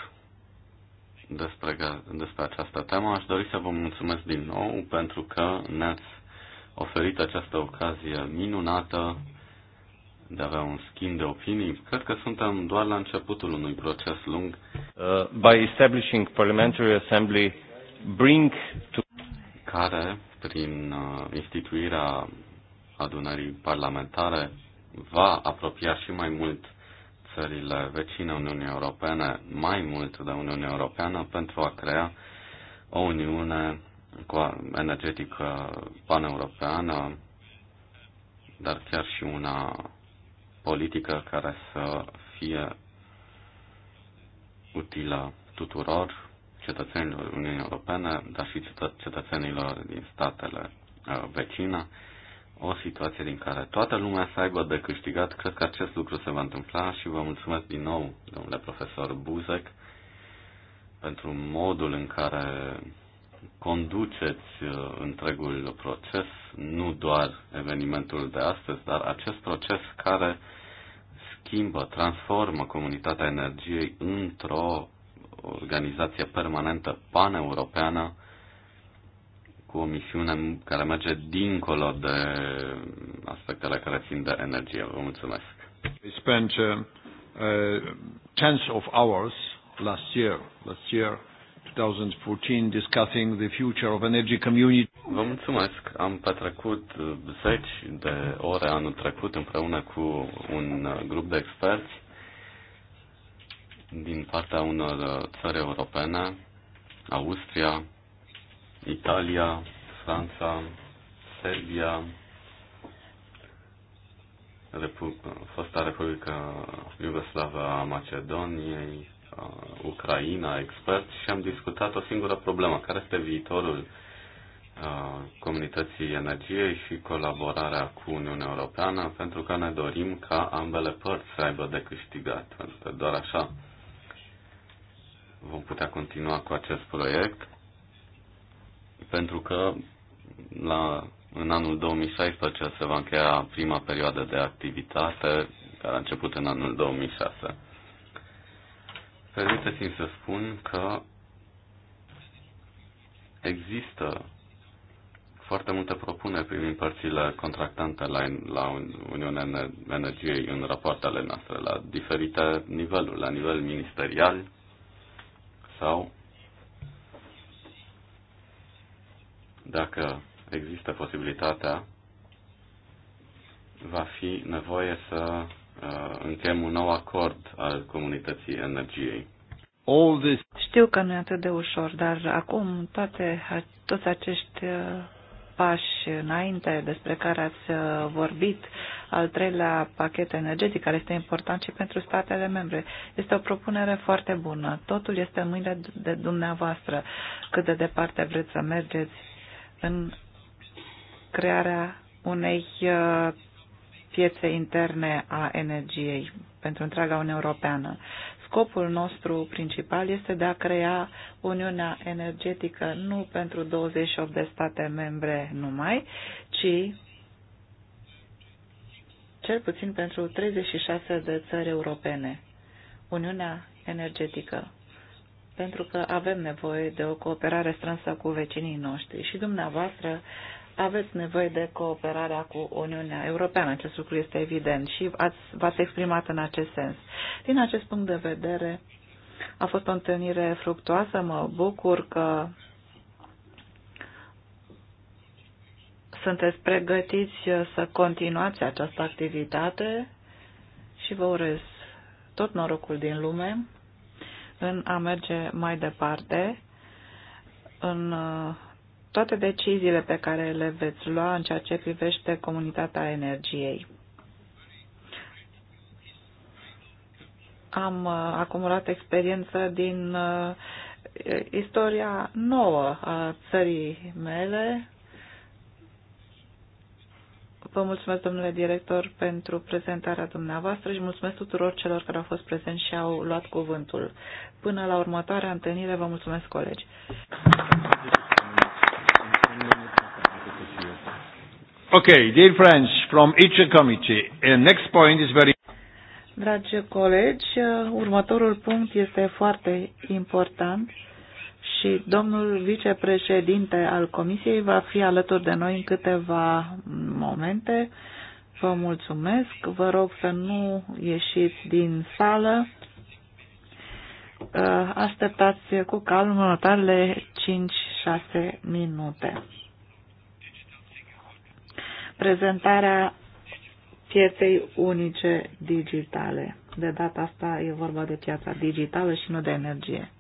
despre, despre această temă. Aș dori să vă mulțumesc din nou pentru că ne-ați oferit această ocazie minunată de a avea un schimb de opinii. Cred că suntem doar la începutul unui proces lung. Uh, by establishing parliamentary assembly bring to care prin uh, instituirea adunării parlamentare va apropia și mai mult țările vecine Uniunii Europene, mai mult de Uniunea Europeană, pentru a crea o Uniune cu energetică paneuropeană, dar chiar și una politică care să fie utilă tuturor cetățenilor Uniunii Europene, dar și cetățenilor din statele uh, vecine, o situație din care toată lumea să aibă de câștigat. Cred că acest lucru se va întâmpla și vă mulțumesc din nou, domnule profesor Buzek, pentru modul în care conduceți uh, întregul proces, nu doar evenimentul de astăzi, dar acest proces care schimbă, transformă comunitatea energiei într-o organizație permanentă paneuropeană cu o misiune care merge dincolo de aspectele care țin de energie. Vă mulțumesc. We spent uh, uh, tens of hours last year, last year 2014 discussing the future of energy community. Vă mulțumesc. Am petrecut zeci de ore anul trecut împreună cu un grup de experți din partea unor țări europene, Austria, Italia, Franța, Serbia, Repu- fosta Republică Iugoslavă a Macedoniei, Ucraina, experți și am discutat o singură problemă, care este viitorul comunității energiei și colaborarea cu Uniunea Europeană, pentru că ne dorim ca ambele părți să aibă de câștigat, pentru că doar așa vom putea continua cu acest proiect, pentru că la, în anul 2016 se va încheia prima perioadă de activitate, care a început în anul 2006. Permiteți-mi să spun că există foarte multe propuneri prin împărțile contractante la, la Uniunea Energiei în rapoartele noastre, la diferite niveluri, la nivel ministerial sau dacă există posibilitatea, va fi nevoie să Uh, încheiem un nou acord al comunității energiei. All this... Știu că nu e atât de ușor, dar acum toate, toți acești uh, pași înainte despre care ați uh, vorbit, al treilea pachet energetic, care este important și pentru statele membre. Este o propunere foarte bună. Totul este în mâinile de dumneavoastră, cât de departe vreți să mergeți în crearea unei piețe interne a energiei pentru întreaga Uniune Europeană. Scopul nostru principal este de a crea Uniunea Energetică nu pentru 28 de state membre numai, ci cel puțin pentru 36 de țări europene. Uniunea Energetică pentru că avem nevoie de o cooperare strânsă cu vecinii noștri și dumneavoastră aveți nevoie de cooperarea cu Uniunea Europeană. Acest lucru este evident și v-ați exprimat în acest sens. Din acest punct de vedere, a fost o întâlnire fructoasă. Mă bucur că sunteți pregătiți să continuați această activitate și vă urez tot norocul din lume în a merge mai departe în toate deciziile pe care le veți lua în ceea ce privește comunitatea energiei. Am uh, acumulat experiență din uh, istoria nouă a țării mele. Vă mulțumesc, domnule director, pentru prezentarea dumneavoastră și mulțumesc tuturor celor care au fost prezenți și au luat cuvântul. Până la următoarea întâlnire, vă mulțumesc, colegi. Okay, dear friends, from each committee, the uh, next point is very Dragi colegi, uh, următorul punct este foarte important și domnul vicepreședinte al comisiei va fi alături de noi în câteva momente. Vă mulțumesc, vă rog să nu ieșiți din sală. Uh, așteptați cu calm următoarele 5-6 minute prezentarea pieței unice digitale. De data asta e vorba de piața digitală și nu de energie.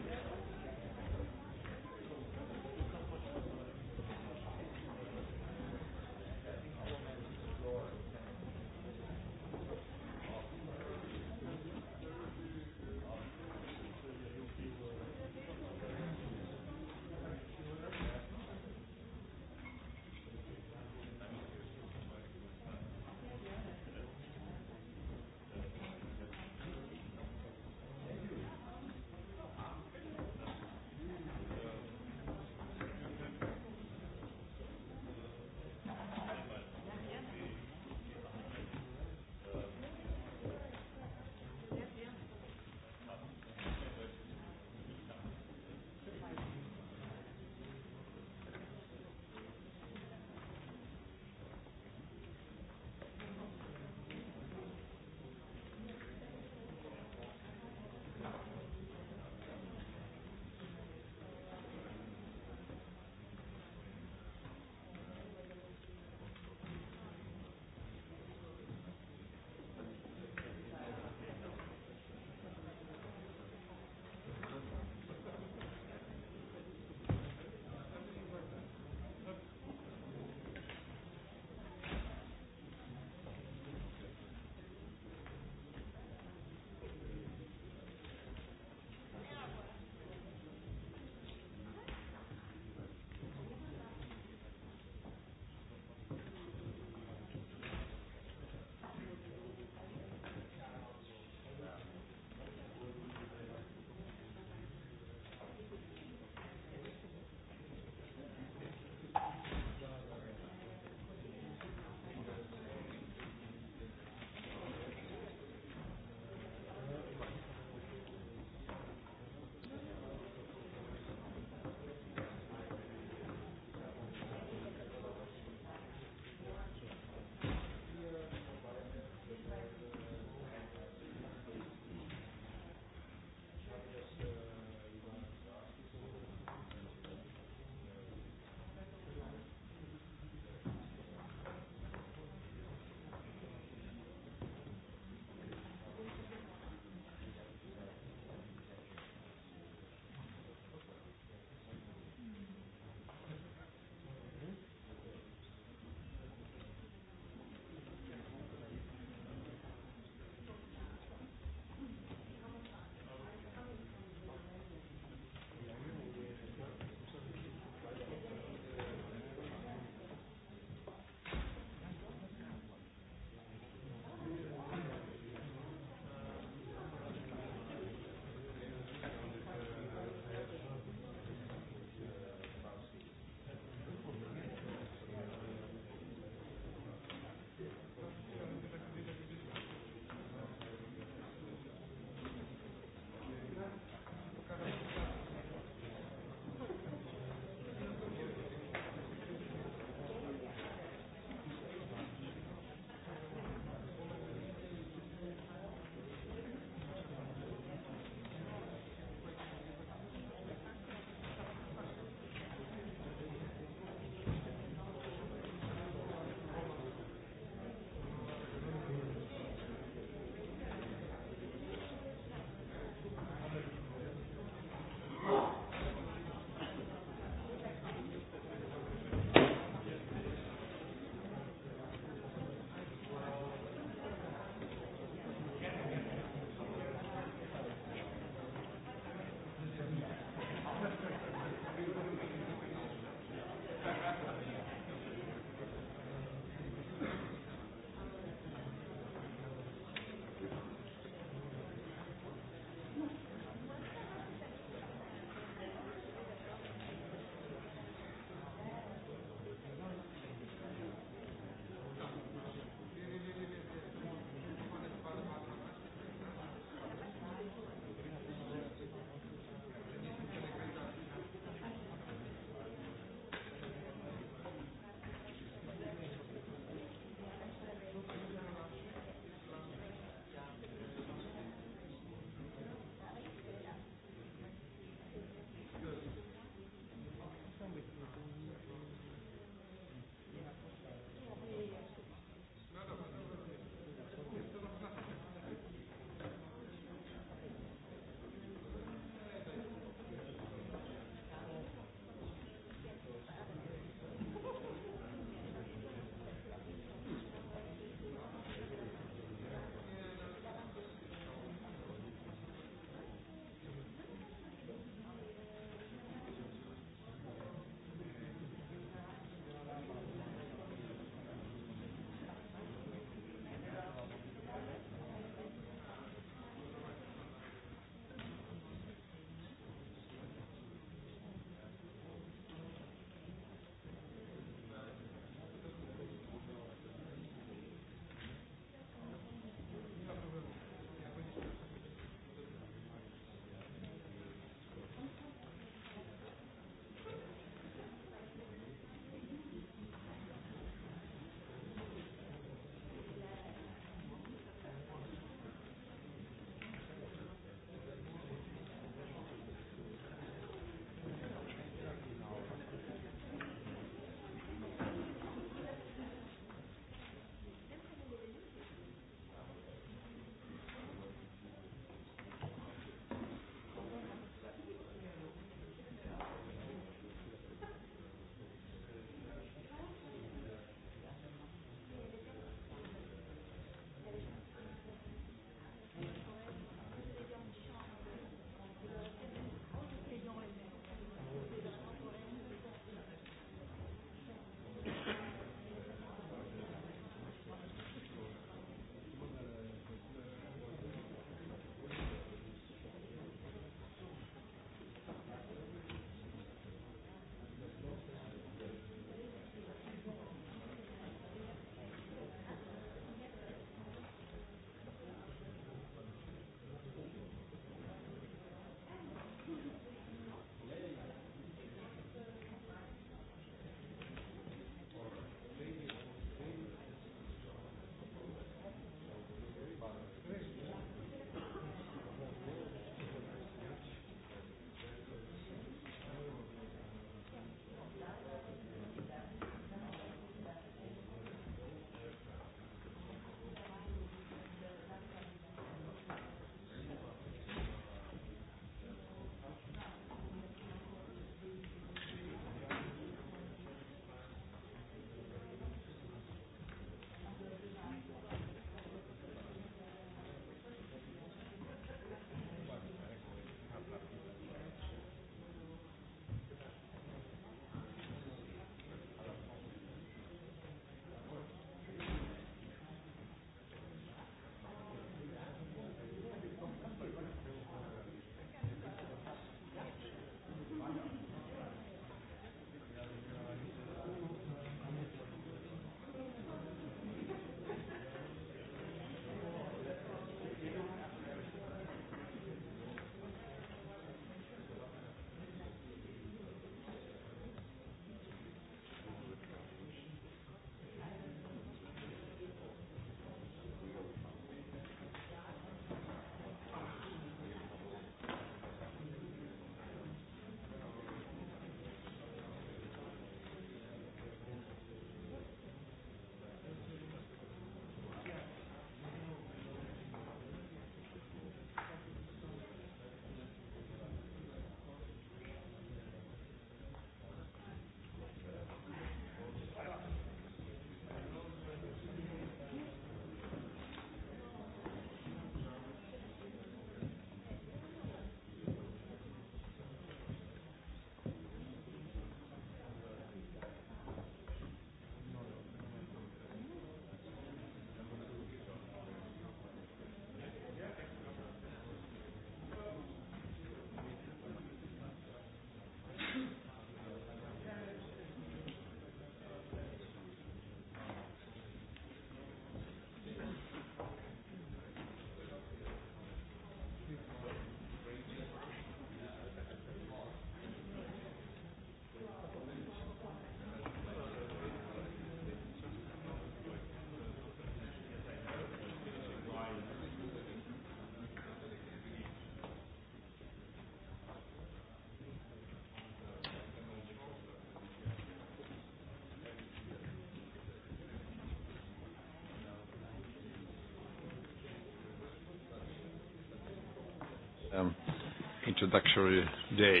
introductory day.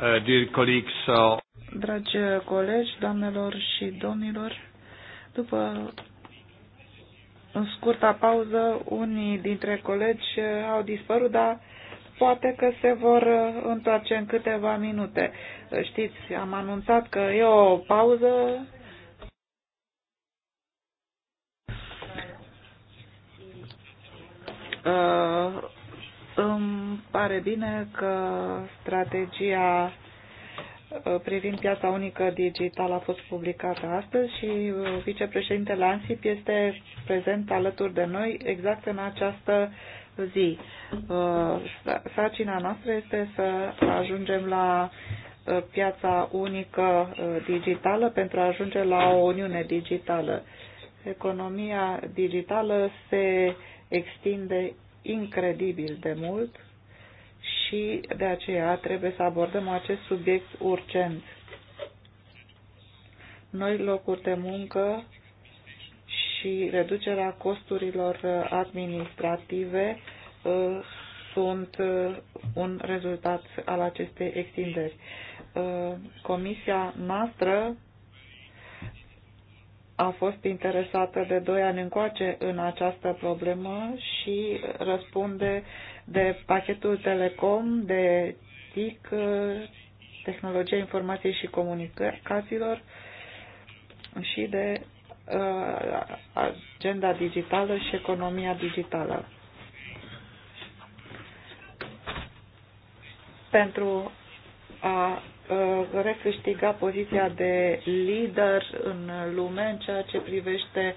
Uh, dear colleagues, uh... Dragi colegi, doamnelor și domnilor, după în scurta pauză, unii dintre colegi au dispărut, dar poate că se vor întoarce în câteva minute. Știți, am anunțat că e o pauză pare bine că strategia uh, privind piața unică digitală a fost publicată astăzi și uh, vicepreședintele ANSIP este prezent alături de noi exact în această zi. Uh, sarcina noastră este să ajungem la piața unică digitală pentru a ajunge la o uniune digitală. Economia digitală se extinde incredibil de mult și de aceea trebuie să abordăm acest subiect urgent. Noi locuri de muncă și reducerea costurilor administrative uh, sunt uh, un rezultat al acestei extinderi. Uh, comisia noastră a fost interesată de doi ani încoace în această problemă și răspunde de pachetul telecom, de TIC, tehnologia informației și comunicațiilor și de uh, agenda digitală și economia digitală. Pentru a Uh, recâștiga poziția de lider în lume în ceea ce privește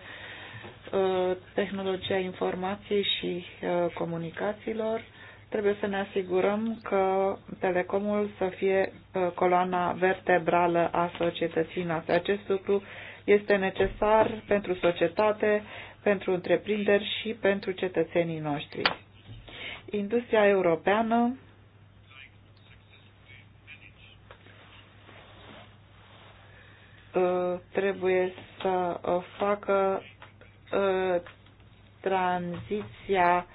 uh, tehnologia informației și uh, comunicațiilor. Trebuie să ne asigurăm că telecomul să fie coloana vertebrală a societății noastre. Acest lucru este necesar pentru societate, pentru întreprinderi și pentru cetățenii noștri. Industria europeană Uh, trebuie să uh, facă uh, tranziția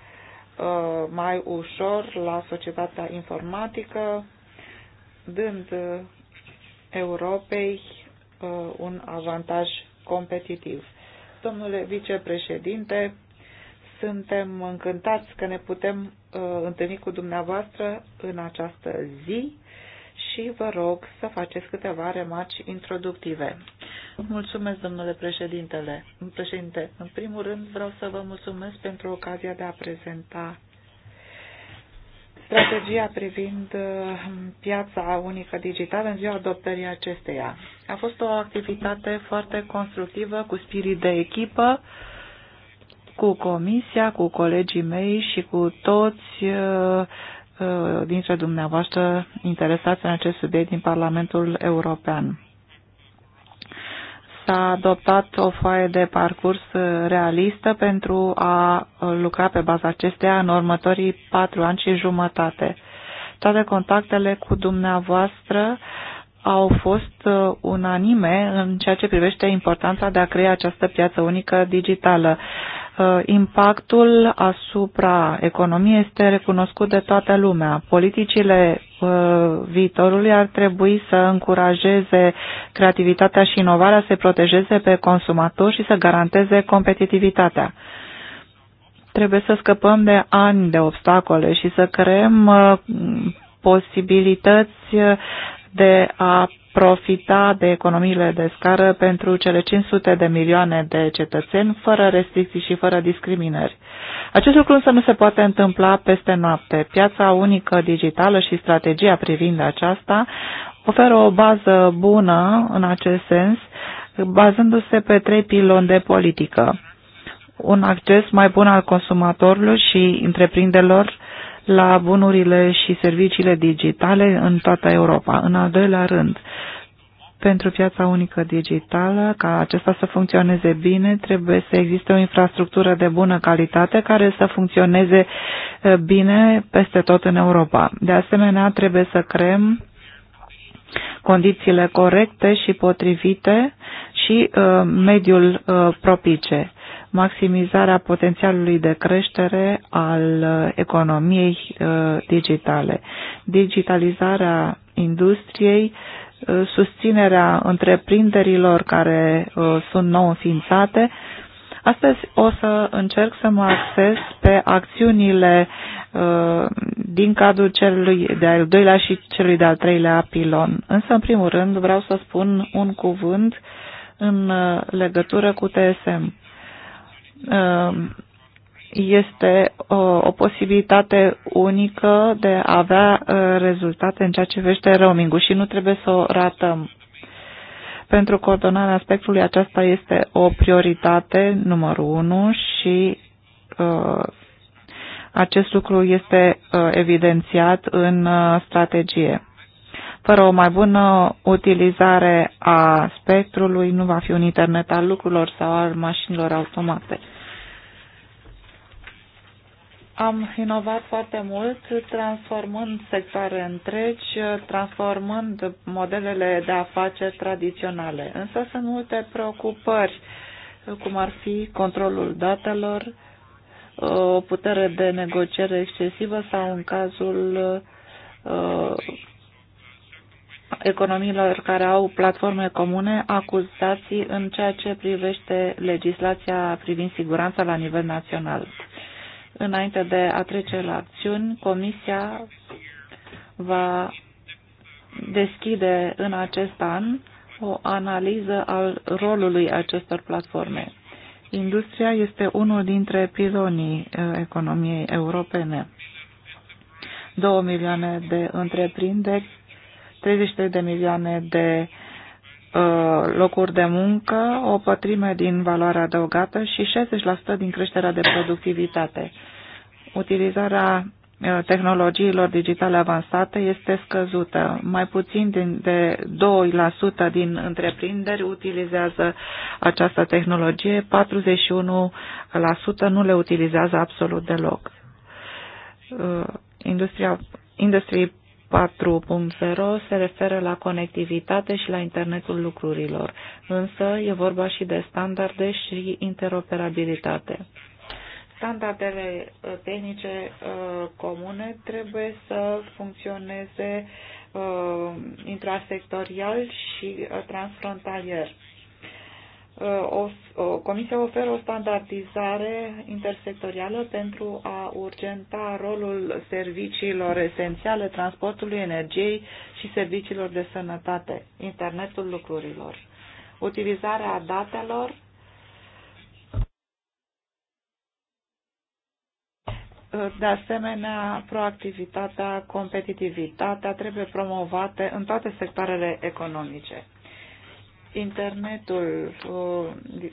mai ușor la societatea informatică, dând Europei un avantaj competitiv. Domnule vicepreședinte, suntem încântați că ne putem întâlni cu dumneavoastră în această zi și vă rog să faceți câteva remarci introductive. Mulțumesc, domnule președintele. președinte. În primul rând vreau să vă mulțumesc pentru ocazia de a prezenta strategia privind uh, piața unică digitală în ziua adoptării acesteia. A fost o activitate foarte constructivă, cu spirit de echipă, cu comisia, cu colegii mei și cu toți uh, Uh, dintre dumneavoastră interesați în acest subiect din Parlamentul European. S-a adoptat o foaie de parcurs uh, realistă pentru a uh, lucra pe baza acesteia în următorii patru ani și jumătate. Toate contactele cu dumneavoastră au fost unanime în ceea ce privește importanța de a crea această piață unică digitală. Uh, impactul asupra economiei este recunoscut de toată lumea. Politicile uh, viitorului ar trebui să încurajeze creativitatea și inovarea, să protejeze pe consumator și să garanteze competitivitatea. Trebuie să scăpăm de ani de obstacole și să creăm uh, posibilități de a profita de economiile de scară pentru cele 500 de milioane de cetățeni, fără restricții și fără discriminări. Acest lucru însă nu se poate întâmpla peste noapte. Piața unică digitală și strategia privind aceasta oferă o bază bună în acest sens, bazându-se pe trei piloni de politică. Un acces mai bun al consumatorului și întreprinderilor la bunurile și serviciile digitale în toată Europa. În al doilea rând, pentru piața unică digitală, ca acesta să funcționeze bine, trebuie să existe o infrastructură de bună calitate care să funcționeze eh, bine peste tot în Europa. De asemenea, trebuie să creăm condițiile corecte și potrivite și uh, mediul uh, propice maximizarea potențialului de creștere al uh, economiei uh, digitale, digitalizarea industriei, uh, susținerea întreprinderilor care sunt nou înființate. Astăzi o să încerc să mă acces pe acțiunile din cadrul celui de-al doilea și celui de-al treilea pilon. Însă, în primul rând, vreau să spun un cuvânt în legătură cu TSM Um, este o, uh, o posibilitate unică de a avea uh, rezultate în ceea ce vește roaming-ul și nu trebuie să o ratăm. Pentru coordonarea aspectului aceasta este o prioritate numărul unu și uh, acest lucru este uh, evidențiat în uh, strategie. Fără o mai bună utilizare a spectrului, nu va fi un internet al lucrurilor sau al mașinilor automate. Am inovat foarte mult, transformând sectoare întregi, transformând modelele de afaceri tradiționale. Însă sunt multe preocupări, cum ar fi controlul datelor, o putere de negociere excesivă sau în cazul uh, economiilor care au platforme comune acuzații în ceea ce privește legislația privind siguranța la nivel național. Înainte de a trece la acțiuni, Comisia va deschide în acest an o analiză al rolului acestor platforme. Industria este unul dintre pilonii eh, economiei europene. 2 milioane de întreprinderi 33 de milioane de uh, locuri de muncă, o pătrime din valoarea adăugată și 60% din creșterea de productivitate. Utilizarea uh, tehnologiilor digitale avansate este scăzută. Mai puțin din, de 2% din întreprinderi utilizează această tehnologie, 41% nu le utilizează absolut deloc. Uh, industria, Industry 4.0 se referă la conectivitate și la internetul lucrurilor, însă e vorba și de standarde și interoperabilitate. Standardele uh, tehnice uh, comune trebuie să funcționeze uh, intrasectorial și transfrontalier o, o, Comisia oferă o standardizare intersectorială pentru a urgenta rolul serviciilor esențiale transportului, energiei și serviciilor de sănătate, internetul lucrurilor. Utilizarea datelor De asemenea, proactivitatea, competitivitatea trebuie promovate în toate sectoarele economice internetul, uh,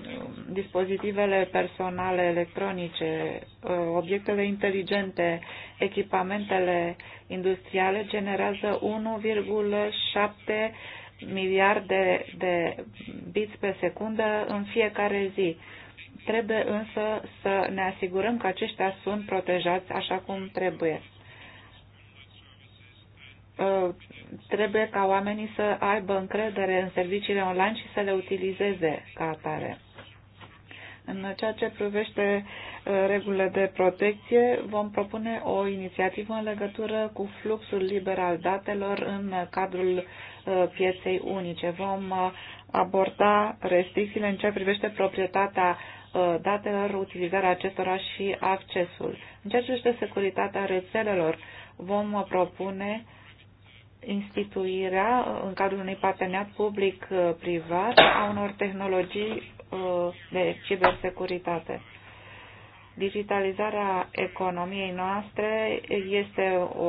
dispozitivele personale electronice, uh, obiectele inteligente, echipamentele industriale generează 1,7 miliarde de bits pe secundă în fiecare zi. Trebuie însă să ne asigurăm că aceștia sunt protejați așa cum trebuie. Ă, trebuie ca oamenii să aibă încredere în serviciile online și să le utilizeze ca atare. În ceea ce privește ă, regulile de protecție, vom propune o inițiativă în legătură cu fluxul liber al datelor în cadrul ă, pieței unice. Vom aborda restricțiile în ceea ce privește proprietatea datelor, utilizarea acestora și accesul. În ceea ce privește securitatea rețelelor, vom propune uh, instituirea, uh, în cadrul unui parteneriat public-privat, a unor tehnologii uh, de cibersecuritate. Digitalizarea economiei noastre este o,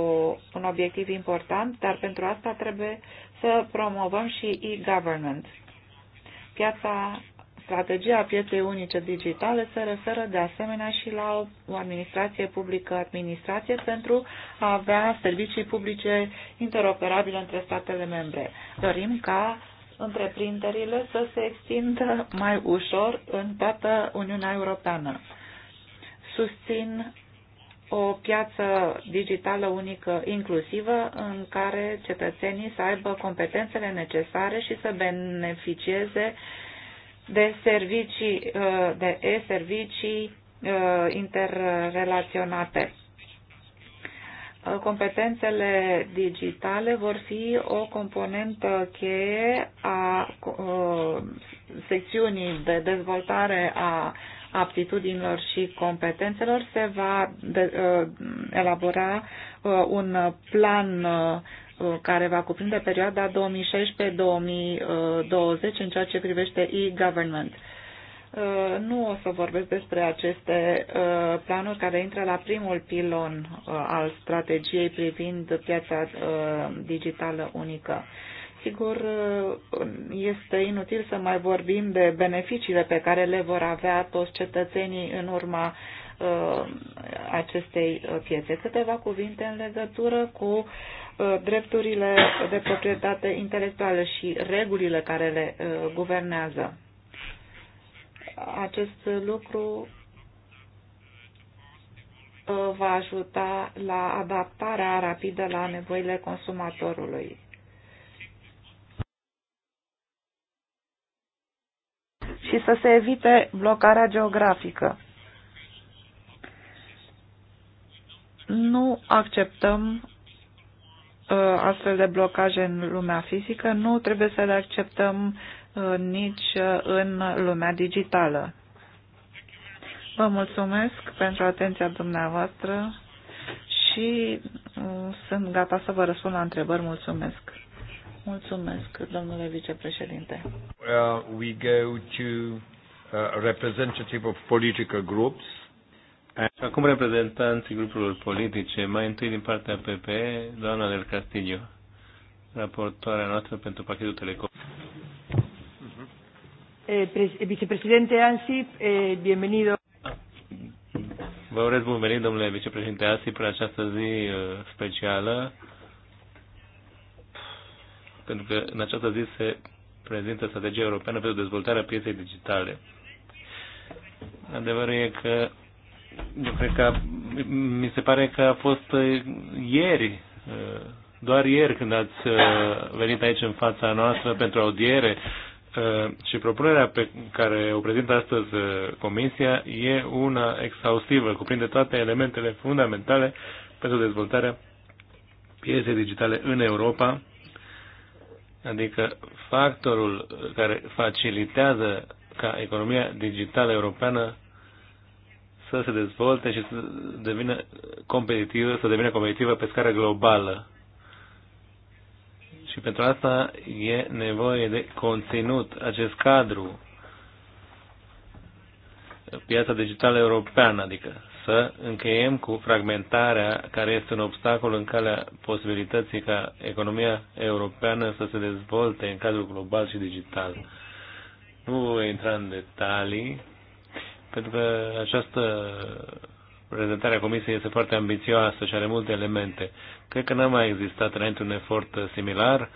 un obiectiv important, dar pentru asta trebuie să promovăm și e-government. Piața Strategia pieței unice digitale se referă de asemenea și la o administrație publică-administrație pentru a avea servicii publice interoperabile între statele membre. Dorim ca întreprinderile să se extindă mai ușor în toată Uniunea Europeană. Susțin o piață digitală unică inclusivă în care cetățenii să aibă competențele necesare și să beneficieze de servicii, uh, de e-servicii uh, interrelaționate. Uh, competențele digitale vor fi o componentă cheie a secțiunii de dezvoltare a aptitudinilor și competențelor. Se va elabora un plan care va cuprinde perioada 2016-2020 în ceea ce privește e-government. Uh, nu o să vorbesc despre aceste uh, planuri care intră la primul pilon uh, al strategiei privind piața digitală unică. Sigur, este inutil să mai vorbim de beneficiile pe care le vor avea toți cetățenii în urma acestei piețe. Câteva cuvinte în legătură cu uh, Uh, drepturile de proprietate intelectuală și regulile care le uh, guvernează. Acest lucru uh, va ajuta la adaptarea rapidă la nevoile consumatorului. și să se evite blocarea geografică. Nu acceptăm Uh, astfel de blocaje în lumea fizică, nu trebuie să le acceptăm uh, nici uh, în lumea digitală. Vă mulțumesc pentru atenția dumneavoastră și sunt gata să vă răspund la întrebări. Mulțumesc. Mulțumesc, domnule vicepreședinte. Uh, we go to uh, representative of political groups acum reprezentanții grupurilor politice, mai întâi din partea PPE, doamna Del Castillo, raportoarea noastră pentru pachetul Telecom. Eh, eh, vicepreședinte Ansip, eh, bienvenido. Vă urez bun venit, domnule vicepreședinte Ansip, pentru această zi specială, pentru că în această zi se prezintă strategia europeană pentru dezvoltarea pieței digitale. Adevărul e că eu cred că mi se pare că a fost uh, ieri, uh, doar ieri când ați uh, venit aici în fața noastră pentru audiere și propunerea pe care o prezintă astăzi Comisia e una exhaustivă, cuprinde toate elementele fundamentale pentru dezvoltarea pieței digitale în Europa, adică factorul care facilitează ca economia digitală europeană să se dezvolte și să devină competitivă, să devină competitivă pe scară globală. Și pentru asta e nevoie de conținut, acest cadru, piața digitală europeană, adică să încheiem cu fragmentarea care este un obstacol în calea posibilității ca economia europeană să se dezvolte în cadrul global și digital. Nu voi intra în detalii, pentru că această prezentare a Comisiei este foarte ambițioasă și are multe elemente. Cred că n-a mai existat înainte un efort similar.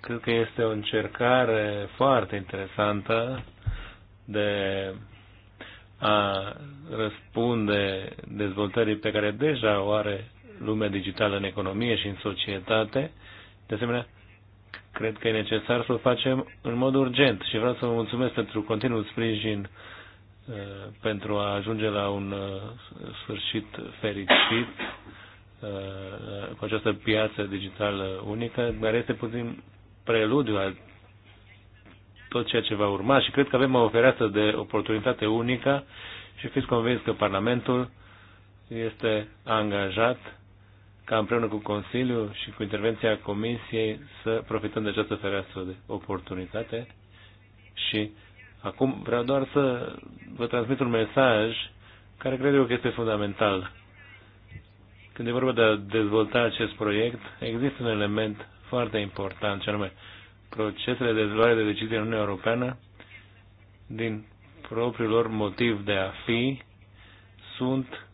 Cred că este o încercare foarte interesantă de a răspunde dezvoltării pe care deja o are lumea digitală în economie și în societate. De asemenea, cred că e necesar să o facem în mod urgent și vreau să vă mulțumesc pentru continuul sprijin Uh, pentru a ajunge la un uh, sfârșit fericit uh, cu această piață digitală unică, care este puțin preludiu al tot ceea ce va urma și cred că avem o fereastră de oportunitate unică și fiți convins că Parlamentul este angajat ca împreună cu Consiliul și cu intervenția Comisiei să profităm de această fereastră de oportunitate și Acum vreau doar să vă transmit un mesaj care cred eu că este fundamental. Când e vorba de a dezvolta acest proiect, există un element foarte important, ce anume procesele de luare de decizie în Uniunea Europeană, din propriul lor motiv de a fi, sunt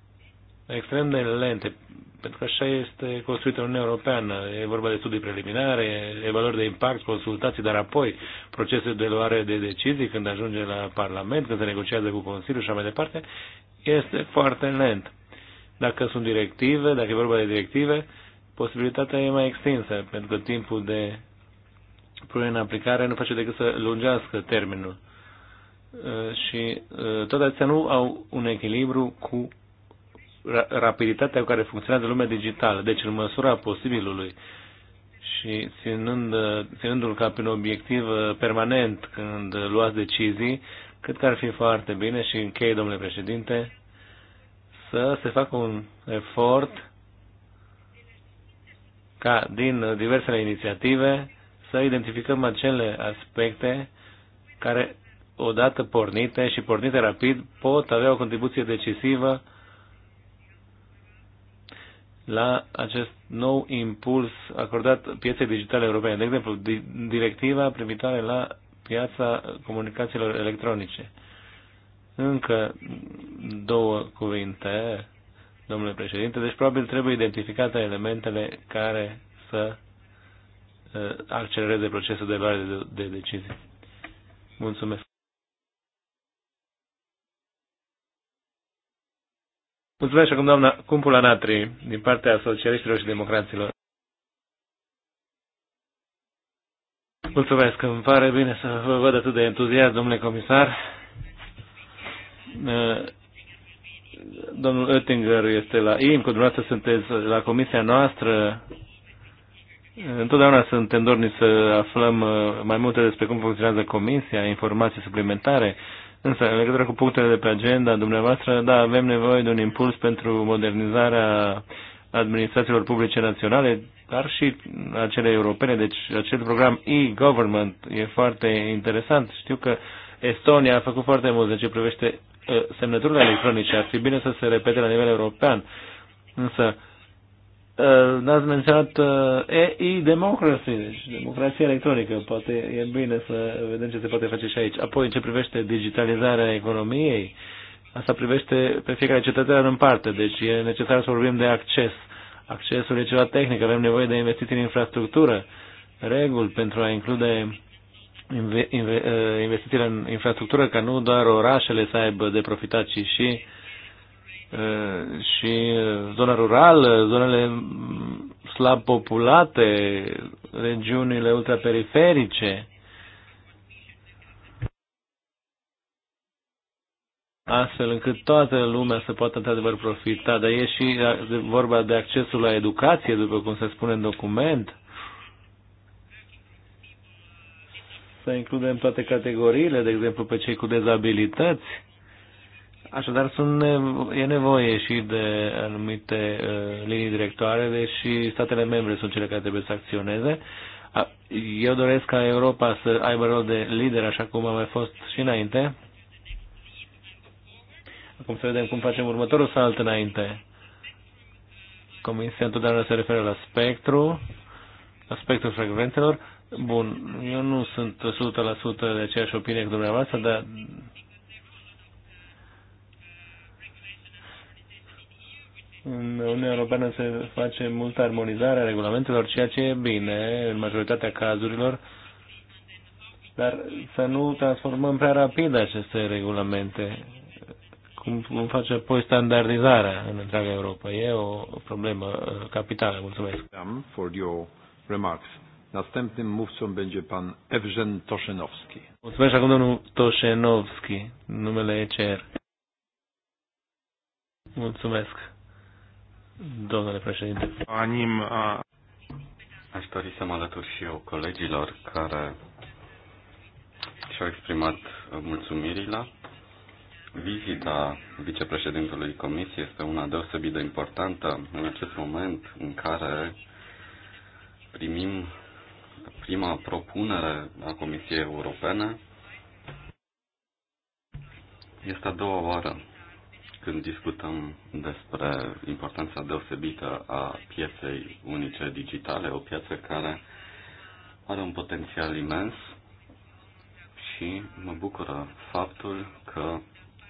extrem de lente pentru că așa este construită Uniunea Europeană. E vorba de studii preliminare, evaluări de impact, consultații, dar apoi procesul de luare de decizii când ajunge la Parlament, când se negociază cu Consiliul și așa mai departe, este foarte lent. Dacă sunt directive, dacă e vorba de directive, posibilitatea e mai extinsă, pentru că timpul de punere în aplicare nu face decât să lungească termenul. Uh, și uh, toate acestea nu au un echilibru cu rapiditatea cu care funcționează lumea digitală, deci în măsura posibilului și ținând, ținându-l ca pe un obiectiv uh, permanent când luați decizii, cred că ar fi foarte bine și închei, domnule președinte, să se facă un efort ca din diversele inițiative să identificăm acele aspecte care, odată pornite și pornite rapid, pot avea o contribuție decisivă la acest nou impuls acordat pieței digitale europene. De exemplu, directiva privitoare la piața comunicațiilor electronice. Încă două cuvinte, domnule președinte, deci probabil trebuie identificate elementele care să uh, accelereze procesul de luare de, decizii. Mulțumesc. Mulțumesc acum doamna Cumpula Natri, din partea socialiștilor și democraților. Mulțumesc, îmi pare bine să vă văd atât de entuziasm, domnule comisar. Domnul Oettinger este la cu dumneavoastră sunteți la comisia noastră. Întotdeauna suntem dorni să aflăm mai multe despre cum funcționează comisia, informații suplimentare. Însă, în legătură cu punctele de pe agenda dumneavoastră, da, avem nevoie de un impuls pentru modernizarea administrațiilor publice naționale, dar și acele europene. Deci, acest program e-government e foarte interesant. Știu că Estonia a făcut foarte mult în ce privește uh, semnăturile electronice. Ar fi bine să se repete la nivel european. Însă, Uh, n-ați menționat uh, e-democracy, deci democrația electronică. Poate e bine să vedem ce se poate face și aici. Apoi, în ce privește digitalizarea economiei, asta privește pe fiecare cetățean în parte, deci e necesar să vorbim de acces. Accesul e ceva tehnic, avem nevoie de investiții în infrastructură, reguli pentru a include uh, investițiile în infrastructură, ca nu doar orașele să aibă de profitat, ci și uh, Eh, și eh, zona rurală, zonele mm, slab populate, regiunile ultraperiferice. astfel încât toată lumea să poată într-adevăr profita. Dar e și eh, vorba de accesul la educație, după cum se spune în document. Să includem toate categoriile, de exemplu pe cei cu dezabilități. Așadar, sunt nevo- e nevoie și de anumite uh, linii directoare, deși statele membre sunt cele care trebuie să acționeze. Eu doresc ca Europa să aibă rol de lider, așa cum a mai fost și înainte. Acum să vedem cum facem următorul salt înainte. Comisia întotdeauna se referă la spectru, la spectrul frecvențelor. Bun, eu nu sunt 100% de aceeași opinie cu dumneavoastră, dar în Uniunea Europeană se face multă armonizare a regulamentelor, ceea ce e bine în majoritatea cazurilor, dar să nu transformăm prea rapid aceste regulamente, cum, cum face apoi standardizarea în întreaga Europa. E o problemă uh, capitală. Mulțumesc. For your remarks. Następnym mówcą będzie pan Evgen Toszenowski. Mulțumesc acum domnul Toszenowski, numele ECR. Mulțumesc. Domnule președinte. Anim, a... Aș dori să mă alătur și eu colegilor care și-au exprimat mulțumirile. Vizita vicepreședintelui Comisiei este una deosebit de importantă în acest moment în care primim prima propunere a Comisiei Europene. Este a doua oară când discutăm despre importanța deosebită a pieței unice digitale, o piață care are un potențial imens și mă bucură faptul că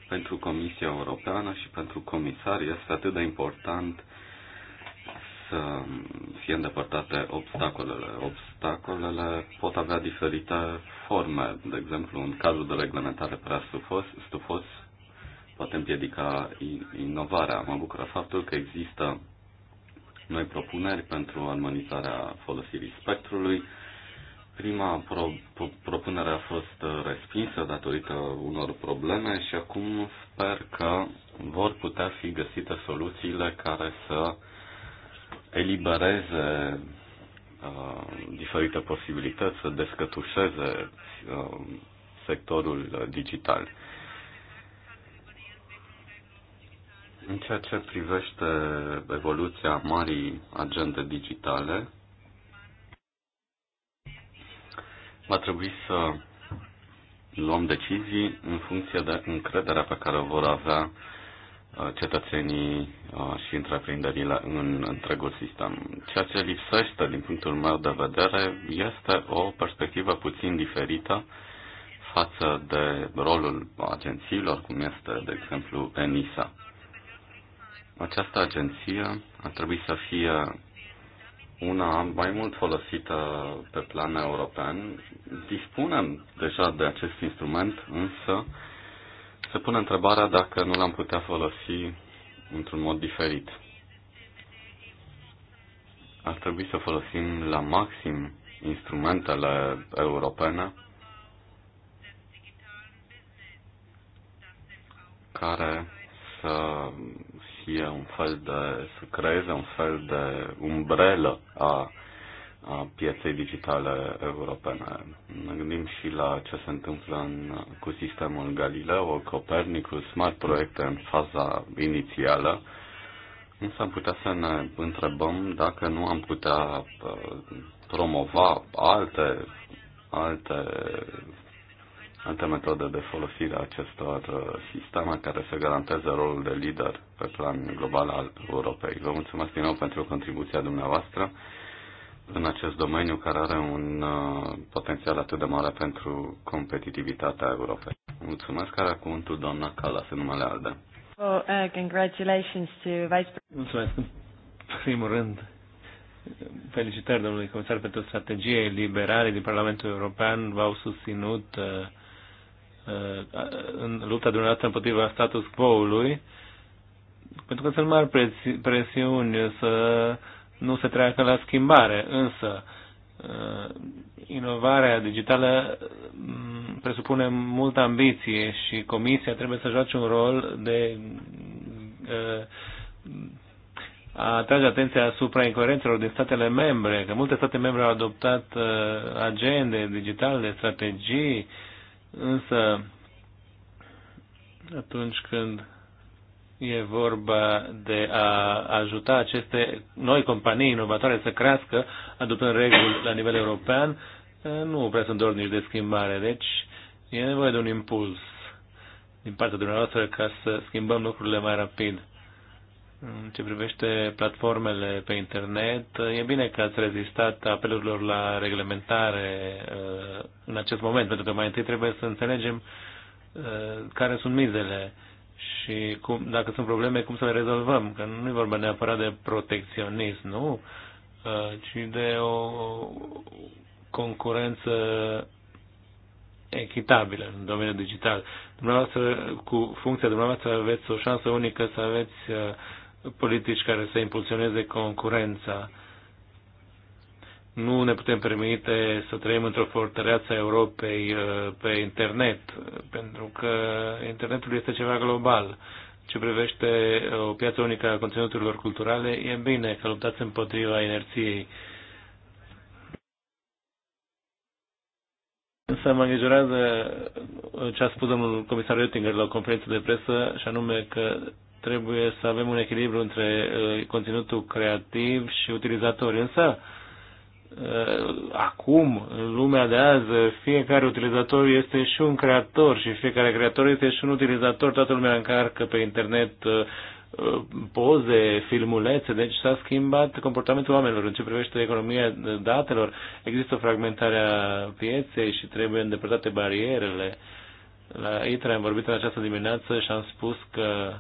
pentru Comisia Europeană și pentru comisari este atât de important să fie îndepărtate obstacolele. Obstacolele pot avea diferite forme. De exemplu, în cazul de reglementare prea stufos, stufos poate împiedica inovarea. Mă bucură faptul că există noi propuneri pentru armonizarea folosirii spectrului. Prima pro, pro, propunere a fost respinsă datorită unor probleme și acum sper că vor putea fi găsite soluțiile care să elibereze uh, diferite posibilități, să descătușeze uh, sectorul digital. În ceea ce privește evoluția marii agende digitale, va trebui să luăm decizii în funcție de încrederea pe care o vor avea uh, cetățenii uh, și întreprinderile în întregul sistem. Ceea ce lipsește, din punctul meu de vedere, este o perspectivă puțin diferită față de rolul agențiilor, cum este, de exemplu, ENISA. Această agenție ar trebui să fie una mai mult folosită pe plan european. Dispunem deja de acest instrument, însă se pune întrebarea dacă nu l-am putea folosi într-un mod diferit. Ar trebui să folosim la maxim instrumentele europene care să fie un fel de, să creeze un fel de umbrelă a, a pieței digitale europene. Ne gândim și la ce se întâmplă în, cu sistemul Galileo, Copernicus, smart proiecte în faza inițială, Însă am putea să ne întrebăm dacă nu am putea uh, promova alte, alte alte metode de folosire a acestor uh, sisteme care să garanteze rolul de lider pe plan global al Europei. Vă mulțumesc din nou pentru contribuția dumneavoastră în acest domeniu care are un uh, potențial atât de mare pentru competitivitatea Europei. Mulțumesc, care cuvântul doamna Calas în numele ALDE. Well, uh, congratulations to Vice Mulțumesc. În primul rând, felicitări domnului comisar pentru strategie liberale din Parlamentul European. V-au susținut uh, Uh, în lupta dumneavoastră împotriva status quo-ului, pentru că sunt mari presiuni să nu se treacă la schimbare, însă uh, inovarea digitală mm, presupune multă ambiție și comisia trebuie să joace un rol de uh, a atrage atenția asupra incoerențelor din statele membre, că multe state membre au adoptat agende digitale, strategii Însă, atunci când e vorba de a ajuta aceste noi companii inovatoare să crească, adoptând reguli la nivel european, nu prea sunt nici de schimbare. Deci, e nevoie de un impuls din partea dumneavoastră ca să schimbăm lucrurile mai rapid. În ce privește platformele pe internet, e bine că ați rezistat apelurilor la reglementare uh, în acest moment, pentru că mai întâi trebuie să înțelegem uh, care sunt mizele și cum, dacă sunt probleme, cum să le rezolvăm. Că nu e vorba neapărat de protecționism, nu? Uh, ci de o concurență echitabilă în domeniul digital. Dumneavoastră, cu funcția dumneavoastră, aveți o șansă unică să aveți politici care să impulsioneze concurența. Nu ne putem permite să trăim într-o fortăreață a Europei uh, pe internet, pentru că internetul este ceva global. Ce privește uh, o piață unică a conținuturilor culturale, e bine că luptați împotriva inerției. Însă mă îngrijorează uh, ce a spus domnul comisar Oettinger la o conferință de presă, și anume că trebuie să avem un echilibru între uh, conținutul creativ și utilizator. Însă, uh, acum, în lumea de azi, fiecare utilizator este și un creator și fiecare creator este și un utilizator. Toată lumea încarcă pe internet uh, poze, filmulețe, deci s-a schimbat comportamentul oamenilor. În ce privește economia datelor, există fragmentarea pieței și trebuie îndepărtate barierele. La ITRA am vorbit în această dimineață și am spus că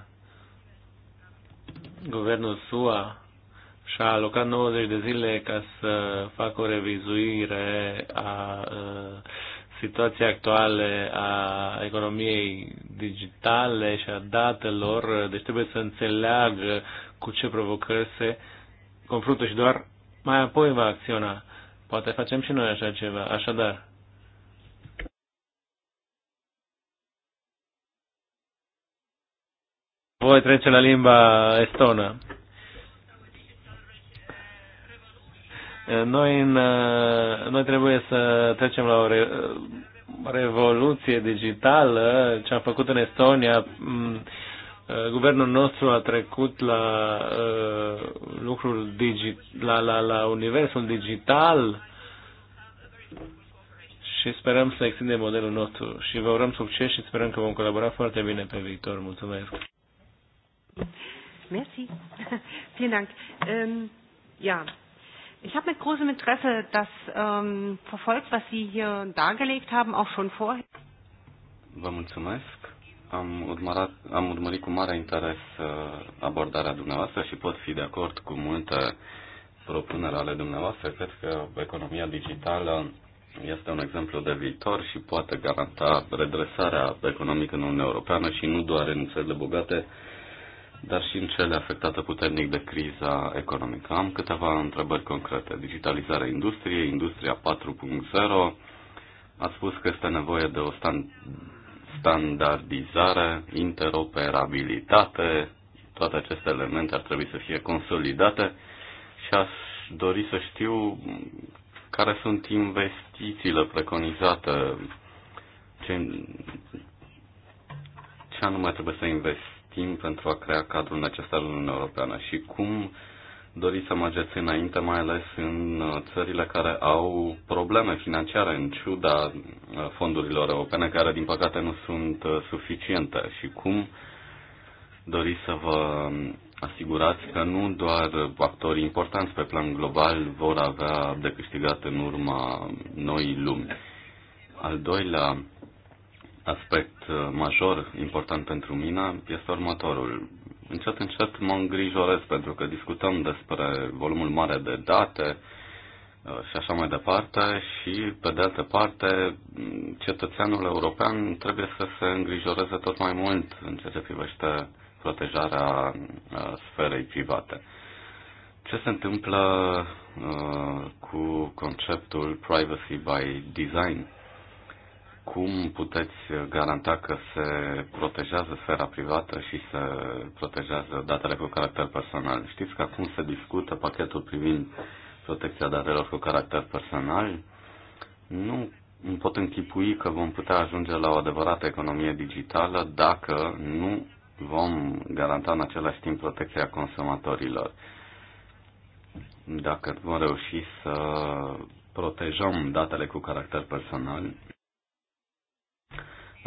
guvernul SUA și-a alocat 90 de zile ca să facă o revizuire a situației actuale a economiei digitale și a datelor, deci trebuie să înțeleagă cu ce provocări se confruntă și doar mai apoi va acționa. Poate facem și noi așa ceva. Așadar, Voi trece la limba estonă. Noi, în, noi trebuie să trecem la o re, revoluție digitală, ce am făcut în Estonia. Mm, guvernul nostru a trecut la uh, lucrul digi, la, la, la universul digital și sperăm să extindem modelul nostru și vă urăm succes și sperăm că vom colabora foarte bine pe viitor. Mulțumesc! Merci. Vielen Dank. Ähm, ja, ich habe mit großem Interesse das ähm, verfolgt, was Sie hier dargelegt haben, auch schon vorher. Vă mulțumesc. Am, urmărat, am urmărit cu mare interes uh, abordarea dumneavoastră și pot fi de acord cu multe propuneri ale dumneavoastră. Cred că economia digitală este un exemplu de viitor și poate garanta redresarea economică în Uniunea Europeană și nu doar în țările bogate, dar și în cele afectate puternic de criza economică. Am câteva întrebări concrete. Digitalizarea industriei, industria 4.0, a spus că este nevoie de o stand- standardizare, interoperabilitate, toate aceste elemente ar trebui să fie consolidate și aș dori să știu care sunt investițiile preconizate, ce, ce anume trebuie să investi timp pentru a crea cadrul necesar în Uniunea Europeană și cum doriți să mergeți înainte, mai ales în uh, țările care au probleme financiare în ciuda uh, fondurilor europene, care din păcate nu sunt uh, suficiente și cum doriți să vă um, asigurați că nu doar actorii importanți pe plan global vor avea de câștigat în urma noi lumi. Al doilea aspect uh, major important pentru mine este următorul. Încet, încet mă îngrijorez pentru că discutăm despre volumul mare de date uh, și așa mai departe și, pe de altă parte, cetățeanul european trebuie să se îngrijoreze tot mai mult în ceea ce privește protejarea uh, sferei private. Ce se întâmplă cu conceptul privacy by design? cum puteți garanta că se protejează sfera privată și se protejează datele cu caracter personal? Știți că acum se discută pachetul privind protecția datelor cu caracter personal. Nu îmi pot închipui că vom putea ajunge la o adevărată economie digitală dacă nu vom garanta în același timp protecția consumatorilor. Dacă vom reuși să protejăm datele cu caracter personal,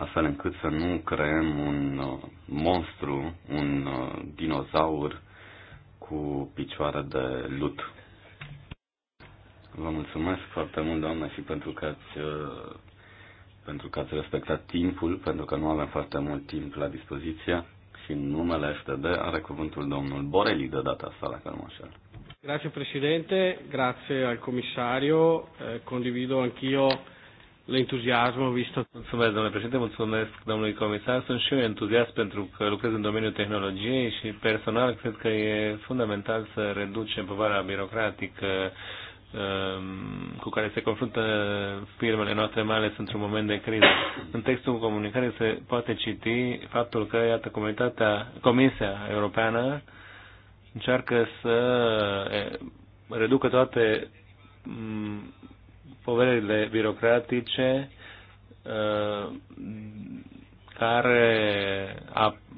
astfel încât să nu creăm un uh, monstru, un uh, dinozaur cu picioare de lut. Vă mulțumesc foarte mult, doamne, și pentru că ați uh, pentru că ați respectat timpul, pentru că nu avem foarte mult timp la dispoziție și în numele FTD are cuvântul domnul Borelli de data asta, la nu așa. Grazie Presidente, grazie al Commissario, eh, condivido anch'io l'entuziasmo visto. Mulțumesc, domnule președinte, mulțumesc domnului comisar. Sunt și eu entuziast pentru că lucrez în domeniul tehnologiei și personal cred că e fundamental să reducem povara birocratică um, cu care se confruntă firmele noastre, mai ales într-un moment de criză. În textul comunicare se poate citi faptul că, iată, comunitatea, Comisia Europeană încearcă să reducă toate poverile birocratice uh, care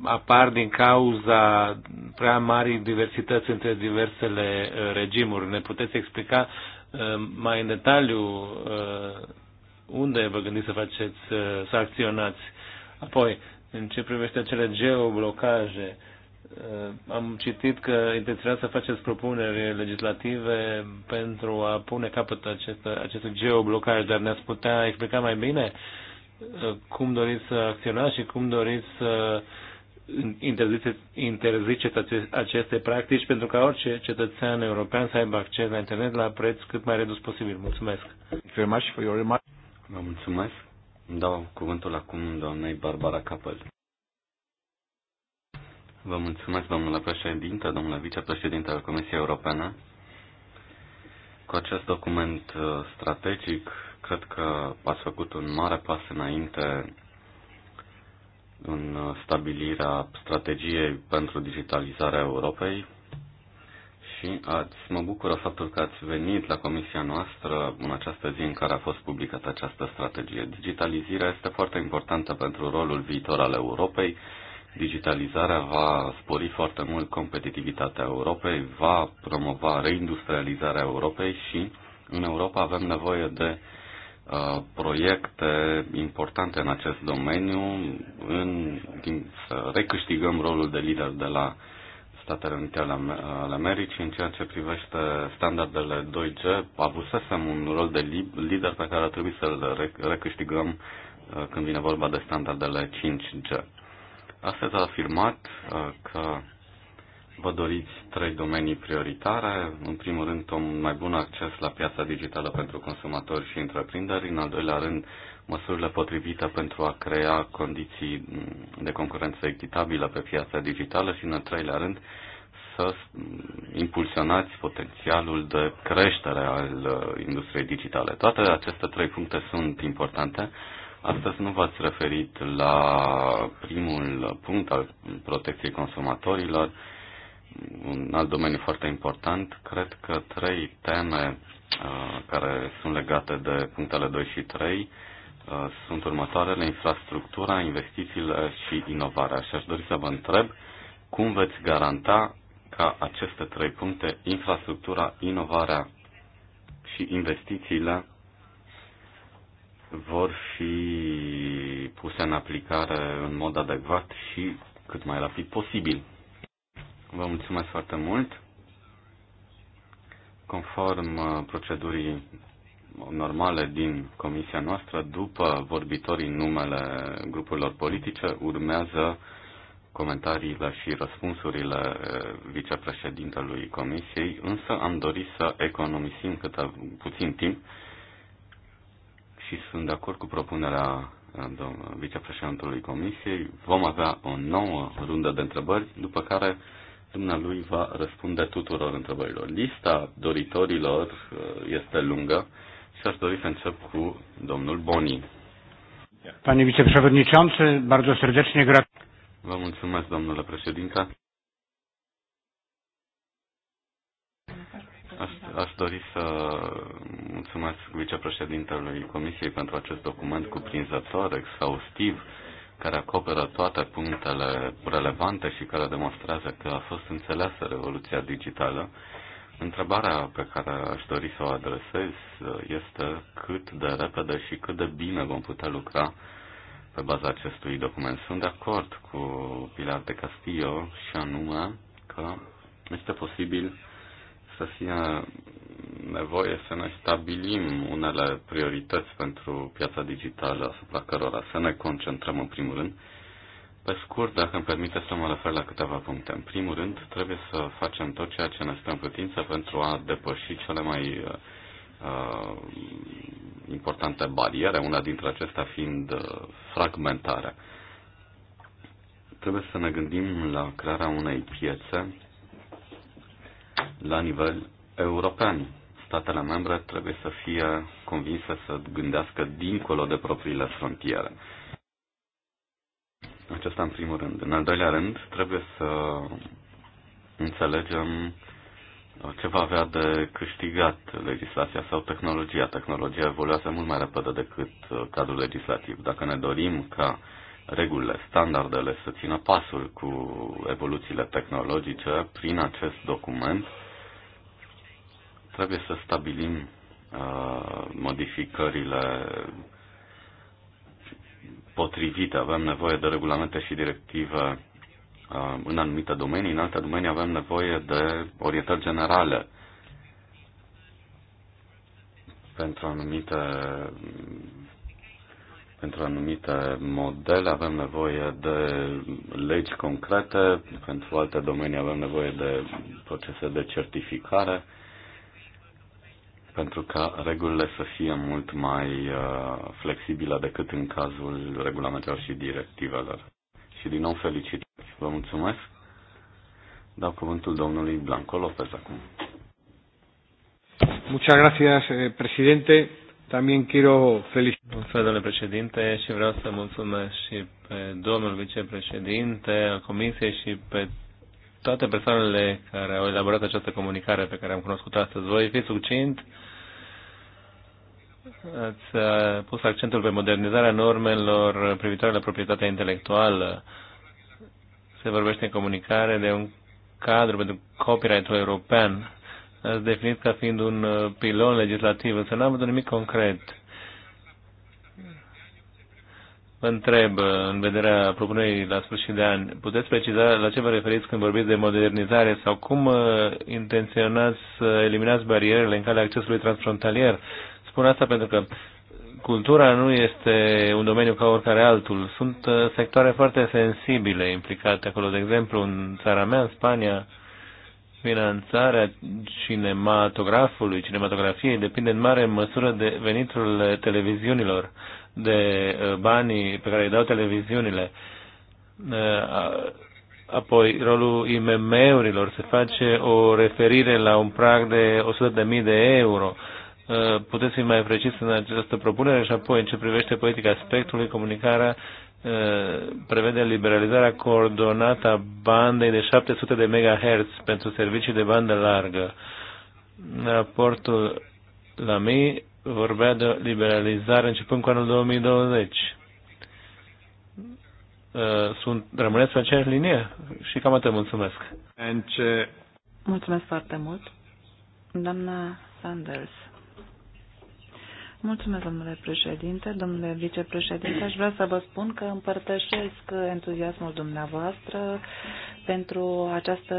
apar din cauza prea marii diversități între diversele uh, regimuri. Ne puteți explica uh, mai în detaliu unde vă gândiți să faceți, să acționați? Apoi, în ce privește acele geoblocaje, uh, Eh, am citit că intenționați să faceți propuneri legislative pentru a pune capăt acest, acest geoblocaj, dar ne-ați putea explica mai bine eh, cum doriți să acționați și cum doriți să interziceți, interziceți aceste practici pentru ca orice cetățean european să aibă acces la internet la preț cât mai redus posibil. Mulțumesc! Vă mulțumesc! Dau cuvântul acum doamnei Barbara Capel. Vă mulțumesc, domnule președinte, domnule vicepreședinte al Comisiei Europene. Cu acest document uh, strategic, cred că ați făcut un mare pas înainte în uh, stabilirea strategiei pentru digitalizarea Europei și ați, mă bucură faptul că ați venit la comisia noastră în această zi în care a fost publicată această strategie. Digitalizarea este foarte importantă pentru rolul viitor al Europei Digitalizarea va spori foarte mult competitivitatea Europei, va promova reindustrializarea Europei și în Europa avem nevoie de uh, proiecte importante în acest domeniu, în, din, să recâștigăm rolul de lider de la Statele Unite ale Americii în ceea ce privește standardele 2G. Avusesem un rol de lider pe care ar trebui să-l recâștigăm uh, când vine vorba de standardele 5G. Astăzi a afirmat uh, că vă doriți trei domenii prioritare. În primul rând, un mai bun acces la piața digitală pentru consumatori și întreprinderi. În al doilea rând, măsurile potrivite pentru a crea condiții de concurență echitabilă pe piața digitală și, în al treilea rând, să impulsionați potențialul de creștere al uh, industriei digitale. Toate aceste trei puncte sunt importante Astăzi nu v-ați referit la primul punct al protecției consumatorilor, un alt domeniu foarte important. Cred că trei teme uh, care sunt legate de punctele 2 și 3 uh, sunt următoarele, infrastructura, investițiile și inovarea. Și aș dori să vă întreb cum veți garanta ca aceste trei puncte, infrastructura, inovarea și investițiile, vor fi puse în aplicare în mod adecvat și cât mai rapid posibil. Vă mulțumesc foarte mult. Conform uh, procedurii normale din comisia noastră, după vorbitorii numele grupurilor politice, urmează comentariile și răspunsurile uh, vicepreședintelui comisiei, însă am dorit să economisim câte puțin timp și sunt de acord cu propunerea uh, vicepreședintelui Comisiei. Vom avea o nouă rundă de întrebări, după care dumnealui va răspunde tuturor întrebărilor. Lista doritorilor uh, este lungă și aș dori să încep cu domnul Boni. Panie vicepreședinte, bardzo serdecznie grat. Vă mulțumesc, domnule președinte. Aș, aș dori să mulțumesc vicepreședintelui Comisiei pentru acest document cuprinzător, exhaustiv, care acoperă toate punctele relevante și care demonstrează că a fost înțeleasă revoluția digitală. Întrebarea pe care aș dori să o adresez este cât de repede și cât de bine vom putea lucra pe baza acestui document. Sunt de acord cu Pilar de Castillo și anume că este posibil să fie nevoie să ne stabilim unele priorități pentru piața digitală asupra cărora să ne concentrăm în primul rând. Pe scurt, dacă îmi permite să mă refer la câteva puncte. În primul rând, trebuie să facem tot ceea ce ne stă în putință pentru a depăși cele mai uh, uh importante bariere, una dintre acestea fiind uh, fragmentarea. Trebuie să ne gândim la crearea unei piețe la nivel european. Statele membre trebuie să fie convinse să gândească dincolo de propriile frontiere. Acesta în primul rând. În al doilea rând, trebuie să înțelegem ce va avea de câștigat legislația sau tehnologia. Tehnologia evoluează mult mai repede decât uh, cadrul legislativ. Dacă ne dorim ca regulile, standardele să țină pasul cu evoluțiile tehnologice, prin acest document Trebuie să stabilim uh, modificările potrivite. Avem nevoie de regulamente și directive uh, în anumite domenii, în alte domenii avem nevoie de orientări generale pentru anumite pentru anumite modele avem nevoie de legi concrete, pentru alte domenii avem nevoie de procese de certificare pentru ca regulile să fie mult mai uh, flexibile decât în cazul regulamentelor și directivelor. Și din nou felicitări. Vă mulțumesc. Dau cuvântul domnului Blanco Lopez acum. Muchas gracias, eh, presidente. También quiero felicitar. Mulțumesc, domnule președinte, și vreau să mulțumesc și pe domnul vicepreședinte al Comisiei și pe toate persoanele care au elaborat această comunicare pe care am cunoscut astăzi. Voi fi succint, ați uh, pus accentul pe modernizarea normelor privitoare la proprietatea intelectuală. Se vorbește în comunicare de un cadru pentru copyright-ul european. Ați definit ca fiind un uh, pilon legislativ, însă n-am văzut nimic concret Vă întreb, în vederea propunerii la sfârșit de an, puteți preciza la ce vă referiți când vorbiți de modernizare sau cum uh, intenționați să eliminați barierele în calea accesului transfrontalier? Spun asta pentru că cultura nu este un domeniu ca oricare altul. Sunt uh, sectoare foarte sensibile implicate acolo. De exemplu, în țara mea, în Spania, finanțarea cinematografului, cinematografiei, depinde în mare măsură de veniturile televiziunilor de uh, banii pe care îi dau televiziunile. Uh, apoi, rolul IMM-urilor, se face o referire la un prag de 100.000 de euro. Uh, puteți fi mai precis în această propunere și apoi, în ce privește politica aspectului, comunicarea prevede liberalizarea coordonată a bandei de 700 de MHz pentru servicii de bandă largă. Raportul la mii vorbea de liberalizare începând cu anul 2020. Uh, sunt, rămâneți pe aceeași linie? Și cam atât, mulțumesc. ce... Uh, mulțumesc foarte mult. Doamna Sanders. Mulțumesc, domnule președinte. Domnule vicepreședinte, aș vrea să vă spun că împărtășesc entuziasmul dumneavoastră pentru această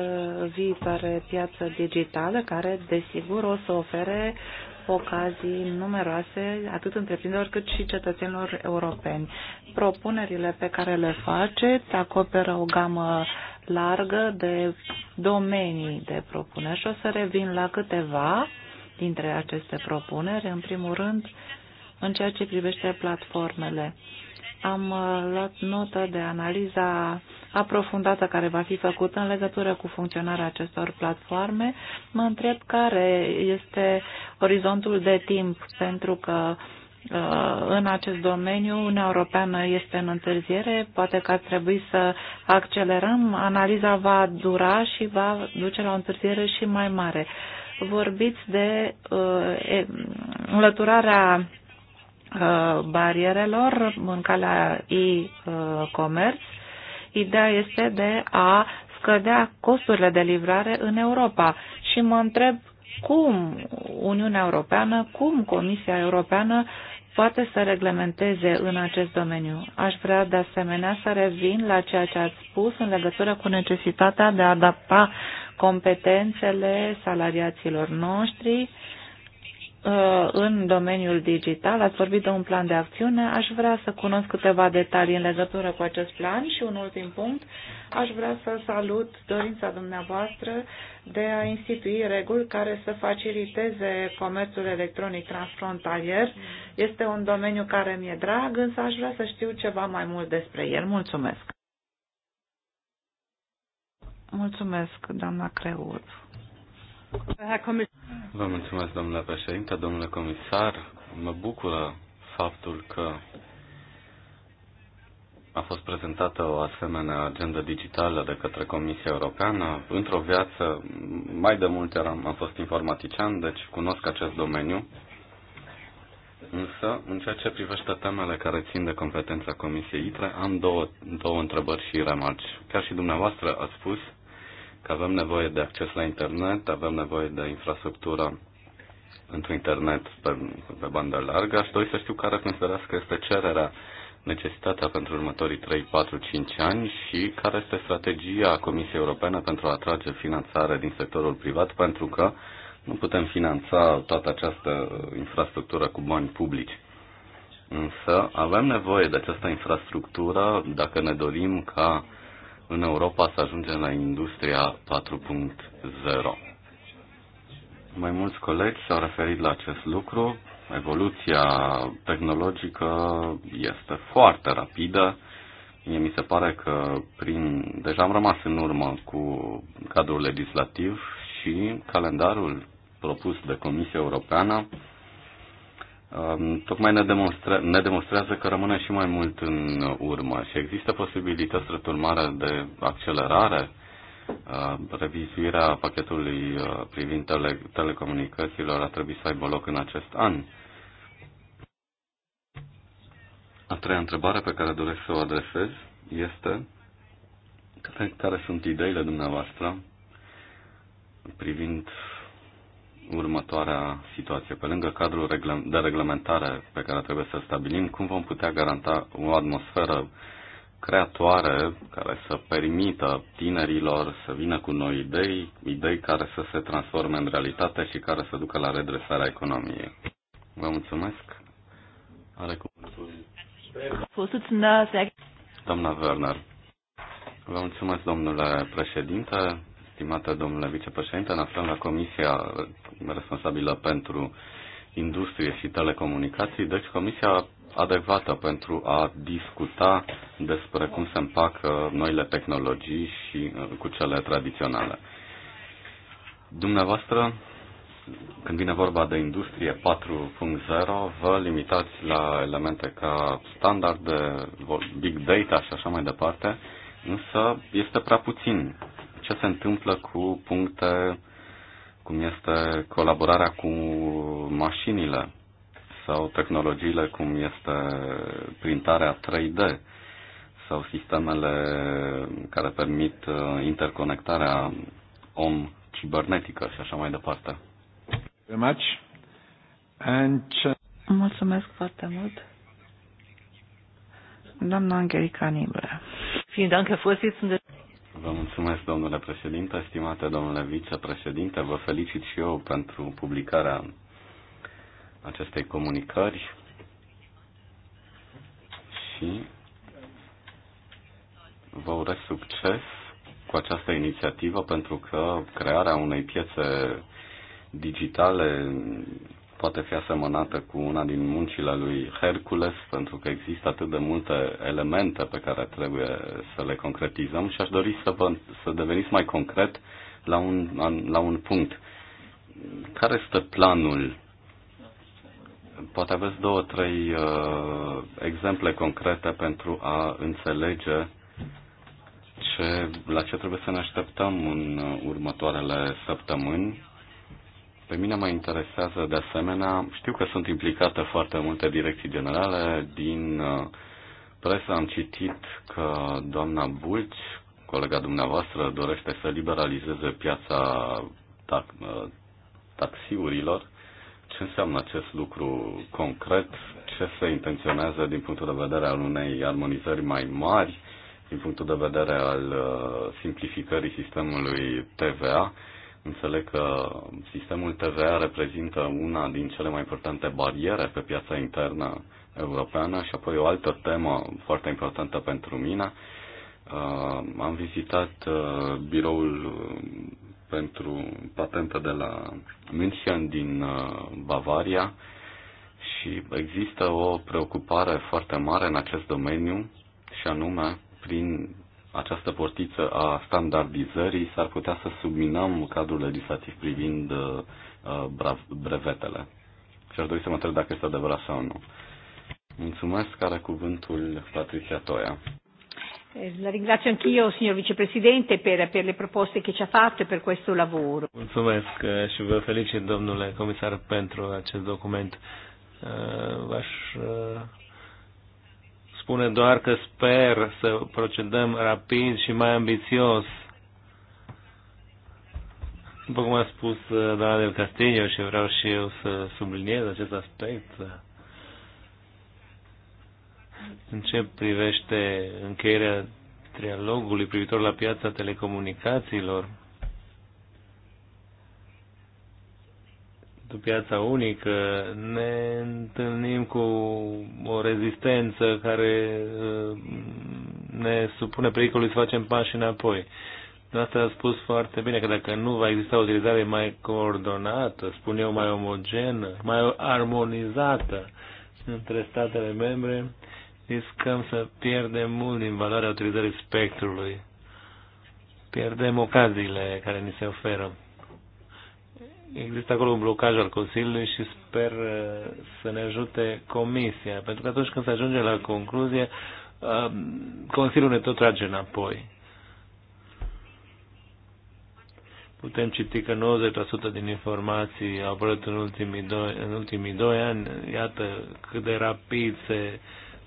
viitoare piață digitală, care, desigur, o să ofere ocazii numeroase, atât întreprinderilor cât și cetățenilor europeni. Propunerile pe care le faceți acoperă o gamă largă de domenii de propuneri și o să revin la câteva dintre aceste propuneri. În primul rând, în ceea ce privește platformele. Am uh, luat notă de analiza aprofundată care va fi făcută în legătură cu funcționarea acestor platforme. Mă întreb care este orizontul de timp, pentru că uh, în acest domeniu Uniunea Europeană este în întârziere, poate că ar trebui să accelerăm, analiza va dura și va duce la o întârziere și mai mare. Vorbiți de uh, înlăturarea uh, barierelor în calea e-commerce Ideea este de a scădea costurile de livrare în Europa. Și mă întreb cum Uniunea Europeană, cum Comisia Europeană poate să reglementeze în acest domeniu. Aș vrea de asemenea să revin la ceea ce ați spus în legătură cu necesitatea de a adapta competențele salariaților noștri uh, Uh, în domeniul digital, ați vorbit de un plan de acțiune, aș vrea să cunosc câteva detalii în legătură cu acest plan și un ultim punct, aș vrea să salut dorința dumneavoastră de a institui reguli care să faciliteze comerțul electronic transfrontalier. Este un domeniu care mi-e drag, însă aș vrea să știu ceva mai mult despre el. Mulțumesc! Mulțumesc, doamna Creud. Vă mulțumesc, domnule președinte, domnule comisar. Mă bucură faptul că a fost prezentată o asemenea agenda digitală de către Comisia Europeană. Într-o viață, mai de multe eram, am fost informatician, deci cunosc acest domeniu. Însă, în ceea ce privește temele care țin de competența Comisiei ITRE, am două, două întrebări și remarci. Chiar și dumneavoastră ați spus că avem nevoie de acces la internet, avem nevoie de infrastructură pentru internet pe, pe bandă largă. Aș dori să știu care considerați că este cererea, necesitatea pentru următorii 3, 4, 5 ani și care este strategia Comisiei Europene pentru a atrage finanțare din sectorul privat, pentru că nu putem finanța toată această infrastructură cu bani publici. Însă avem nevoie de această infrastructură dacă ne dorim ca în Europa să ajungem la industria 4.0. Mai mulți colegi s-au referit la acest lucru. Evoluția tehnologică este foarte rapidă. Mie mi se pare că prin... deja am rămas în urmă cu cadrul legislativ și calendarul propus de Comisia Europeană Um, tocmai ne, demonstre- ne demonstrează că rămâne și mai mult în urmă și există posibilități returmare de accelerare, uh, revizuirea pachetului uh, privind tele- telecomunicațiilor ar trebui să aibă loc în acest an. A treia întrebare pe care doresc să o adresez este care, care sunt ideile dumneavoastră privind următoarea situație. Pe lângă cadrul de reglementare pe care trebuie să stabilim, cum vom putea garanta o atmosferă creatoare care să permită tinerilor să vină cu noi idei, idei care să se transforme în realitate și care să ducă la redresarea economiei. Vă mulțumesc. Are cuvântul. Doamna Werner. Vă mulțumesc, domnule președinte. Stimată domnule vicepreședinte, ne aflăm la Comisia responsabilă pentru industrie și telecomunicații, deci Comisia adecvată pentru a discuta despre cum se împacă noile tehnologii și uh, cu cele tradiționale. Dumneavoastră, când vine vorba de industrie 4.0, vă limitați la elemente ca standarde, big data și așa mai departe, însă este prea puțin ce se întâmplă cu puncte cum este colaborarea cu mașinile sau tehnologiile cum este printarea 3D sau sistemele care permit uh, interconectarea om cibernetică și așa mai departe. Uh, Mulțumesc foarte mult. Doamna Angelica Nibre. Vielen Dank, Herr Vorsitzender. Vă mulțumesc, domnule președinte, stimate domnule vicepreședinte, vă felicit și eu pentru publicarea acestei comunicări și vă urez succes cu această inițiativă pentru că crearea unei piețe digitale poate fi asemănată cu una din muncile lui Hercules, pentru că există atât de multe elemente pe care trebuie să le concretizăm și aș dori să, vă, să deveniți mai concret la un, la un punct. Care este planul? Poate aveți două, trei uh, exemple concrete pentru a înțelege ce, la ce trebuie să ne așteptăm în următoarele săptămâni pe mine mă interesează de asemenea, știu că sunt implicate foarte multe direcții generale din uh, presă. Am citit că doamna Bulci, colega dumneavoastră, dorește să liberalizeze piața tax- uh, taxiurilor. Ce înseamnă acest lucru concret? Ce se intenționează din punctul de vedere al unei armonizări mai mari, din punctul de vedere al uh, simplificării sistemului TVA? Înțeleg că sistemul TVA reprezintă una din cele mai importante bariere pe piața internă europeană și apoi o altă temă foarte importantă pentru mine. Uh, am vizitat uh, biroul uh, pentru patente de la München din Bavaria și există o preocupare foarte mare în acest domeniu și anume prin această portiță a standardizării, s-ar putea să subminăm cadrul legislativ privind uh, brevetele. Și aș dori să mă întreb dacă este adevărat sau nu. Mulțumesc, care cuvântul Patricia Toia. Eh, la ringrazio anch'io, signor Vicepresidente, per, per le proposte che ci ha fatto e per questo lavoro. Mulțumesc eh, și vă felicit, domnule comisar, pentru acest document. Eh, v-aș spune doar că sper să procedăm rapid și mai ambițios. După cum a spus uh, doamna del Castillo și vreau și eu să subliniez acest aspect, în ce privește încheierea trialogului privitor la piața telecomunicațiilor, pentru piața unică, ne întâlnim cu o rezistență care uh, ne supune pericolului să facem pași înapoi. Asta a spus foarte bine că dacă nu va exista o utilizare mai coordonată, spun eu, mai omogenă, mai armonizată între statele membre, riscăm să pierdem mult din valoarea utilizării spectrului. Pierdem ocaziile care ni se oferă există acolo un blocaj al Consiliului și sper uh, să ne ajute Comisia, pentru că atunci când se ajunge la concluzie, uh, Consiliul ne tot trage înapoi. Putem citi că 90% din informații au apărut în ultimii, doi, în ultimii doi ani. Iată cât de rapid se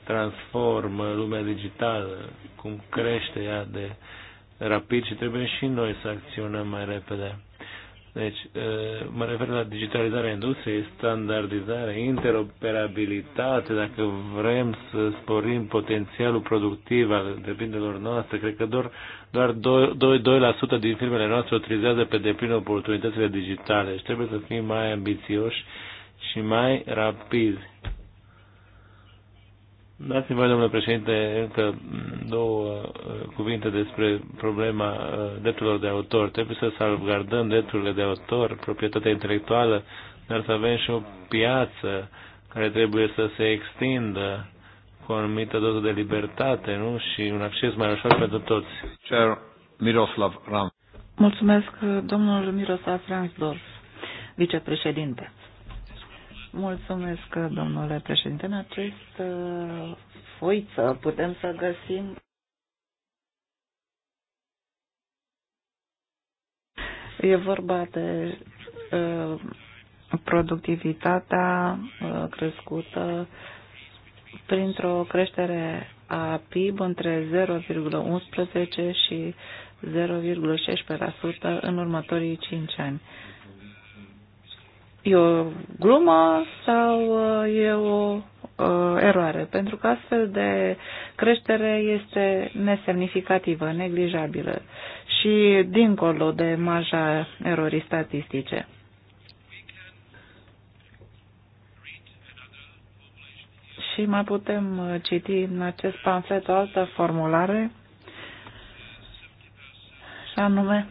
transformă lumea digitală, cum crește ea de rapid și trebuie și noi să acționăm mai repede. Deci, mă refer la digitalizarea industriei, standardizare, interoperabilitate, dacă vrem să sporim potențialul productiv al întreprinderilor noastre, cred că doar, doar 2, 2% din firmele noastre utilizează pe deplin oportunitățile digitale. Deci trebuie să fim mai ambițioși și mai rapizi Dați-mi voi, domnule președinte, încă două uh, cuvinte despre problema uh, drepturilor de autor. Trebuie să salvgardăm drepturile de autor, proprietatea intelectuală, dar să avem și o piață care trebuie să se extindă cu o anumită doză de libertate nu? și un acces mai ușor pentru toți. Chair Miroslav Ram. Mulțumesc, domnul Miroslav Ramsdorf, vicepreședinte. Mulțumesc, domnule președinte. În acest uh, foiță putem să găsim E vorba de uh, productivitatea uh, crescută printr-o creștere a PIB între 0,11 și 0,16% în următorii 5 ani. Uh, e o glumă sau uh, e o uh, eroare, pentru că astfel de creștere este nesemnificativă, neglijabilă și dincolo de marja erorii statistice. Și mai putem uh, citi în acest pamflet o altă formulare, și anume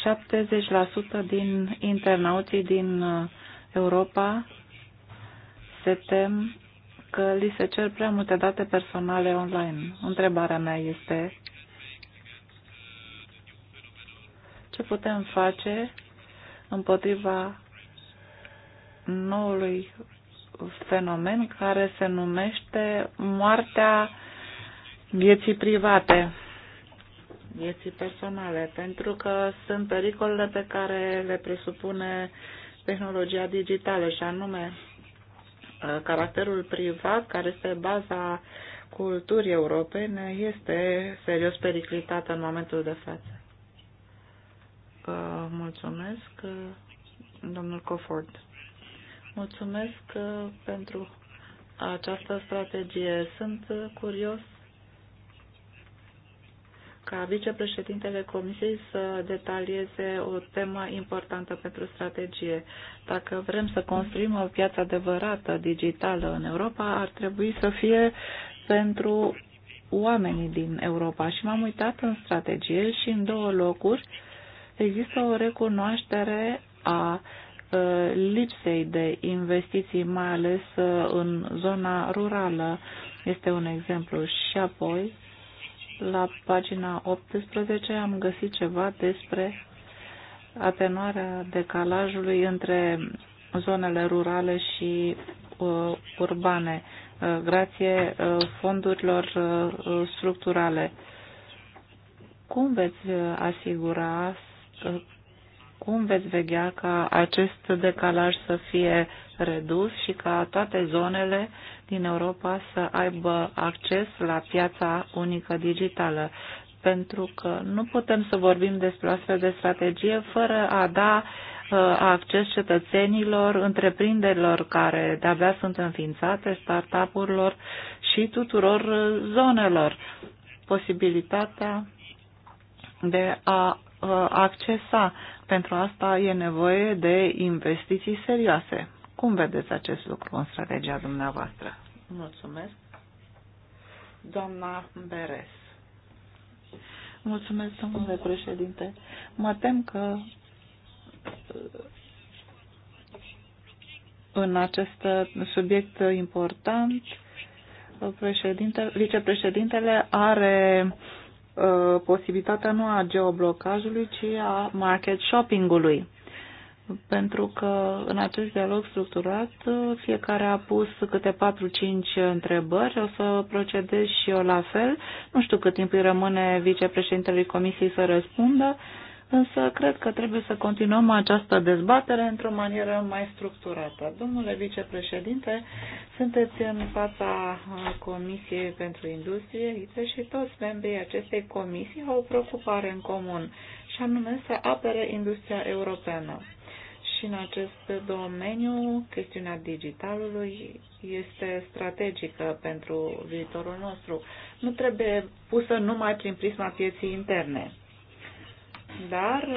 70% din internauții din uh, Europa se tem că li se cer prea multe date personale online. Întrebarea mea este ce putem face împotriva noului fenomen care se numește moartea vieții private vieții personale, pentru că sunt pericolele pe care le presupune tehnologia digitală și anume uh, caracterul privat, care este baza culturii europene, este serios periclitat în momentul de față. Mulțumesc, uh, domnul Cofort. Mulțumesc uh, pentru această strategie. Sunt curios ca vicepreședintele Comisiei să detalieze o temă importantă pentru strategie. Dacă vrem să construim o piață adevărată digitală în Europa, ar trebui să fie pentru oamenii din Europa. Și m-am uitat în strategie și în două locuri există o recunoaștere a lipsei de investiții, mai ales în zona rurală, este un exemplu. Și apoi la pagina 18 am găsit ceva despre atenuarea decalajului între zonele rurale și uh, urbane, uh, grație uh, fondurilor uh, uh structurale. Cum veți uh, asigura, uh, cum veți veghea ca acest decalaj să fie redus și ca toate zonele din Europa să aibă acces la piața unică digitală, pentru că nu putem să vorbim despre o astfel de strategie fără a da uh, acces cetățenilor, întreprinderilor care de-abia sunt înființate, start-up-urilor și tuturor uh, zonelor posibilitatea de a uh, accesa. Pentru asta e nevoie de investiții serioase. Cum vedeți acest lucru în strategia dumneavoastră? Mulțumesc. Doamna Beres. Mulțumesc, domnule președinte. Mă tem că în acest subiect important președintele, vicepreședintele are uh, posibilitatea nu a geoblocajului, ci a market shoppingului pentru că în acest dialog structurat fiecare a pus câte 4-5 întrebări. O să procedez și eu la fel. Nu știu cât timp îi rămâne vicepreședintelui Comisiei să răspundă, însă cred că trebuie să continuăm această dezbatere într-o manieră mai structurată. Domnule vicepreședinte, sunteți în fața Comisiei pentru Industrie ITE și toți membrii acestei comisii au o preocupare în comun și anume să apere industria europeană și în acest domeniu chestiunea digitalului este strategică pentru viitorul nostru. Nu trebuie pusă numai prin prisma pieții interne. Dar,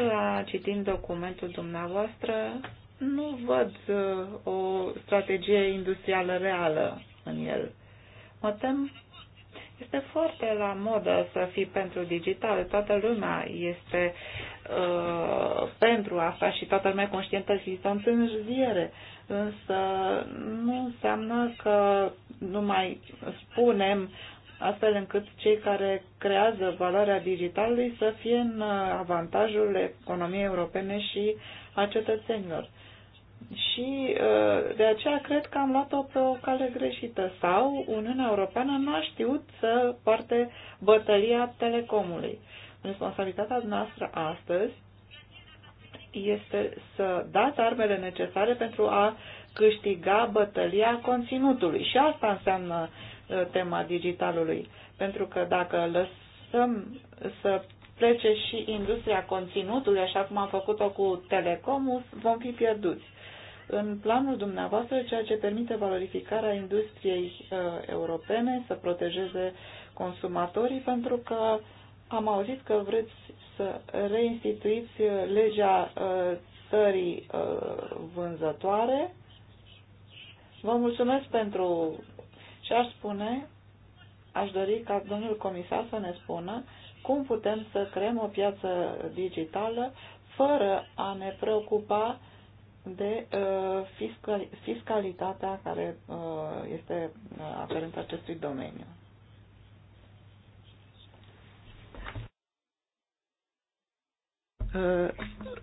citind documentul dumneavoastră, nu văd o strategie industrială reală în el. Mă tem, este foarte la modă să fii pentru digital. Toată lumea este uh, Uh, pentru asta și toată lumea conștientă că în întârziere. Însă nu înseamnă că nu mai spunem astfel încât cei care creează valoarea digitalului să fie în avantajul economiei europene și a cetățenilor. Și uh, de aceea cred că am luat-o pe o cale greșită sau Uniunea Europeană n-a știut să poarte bătălia telecomului. Responsabilitatea noastră astăzi este să dați armele necesare pentru a câștiga bătălia conținutului. Și asta înseamnă uh, tema digitalului. Pentru că dacă lăsăm să plece și industria conținutului, așa cum am făcut-o cu telecomul, vom fi pierduți. În planul dumneavoastră, ceea ce permite valorificarea industriei uh, europene să protejeze consumatorii, pentru că uh, am auzit că vreți să reinstituiți legea țării uh, uh, vânzătoare. Vă mulțumesc pentru ce aș spune. Aș dori ca domnul comisar să ne spună cum putem să creăm o piață digitală fără a ne preocupa de uh, fiscalitatea care uh, este uh, aferentă acestui domeniu.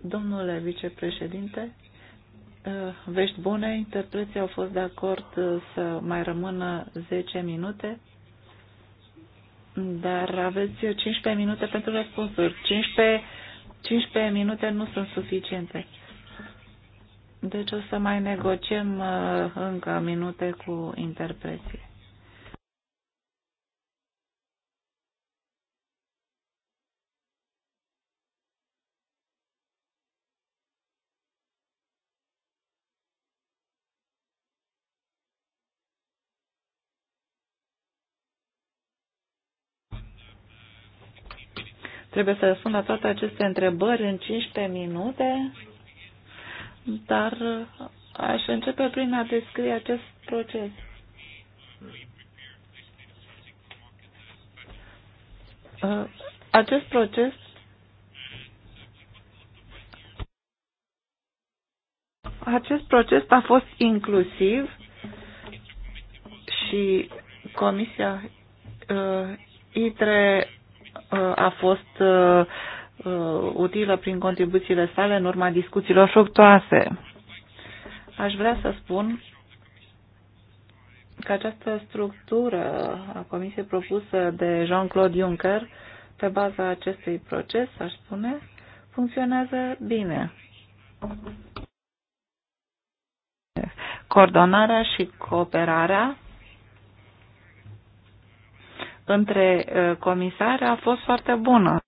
Domnule vicepreședinte, eh, vești bune, interpreții au fost de acord eh, să mai rămână 10 minute, dar aveți 15 minute pentru răspunsuri. 15, 15 minute nu sunt suficiente. Deci o să mai negociem eh, încă minute cu interpreții. Trebuie să răspund la toate aceste întrebări în 15 minute, dar aș începe prin a descrie acest proces. Uh, acest proces acest proces a fost inclusiv și Comisia uh, ITRE a fost uh, uh, utilă prin contribuțiile sale în urma discuțiilor fructoase. Aș vrea să spun că această structură a comisiei propusă de Jean-Claude Juncker, pe baza acestui proces, aș spune, funcționează bine. Coordonarea și cooperarea între uh, comisare a fost foarte bună.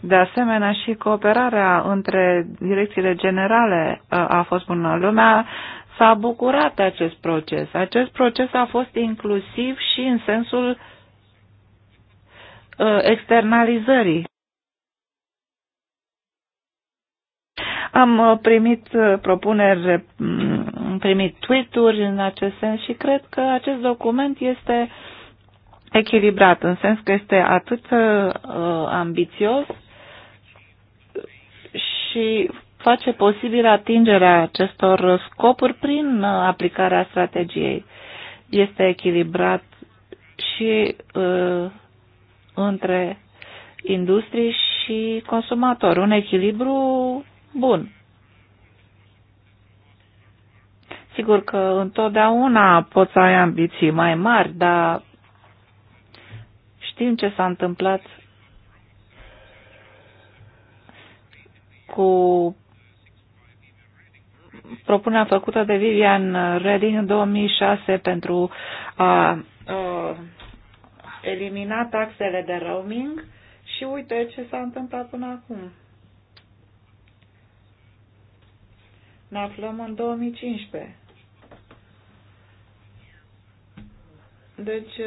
De asemenea, și cooperarea între direcțiile generale uh, a fost bună. Lumea s-a bucurat de acest proces. Acest proces a fost inclusiv și în sensul uh, externalizării. Am primit propuneri mm, am primit tweet-uri în acest sens și cred că acest document este echilibrat, în sens că este atât uh, ambițios și face posibil atingerea acestor scopuri prin uh, aplicarea strategiei. Este echilibrat și uh, între industrie și consumator Un echilibru bun. Sigur că întotdeauna poți să ai ambiții mai mari, dar știm ce s-a întâmplat cu propunerea făcută de Vivian Redding în 2006 pentru a, a elimina taxele de roaming și uite ce s-a întâmplat până acum. Ne aflăm în 2015. Deci uh,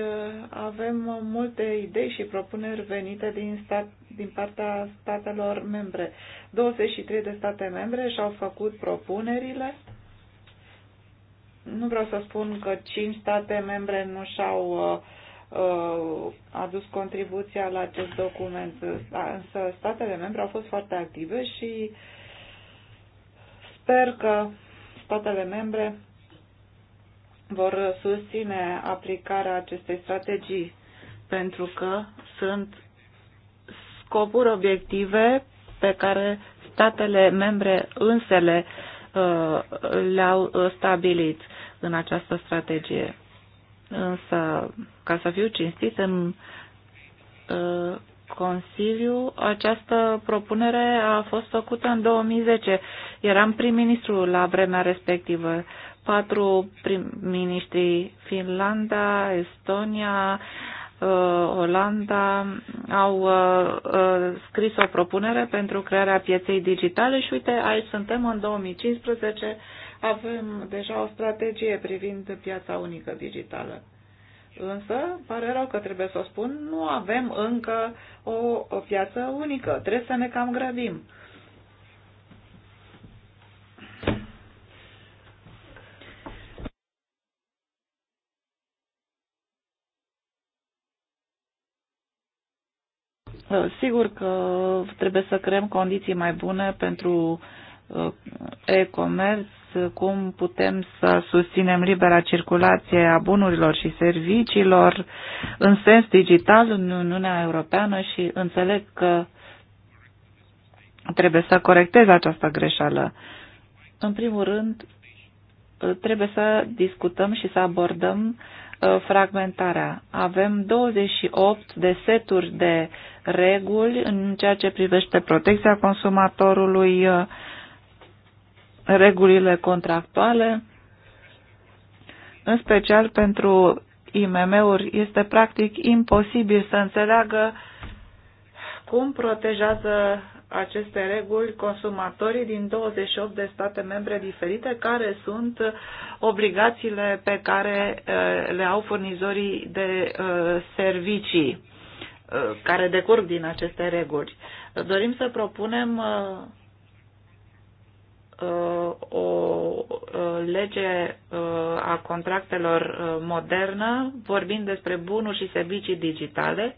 avem multe idei și propuneri venite din, stat, din partea statelor membre. 23 de state membre și-au făcut propunerile. Nu vreau să spun că 5 state membre nu și-au uh, uh, adus contribuția la acest document, însă statele membre au fost foarte active și sper că statele membre vor susține aplicarea acestei strategii pentru că sunt scopuri obiective pe care statele membre însele uh, le-au uh, stabilit în această strategie. Însă, ca să fiu cinstit, în uh, Consiliu, această propunere a fost făcută în 2010. Eram prim-ministru la vremea respectivă patru prim-ministri Finlanda, Estonia, uh, Olanda au uh, uh, scris o propunere pentru crearea pieței digitale și uite, aici suntem în 2015, avem deja o strategie privind piața unică digitală. Însă, pare rău că trebuie să o spun, nu avem încă o, o piață unică. Trebuie să ne cam grăbim. Uh, sigur că trebuie să creăm condiții mai bune pentru uh, e-comerț, cum putem să susținem libera circulație a bunurilor și serviciilor în sens digital în Uniunea Europeană și înțeleg că trebuie să corectez această greșeală. În primul rând, trebuie să discutăm și să abordăm uh, Uh, fragmentarea. Avem 28 de seturi de reguli în ceea ce privește protecția consumatorului, uh, regulile contractuale, în special pentru IMM-uri este practic imposibil să înțeleagă cum protejează aceste reguli consumatorii din 28 de state membre diferite, care sunt uh, obligațiile pe care uh, le au furnizorii de uh, servicii care decurg din aceste reguli. Dorim să propunem o lege a contractelor modernă, vorbind despre bunuri și servicii digitale,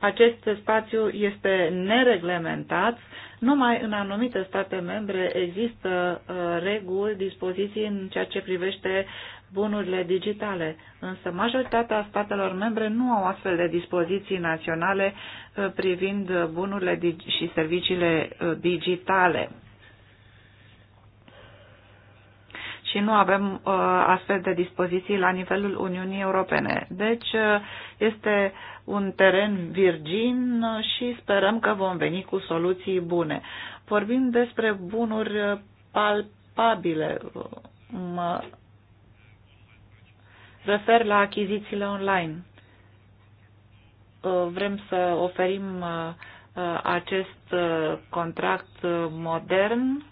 acest spațiu este nereglementat. Numai în anumite state membre există uh, reguli, dispoziții în ceea ce privește bunurile digitale, însă majoritatea statelor membre nu au astfel de dispoziții naționale uh, privind bunurile și serviciile uh, digitale. și nu avem uh, astfel de dispoziții la nivelul Uniunii Europene. Deci uh, este un teren virgin și sperăm că vom veni cu soluții bune. Vorbim despre bunuri uh, palpabile. Mă refer la achizițiile online. Uh, vrem să oferim uh, acest contract modern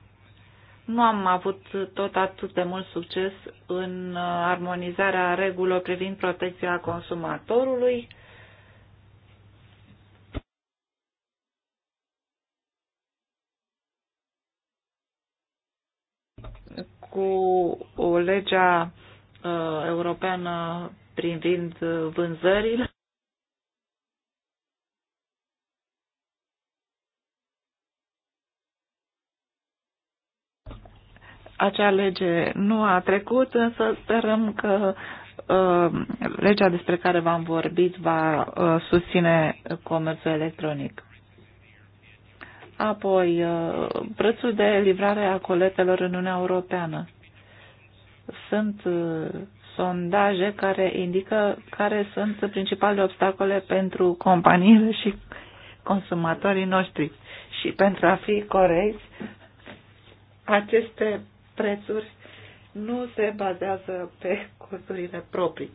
nu am avut tot atât de mult succes în uh, armonizarea regulilor privind protecția consumatorului. cu o legea uh, europeană privind vânzările. Acea lege nu a trecut, însă sperăm că uh, legea despre care v-am vorbit va uh, susține comerțul electronic. Apoi, uh, prețul de livrare a coletelor în Uniunea Europeană. Sunt uh, sondaje care indică care sunt principalele obstacole pentru companiile și consumatorii noștri. Și pentru a fi corecți, aceste prețuri nu se bazează pe costurile proprii.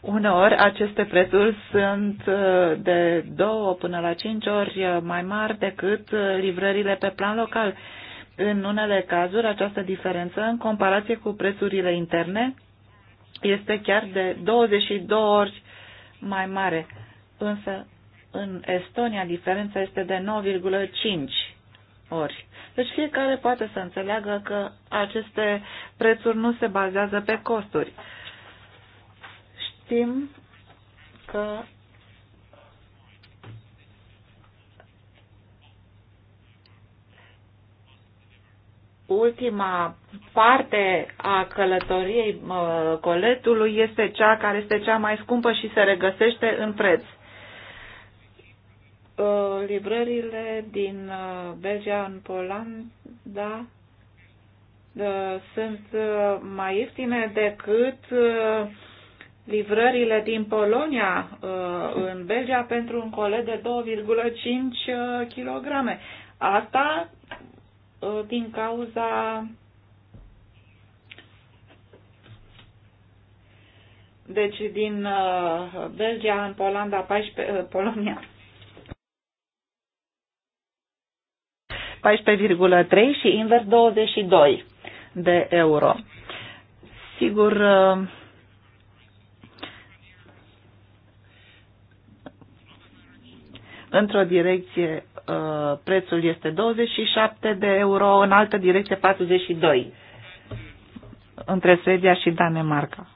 Uneori aceste prețuri sunt uh, de două până la cinci ori uh, mai mari decât uh, livrările pe plan local. În unele cazuri, această diferență, în comparație cu prețurile interne, este chiar de 22 ori mai mare. Însă, în Estonia, diferența este de 9,5 ori. Deci fiecare poate să înțeleagă că aceste prețuri nu se bazează pe costuri. Știm că ultima parte a călătoriei coletului este cea care este cea mai scumpă și se regăsește în preț. Uh, livrările din uh, Belgia în Polanda uh, sunt mai ieftine decât livrările din Polonia în Belgia pentru un colet de 2,5 kg. Asta din cauza deci din Belgia în Polanda 14, Polonia 14,3 și invers 22 de euro. Sigur, uh, într-o direcție uh, prețul este 27 de euro, în altă direcție 42 între Suedia și Danemarca.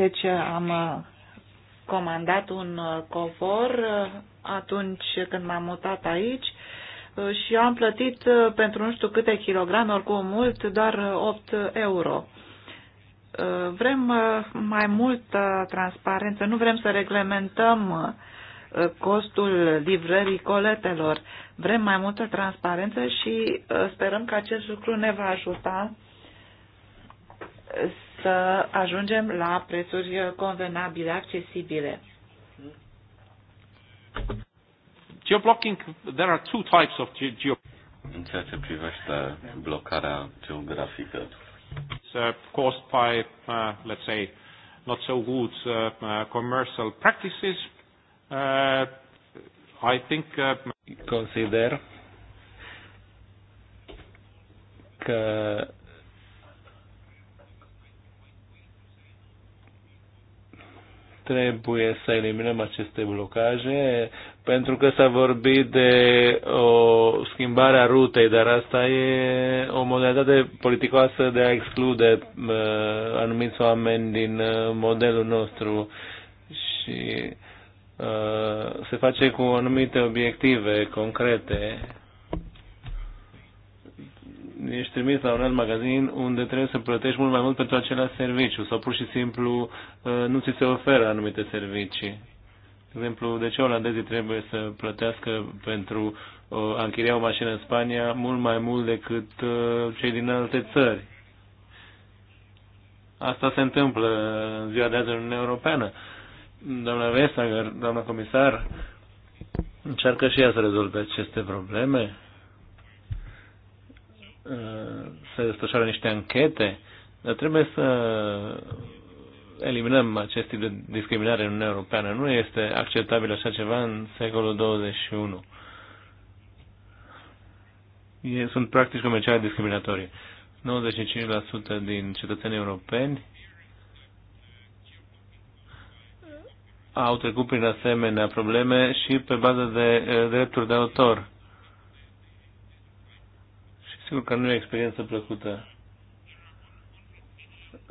Deci uh, am uh, comandat un uh, covor atunci când m-am mutat aici și am plătit pentru nu știu câte kilograme, oricum mult, doar 8 euro. Vrem mai multă transparență, nu vrem să reglementăm costul livrării coletelor. Vrem mai multă transparență și sperăm că acest lucru ne va ajuta să ajungem la prețuri convenabile, accesibile. Geoblocking, there are two types of geo în ceea ce privește blocarea geografică. It's uh, caused by, uh, let's say, not so good uh, uh, commercial practices. Uh, I think uh, consider că trebuie să eliminăm aceste blocaje, pentru că s-a vorbit de o schimbare a rutei, dar asta e o modalitate politicoasă de a exclude uh, anumiți oameni din uh, modelul nostru și uh, se face cu anumite obiective concrete ești trimis la un alt magazin unde trebuie să plătești mult mai mult pentru același serviciu sau pur și simplu uh, nu ți se oferă anumite servicii. De exemplu, de ce olandezii trebuie să plătească pentru uh, a închiria o mașină în Spania mult mai mult decât uh, cei din alte țări? Asta se întâmplă în ziua de azi în Uniunea Europeană. Doamna Vestager, doamna comisar, încearcă și ea să rezolve aceste probleme se desfășoară niște anchete, dar trebuie să eliminăm acest tip de discriminare în Uniunea Europeană. Nu este acceptabil așa ceva în secolul 21. Sunt practici comerciale discriminatorii. 95% din cetățenii europeni au trecut prin asemenea probleme și pe bază de eh, drepturi de autor. Sigur că nu e o experiență plăcută.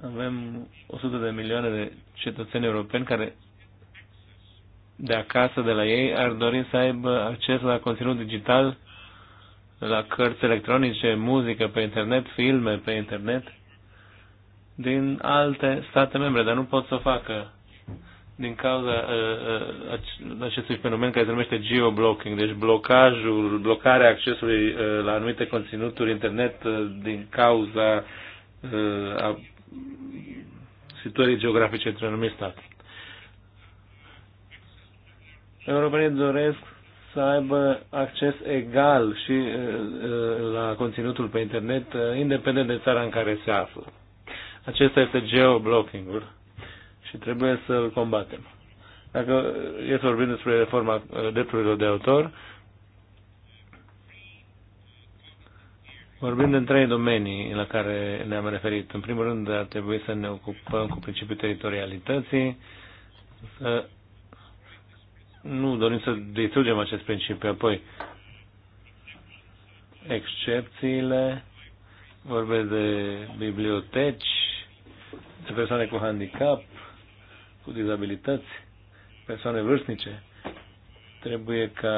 Avem 100 de milioane de cetățeni europeni care de acasă, de la ei, ar dori să aibă acces la conținut digital, la cărți electronice, muzică pe internet, filme pe internet, din alte state membre, dar nu pot să o facă din cauza uh, uh acestui fenomen care se numește geoblocking, deci blocajul, blocarea accesului uh, la anumite conținuturi internet uh, din cauza uh, a situării geografice într-un anumit stat. Europenii doresc să aibă acces egal și uh, uh la conținutul pe internet, uh, independent de țara în care se află. Acesta este geoblocking-ul și trebuie să îl combatem. Dacă e să vorbim despre reforma uh, drepturilor de autor, vorbim în trei domenii la care ne-am referit. În primul rând, ar trebui să ne ocupăm cu principiul teritorialității, să nu dorim să distrugem acest principiu. Apoi, excepțiile, vorbesc de biblioteci, de persoane cu handicap, cu dizabilități, persoane vârstnice. Trebuie ca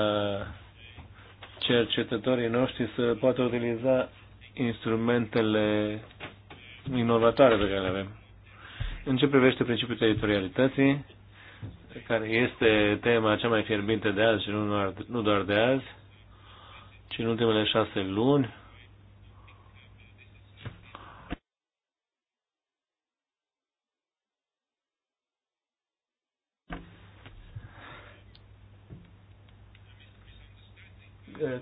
cercetătorii noștri să poată utiliza instrumentele inovatoare pe care le avem. În ce privește principiul teritorialității, care este tema cea mai fierbinte de azi și nu doar, nu doar de azi, ci în ultimele șase luni,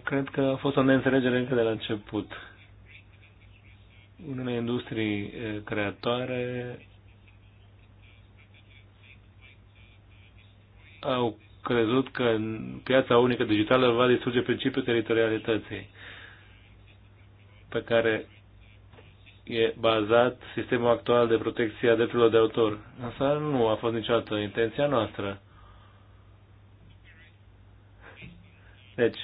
Cred că a fost o neînțelegere încă de la început. Unele industrii creatoare au crezut că piața unică digitală va distruge principiul teritorialității pe care e bazat sistemul actual de protecție a drepturilor de autor. Asta nu a fost niciodată intenția noastră. Deci,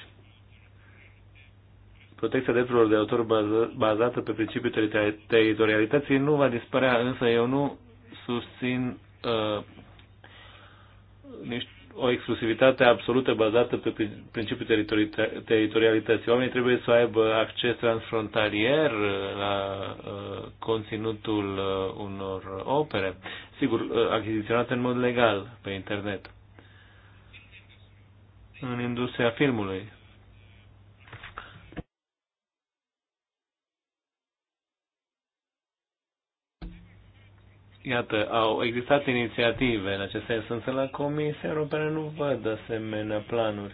Protecția drepturilor de autor bazată pe principiul teritorialității nu va dispărea, însă eu nu susțin uh, o exclusivitate absolută bazată pe principiul teritorialității. Oamenii trebuie să aibă acces transfrontalier uh, la uh, conținutul uh, unor opere, sigur, uh, achiziționate în mod legal pe internet. În industria filmului, Iată, au existat inițiative în acest sens, însă la Comisia Europeană nu văd asemenea planuri.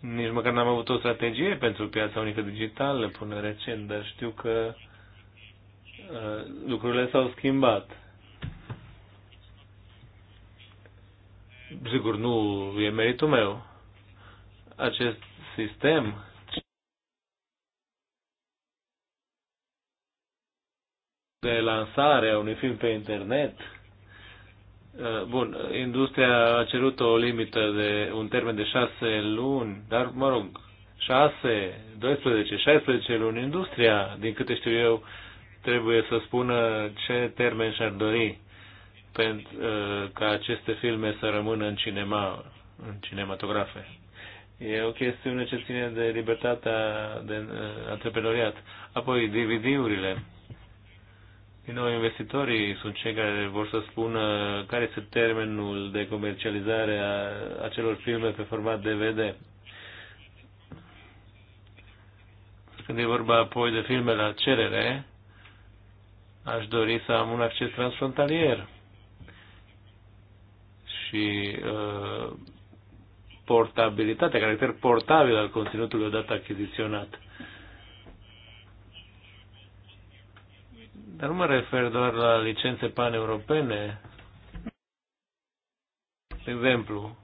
Nici măcar n-am avut o strategie pentru piața unică digitală până recent, dar știu că uh, lucrurile s-au schimbat. Sigur, nu e meritul meu. Acest sistem de lansare a unui film pe internet. Uh, bun, industria a cerut o limită de un termen de șase luni, dar mă rog, șase, 12, 16 luni. Industria, din câte știu eu, trebuie să spună ce termen și-ar dori pentru uh, ca aceste filme să rămână în cinema, în cinematografe. E o chestiune ce ține de libertatea de uh, antreprenoriat. Apoi, DVD-urile din nou, investitorii sunt cei care vor să spună care este termenul de comercializare a acelor filme pe format DVD. Când e vorba apoi de filme la cerere, aș dori să am un acces transfrontalier și uh, portabilitatea, caracter portabil al conținutului odată achiziționat. Uh, Dar nu mă refer doar la licențe paneuropene. De exemplu,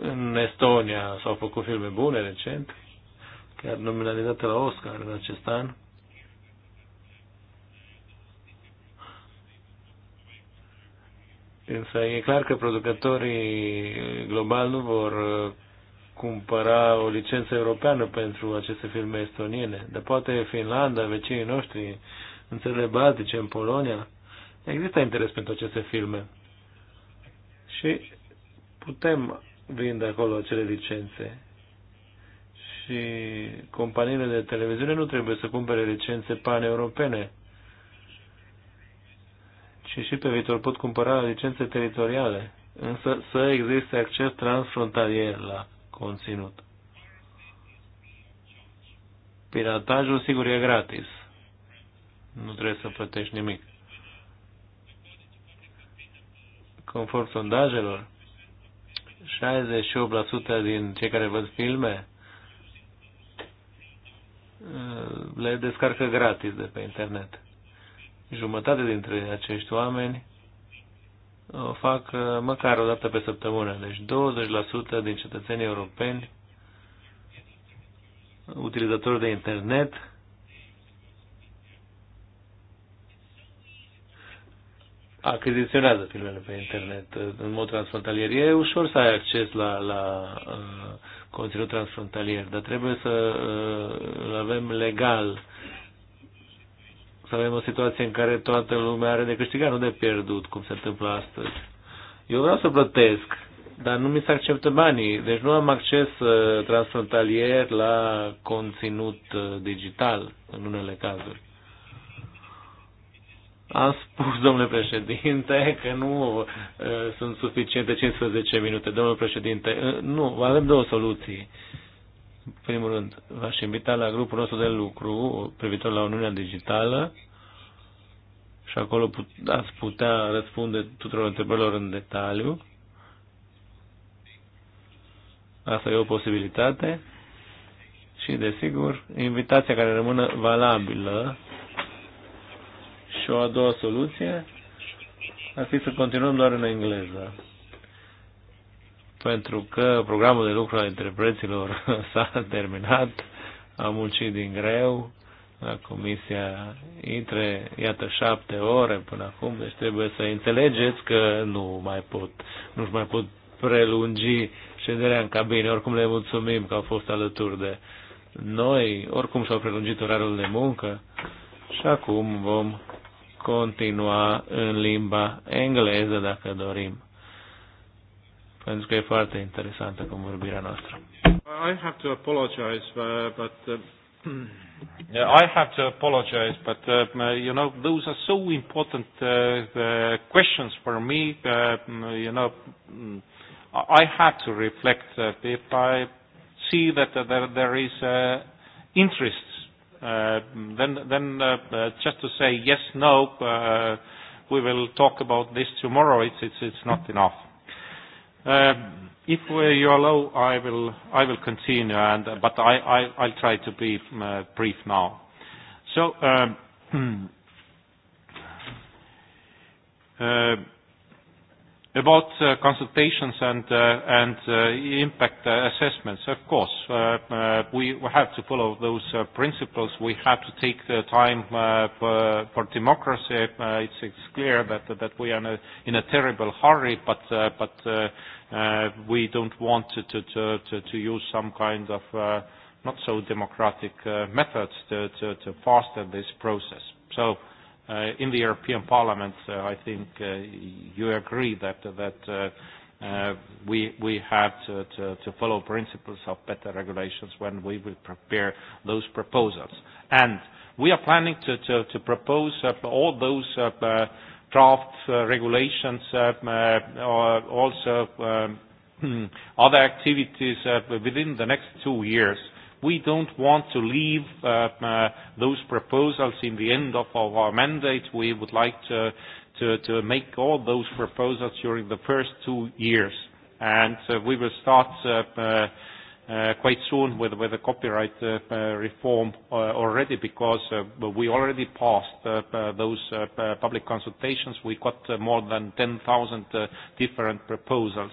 în Estonia s-au făcut filme bune recent, chiar nominalizate la Oscar în acest an. Însă e clar că producătorii globali nu vor cumpăra o licență europeană pentru aceste filme estoniene, dar poate Finlanda, vecinii noștri, în țările baltice, în Polonia, există interes pentru aceste filme. Și putem vinde acolo acele licențe. Și companiile de televiziune nu trebuie să cumpere licențe paneuropene, ci și pe viitor pot cumpăra licențe teritoriale, însă să existe acces transfrontalier la conținut. Piratajul, sigur, e gratis. Nu trebuie să plătești nimic. Conform sondajelor, 68% din cei care văd filme eh, le descarcă gratis de pe internet. Jumătate dintre acești oameni o fac uh, măcar o dată pe săptămână. Deci 20% din cetățenii europeni utilizatori de internet achiziționează filmele pe internet uh, în mod transfrontalier. E ușor să ai acces la, la uh, conținut transfrontalier, dar trebuie să uh, îl avem legal să avem o situație în care toată lumea are de câștigat, nu de pierdut, cum se întâmplă astăzi. Eu vreau să plătesc, dar nu mi se acceptă banii, deci nu am acces uh, transfrontalier la conținut uh, digital în unele cazuri. Am spus, domnule președinte, că nu uh, sunt suficiente 15 minute. Domnule președinte, uh, nu, avem două soluții. Uh, în primul rând, v-aș invita la grupul nostru de lucru privitor la Uniunea Digitală și acolo put, ați putea răspunde tuturor întrebărilor în detaliu. Asta e o posibilitate. Și, desigur, invitația care rămână valabilă și o a doua soluție ar fi să continuăm doar în engleză pentru că programul de lucru al interpreților s-a terminat, am muncit din greu, la comisia intre, iată, șapte ore până acum, deci trebuie să înțelegeți că nu mai pot, nu mai pot prelungi șederea în cabine. Oricum le mulțumim că au fost alături de noi, oricum și-au prelungit orarul de muncă și acum vom continua în limba engleză dacă dorim pentru că e foarte interesantă convorbirea noastră. I have to apologize, uh, but uh, I have to apologize, but uh, uh, you know those are so important uh, uh, questions for me. Uh, mm, you know, mm, I have to reflect uh, if I see that uh, there, there is uh, interest, uh, then then uh, uh, just to say yes, no, uh, we will talk about this tomorrow. It's it's it's not enough. Uh, if you allow, I will I will continue, and but I, I I'll try to be uh, brief now. So. Um, uh, uh About uh, consultations and, uh, and uh, impact uh, assessments, of course, uh, uh, we have to follow those uh, principles. We have to take the time uh, for, for democracy. Uh, it's, it's clear that, that we are in a, in a terrible hurry, but, uh, but uh, uh, we don't want to, to, to, to use some kind of uh, not so democratic uh, methods to, to, to foster this process. So uh, in the European Parliament, so uh, I think uh, you agree that that uh, uh, we we have to, to, to follow principles of better regulations when we will prepare those proposals. And we are planning to to, to propose uh, all those. Uh, uh, draft uh, regulations, uh, uh, also um, other activities uh, within the next two years. We don't want to leave uh, uh, those proposals in the end of, of our mandate. We would like to, to, to make all those proposals during the first two years. And uh, we will start uh, uh, uh quite soon with, with the copyright uh, uh, reform uh, already because uh, we already passed those public consultations. We got more than 10,000 different proposals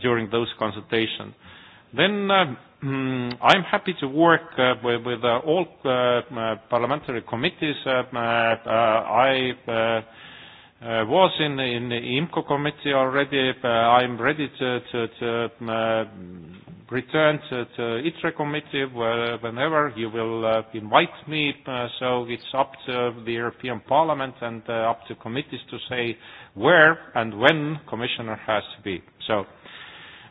during those consultations. Then uh, I'm happy to work uh, with, with uh, all uh, uh parliamentary committees. Uh, uh, uh, I uh, uh, was in, in the IMCO committee already. Uh, I'm ready to, to, to uh, return to, to ITRE committee whenever you will uh, invite me. Uh, so it's up to the European Parliament and uh, up to committees to say where and when Commissioner has to be. So.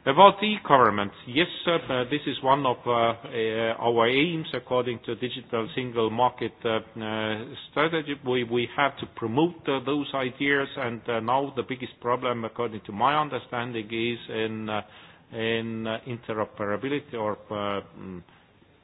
About e-government, yes, sir, uh, this is one of uh, uh, our aims according to Digital Single Market strategy. We, we have to promote those ideas, and now the biggest problem, according to my understanding, is in, in interoperability or mm,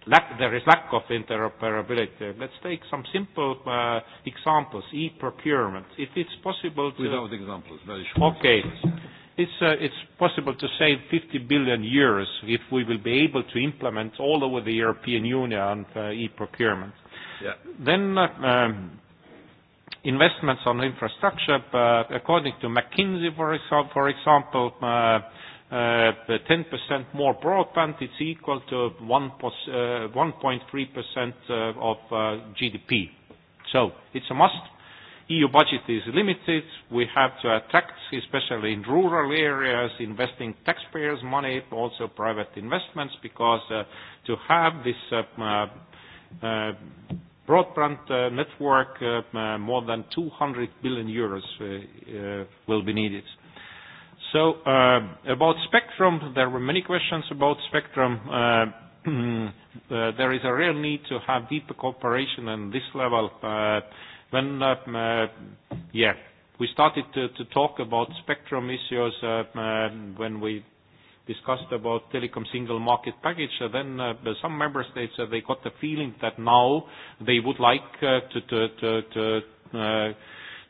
lack, there is lack of interoperability. Let's take some simple uh, examples. E-procurement. If it's possible to... Without examples, very short. Okay. Examples. It's, uh, it's possible to save 50 billion euros if we will be able to implement all over the European Union uh, e-procurement. Yeah. Then uh, um, investments on infrastructure, uh, according to McKinsey, for, exa for example, uh, Uh, 10% more broadband, it's equal to 1.3% uh, uh, of uh, GDP. So It's a must EU budget is limited. We have to attract, especially in rural areas, investing taxpayers' money, also private investments, because uh, to have this uh, uh, uh, broadband uh, network, uh, uh, more than 200 billion euros uh, uh, will be needed. So uh, about spectrum, there were many questions about spectrum. Uh, uh, there is a real need to have deeper cooperation on this level. Uh, When, uh, uh, yeah, we started to, to talk about spectrum issues uh, uh, when we discussed about telecom single market package, uh, then uh, some member states, uh, they got the feeling that now they would like uh, to, to, to, to uh,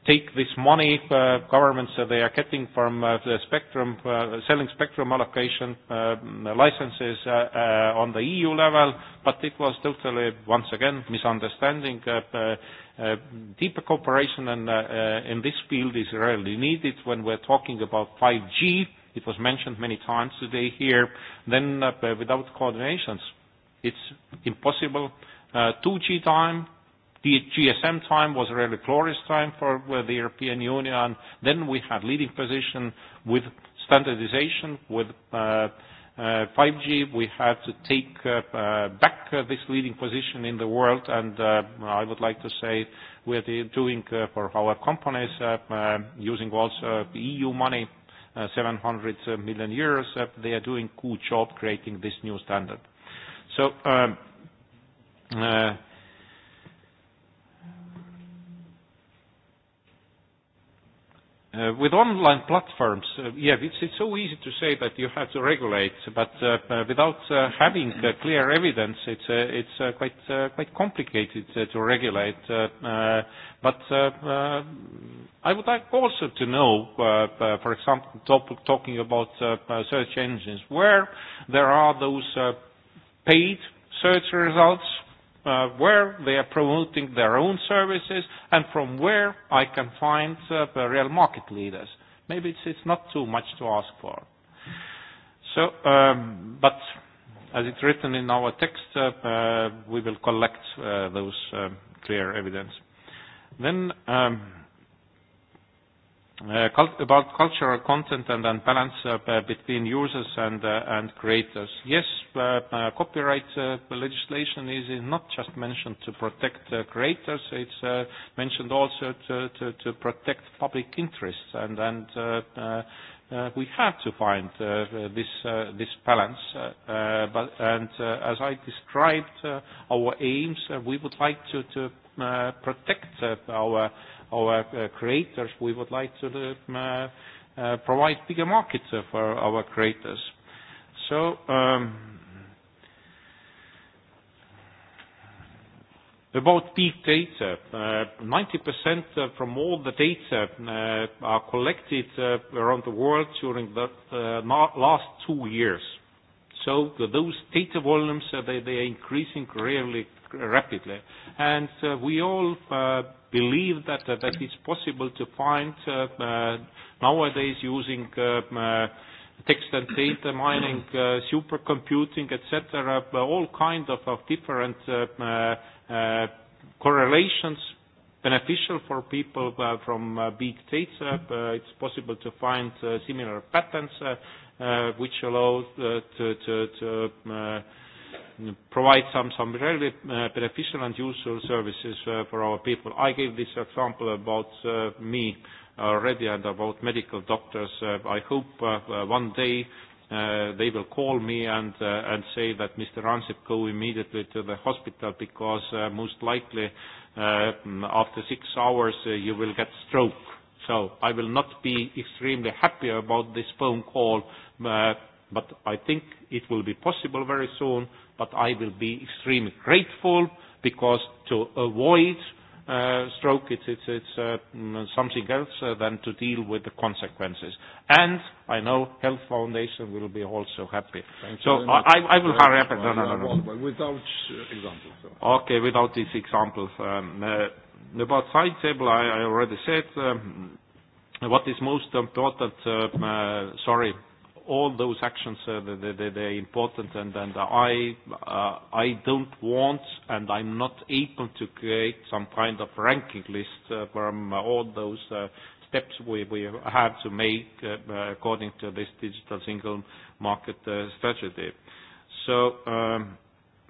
take this money uh, governments uh, they are getting from uh, the spectrum, uh, selling spectrum allocation uh, licenses uh, uh, on the EU level, but it was totally, once again, misunderstanding. Uh, uh, uh deeper cooperation in, uh, uh, in this field is really needed when we're talking about 5G. It was mentioned many times today here. Then uh, without coordinations, it's impossible. Uh, 2G time, The GSM time was really glorious time for the European Union. Then we had leading position with standardization, with uh, Uh, 5G, we had to take uh, uh, back uh, this leading position in the world, and uh, I would like to say we're doing uh, for our companies using also EU money, 700 million euros. They are doing good job creating this new standard. So, um, Uh, with online platforms, uh, yeah, it's, it's so easy to say that you have to regulate, but uh, uh, without uh, having uh, clear evidence, it's, uh, it's uh, quite, uh, quite complicated uh, to regulate. Uh, uh, but uh, uh, I would like also to know, uh, uh, for example, top, talking about uh, uh, search engines, where there are those uh, paid search results uh, where they are promoting their own services and from where I can find uh, real market leaders. Maybe it's, it's not too much to ask for. So, um, but as it's written in our text, uh, uh, we will collect uh, those uh, clear evidence. Then um, uh, about cultural content and then balance uh, uh, between users and, uh, and creators. Yes, uh, uh, copyright uh, legislation is, not just mentioned to protect uh, creators, it's uh, mentioned also to, to, to protect public interests and, and uh, uh, uh, we have to find uh, this uh, this balance. Uh, uh but and uh, as I described uh, our aims, uh, we would like to to uh, protect uh, our our uh, creators, we would like to uh, uh, provide bigger markets for our creators. So, um, About big data, uh, 90% from all the data uh, are collected uh, around the world during the last two years. So Those data volumes, they, they are increasing really rapidly. And uh, we all uh, believe that, uh, that it's possible to find uh, uh, nowadays using uh, uh, text and data mining, uh, supercomputing, etc., uh, all kinds of, of different uh, uh, uh, correlations beneficial for people uh, from uh, big data. Uh, it's possible to find uh, similar patterns uh, uh, which allow uh, to, to, to uh, provide some, some really uh, beneficial and useful services uh, for our people. I gave this example about uh, me already and about medical doctors. Uh, I hope uh, uh one day uh, they will call me and, uh, and say that Mr. Ansip go immediately to the hospital because uh, most likely uh, after six hours uh, you will get stroke. So I will not be extremely happy about this phone call, uh, but I think it will be possible very soon, but I will be extremely grateful because to avoid uh, stroke, it's, it's, it's uh, mm, something else uh, than to deal with the consequences. And I know Health Foundation will be also happy. Thank so I, I, I will hurry up. No, no, no, no. Without uh, examples. So. Okay, without these examples. Um, uh, about side table, I, I already said um, what is most important. Uh, uh, sorry all those actions, uh, they, they, they're important, and, and I, uh, I don't want, and I'm not able to create some kind of ranking list uh, from all those uh, steps we, we have to make uh, uh, according to this digital single market uh, strategy. So um,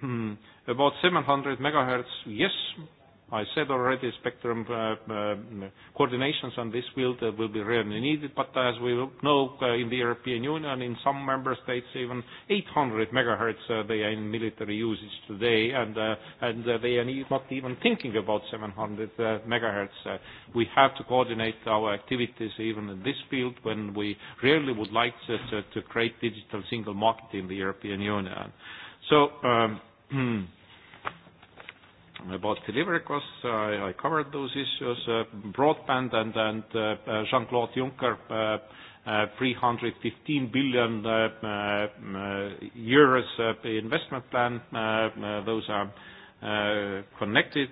hmm, about 700 megahertz, yes, I said already spectrum uh, uh, coordinations on this field uh, will be really needed, but as we know uh, in the European Union, in some member states, even 800 megahertz uh, they are in military usage today, and, uh, and uh, they are not even thinking about 700 uh, megahertz. Uh, we have to coordinate our activities even in this field when we really would like to, to, to create digital single market in the European Union. So. Um, About delivery costs, I covered those issues. Uh, broadband and uh, uh, Jean-Claude Juncker, 315 billion euros investment plan. Those are connected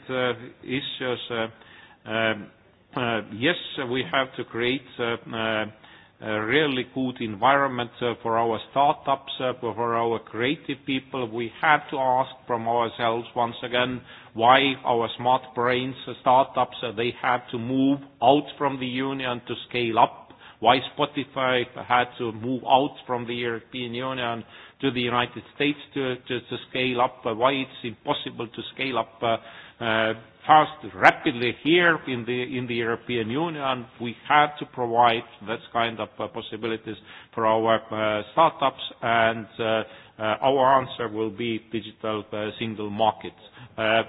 issues. Um, yes, we have to create a really good environment uh, for our startups, uh, for our creative people. We have to ask from ourselves once again why our smart brains uh, startups, uh, they have to move out from the union to scale up, why Spotify had to move out from the European Union to the United States to, to, to scale up, uh, why it's impossible to scale up uh, uh, fast, rapidly here in the, in the European Union. We had to provide that kind of uh, possibilities for our uh, startups, and uh, uh, our answer will be digital uh, single market. Uh,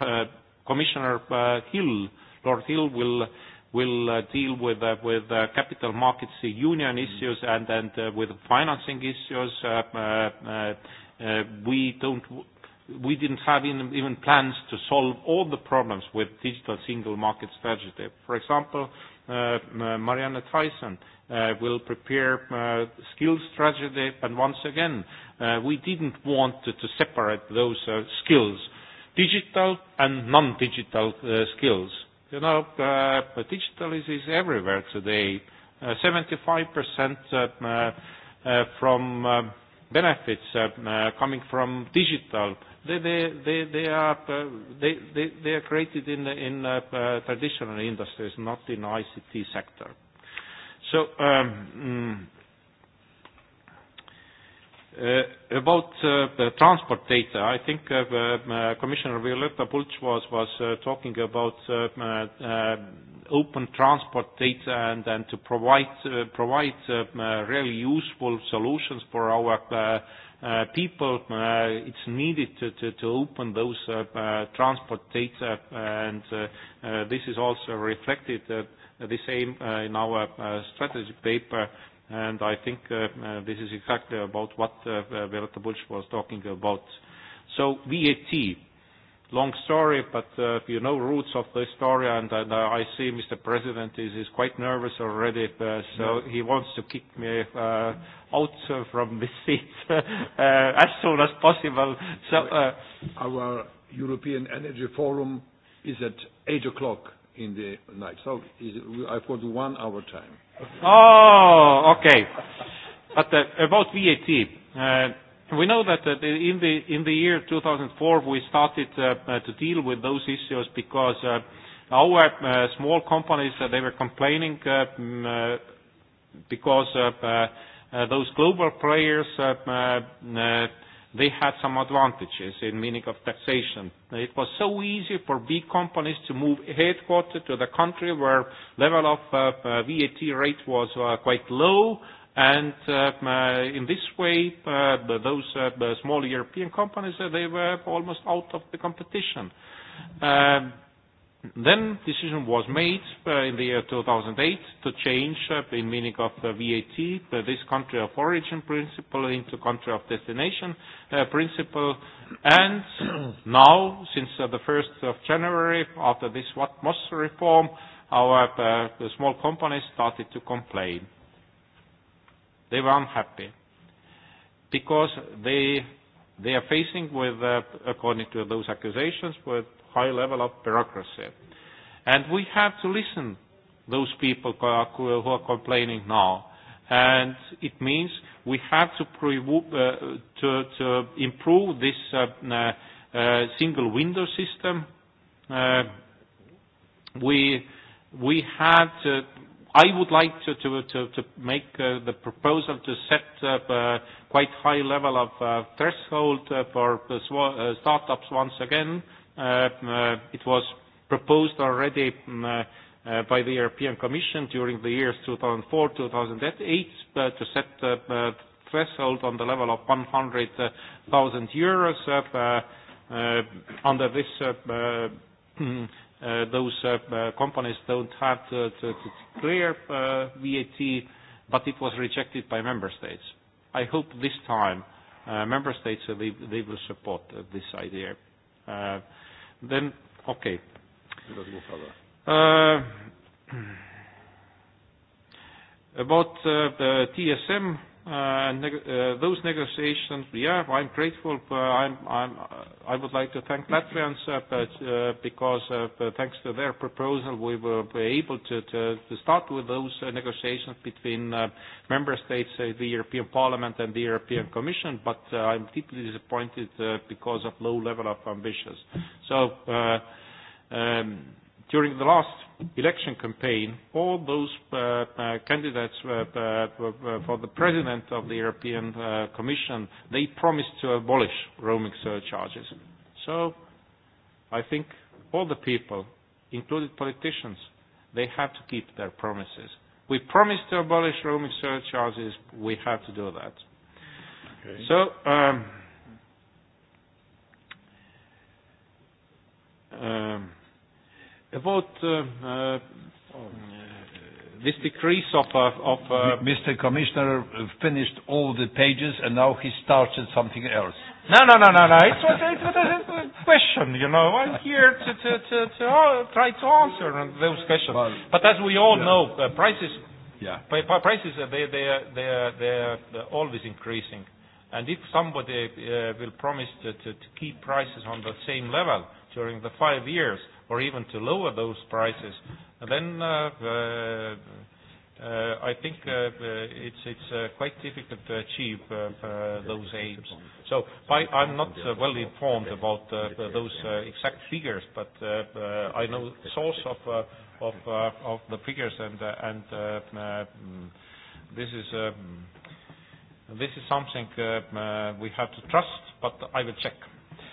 uh, Commissioner uh, Hill, Lord Hill, will will uh, deal with uh, with uh, capital markets union mm-hmm. issues and and uh, with financing issues. Uh, uh, uh, uh we don't we didn't have even plans to solve all the problems with digital single market strategy. For example, uh, uh Marianne Tyson uh, will prepare uh, skills strategy, and once again, uh, we didn't want to, to separate those uh, skills, digital and non-digital uh, skills. You know, uh, digital is, is everywhere today. Uh, 75% uh, uh, uh, from uh, benefits uh, uh, coming from digital uh, they they they they are uh, they they, they are created in in uh, uh, traditional industries, not in ICT sector. So um, mm, uh, about uh, the transport data, I think uh, uh, uh Commissioner Violeta Bulc was was uh, talking about uh, uh, open transport data and, and to provide uh, provide uh, uh, really useful solutions for our uh, Uh, people, uh, it's needed to, to, to open those uh, uh, transport data, uh, and uh, uh, this is also reflected uh, the same uh, in our uh, strategy paper. And I think uh, uh, this is exactly about what uh, Violeta Bulch was talking about. So VAT, long story, but uh, you know roots of the story, and, and uh, I see Mr. President is, is quite nervous already, uh, so yeah. he wants to kick me uh, out uh, from this seat uh, as soon as possible. So uh, our European Energy Forum is at eight o'clock in the night, so is, I've got one hour time. Oh, okay. but uh, about VAT. Uh, We know that uh, in the in the year 2004, we started uh, uh, to deal with those issues because uh, our uh, small companies, they were complaining mm, because those global players, mm, they had some advantages in meaning of taxation. It was so easy for big companies to move headquarters to the country where level of VAT rate was quite low, And uh, uh, in this way, uh, those uh, small European companies, uh, they were almost out of the competition. Uh, then decision was made uh, in the year 2008 to change uh, the meaning of uh, VAT, uh, this country of origin principle into country of destination uh, principle. And now, since uh, the 1st of January, after this Watmos reform, our uh, small companies started to complain they were unhappy because they they are facing with, uh, according to those accusations, with high level of bureaucracy. And we have to listen those people who are, complaining now. And it means we have to, pre uh, to, to improve this uh, uh, uh, single window system. Uh, we, we have to I would like to, to, to, to make uh, the proposal to set up a quite high level of uh, threshold uh, for uh, uh, startups once again. Uh, uh, it was proposed already um, uh, uh, by the European Commission during the years 2004, 2008 uh, to set uh, uh, threshold on the level of 100,000 euros uh, uh, under this uh, uh, uh Uh, those uh, uh, companies don't have to, to, to clear uh, VAT, but it was rejected by member states. I hope this time uh, member states uh, they, they will support uh, this idea. Uh, then, okay. Uh, about uh, the TSM Uh, neg uh, those negotiations, yeah, I'm grateful. for. I'm, I'm, I would like to thank Latvians uh, but, uh, because uh, thanks to their proposal, we were able to, to, to start with those uh, negotiations between uh, member states, uh, the European Parliament and the European Commission, but uh, I'm deeply disappointed uh, because of low level of ambitions. So uh, um, during the last election campaign, all those uh, uh, candidates uh, uh, uh, for the president of the European uh, Commission, they promised to abolish roaming surcharges. So I think all the people, including politicians, they have to keep their promises. We promised to abolish roaming surcharges, we have to do that. Okay. So, um, um, About uh, uh, this decrease of... Uh, of uh, Mr. Commissioner uh, finished all the pages and now he started something else. No, no, no, no, no. It's was a question, you know. I'm here to, to, to, to try to answer those questions. Well, but as we all yeah. know, uh, prices, yeah. prices uh, they, they, are, they, they are they're always increasing. And if somebody uh, will promise to, to, to keep prices on the same level, during the five years or even to lower those prices, then uh, uh, uh, I think uh, it's, it's uh, quite difficult to achieve uh, uh, those aims. So by, I'm not uh, well informed about uh, those uh, exact figures, but uh, uh, I know the source of, uh, of, uh, of the figures, and, uh, and uh, uh, this is. Uh, mm, this is something uh, mm, uh, we have to trust, but I will check.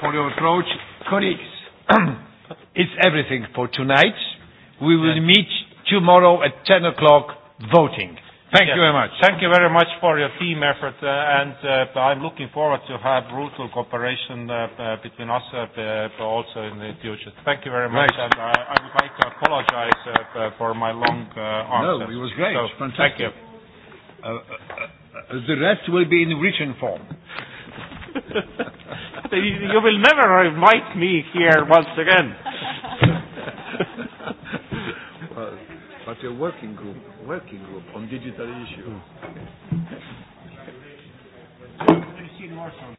for your approach. Colleagues, it's everything for tonight. We will yes. meet tomorrow at 10 o'clock voting. Thank yes. you very much. Thank you very much for your team effort, uh, and uh, I'm looking forward to have brutal cooperation uh, uh, between us uh, uh, also in the future. Thank you very much, right. and uh, I would like to apologize uh, uh, for my long uh, answer. No, it was great. So, Fantastic. Thank you. Uh, uh, uh, the rest will be in written form you will never invite me here once again. well, but your working group, working group on digital issues.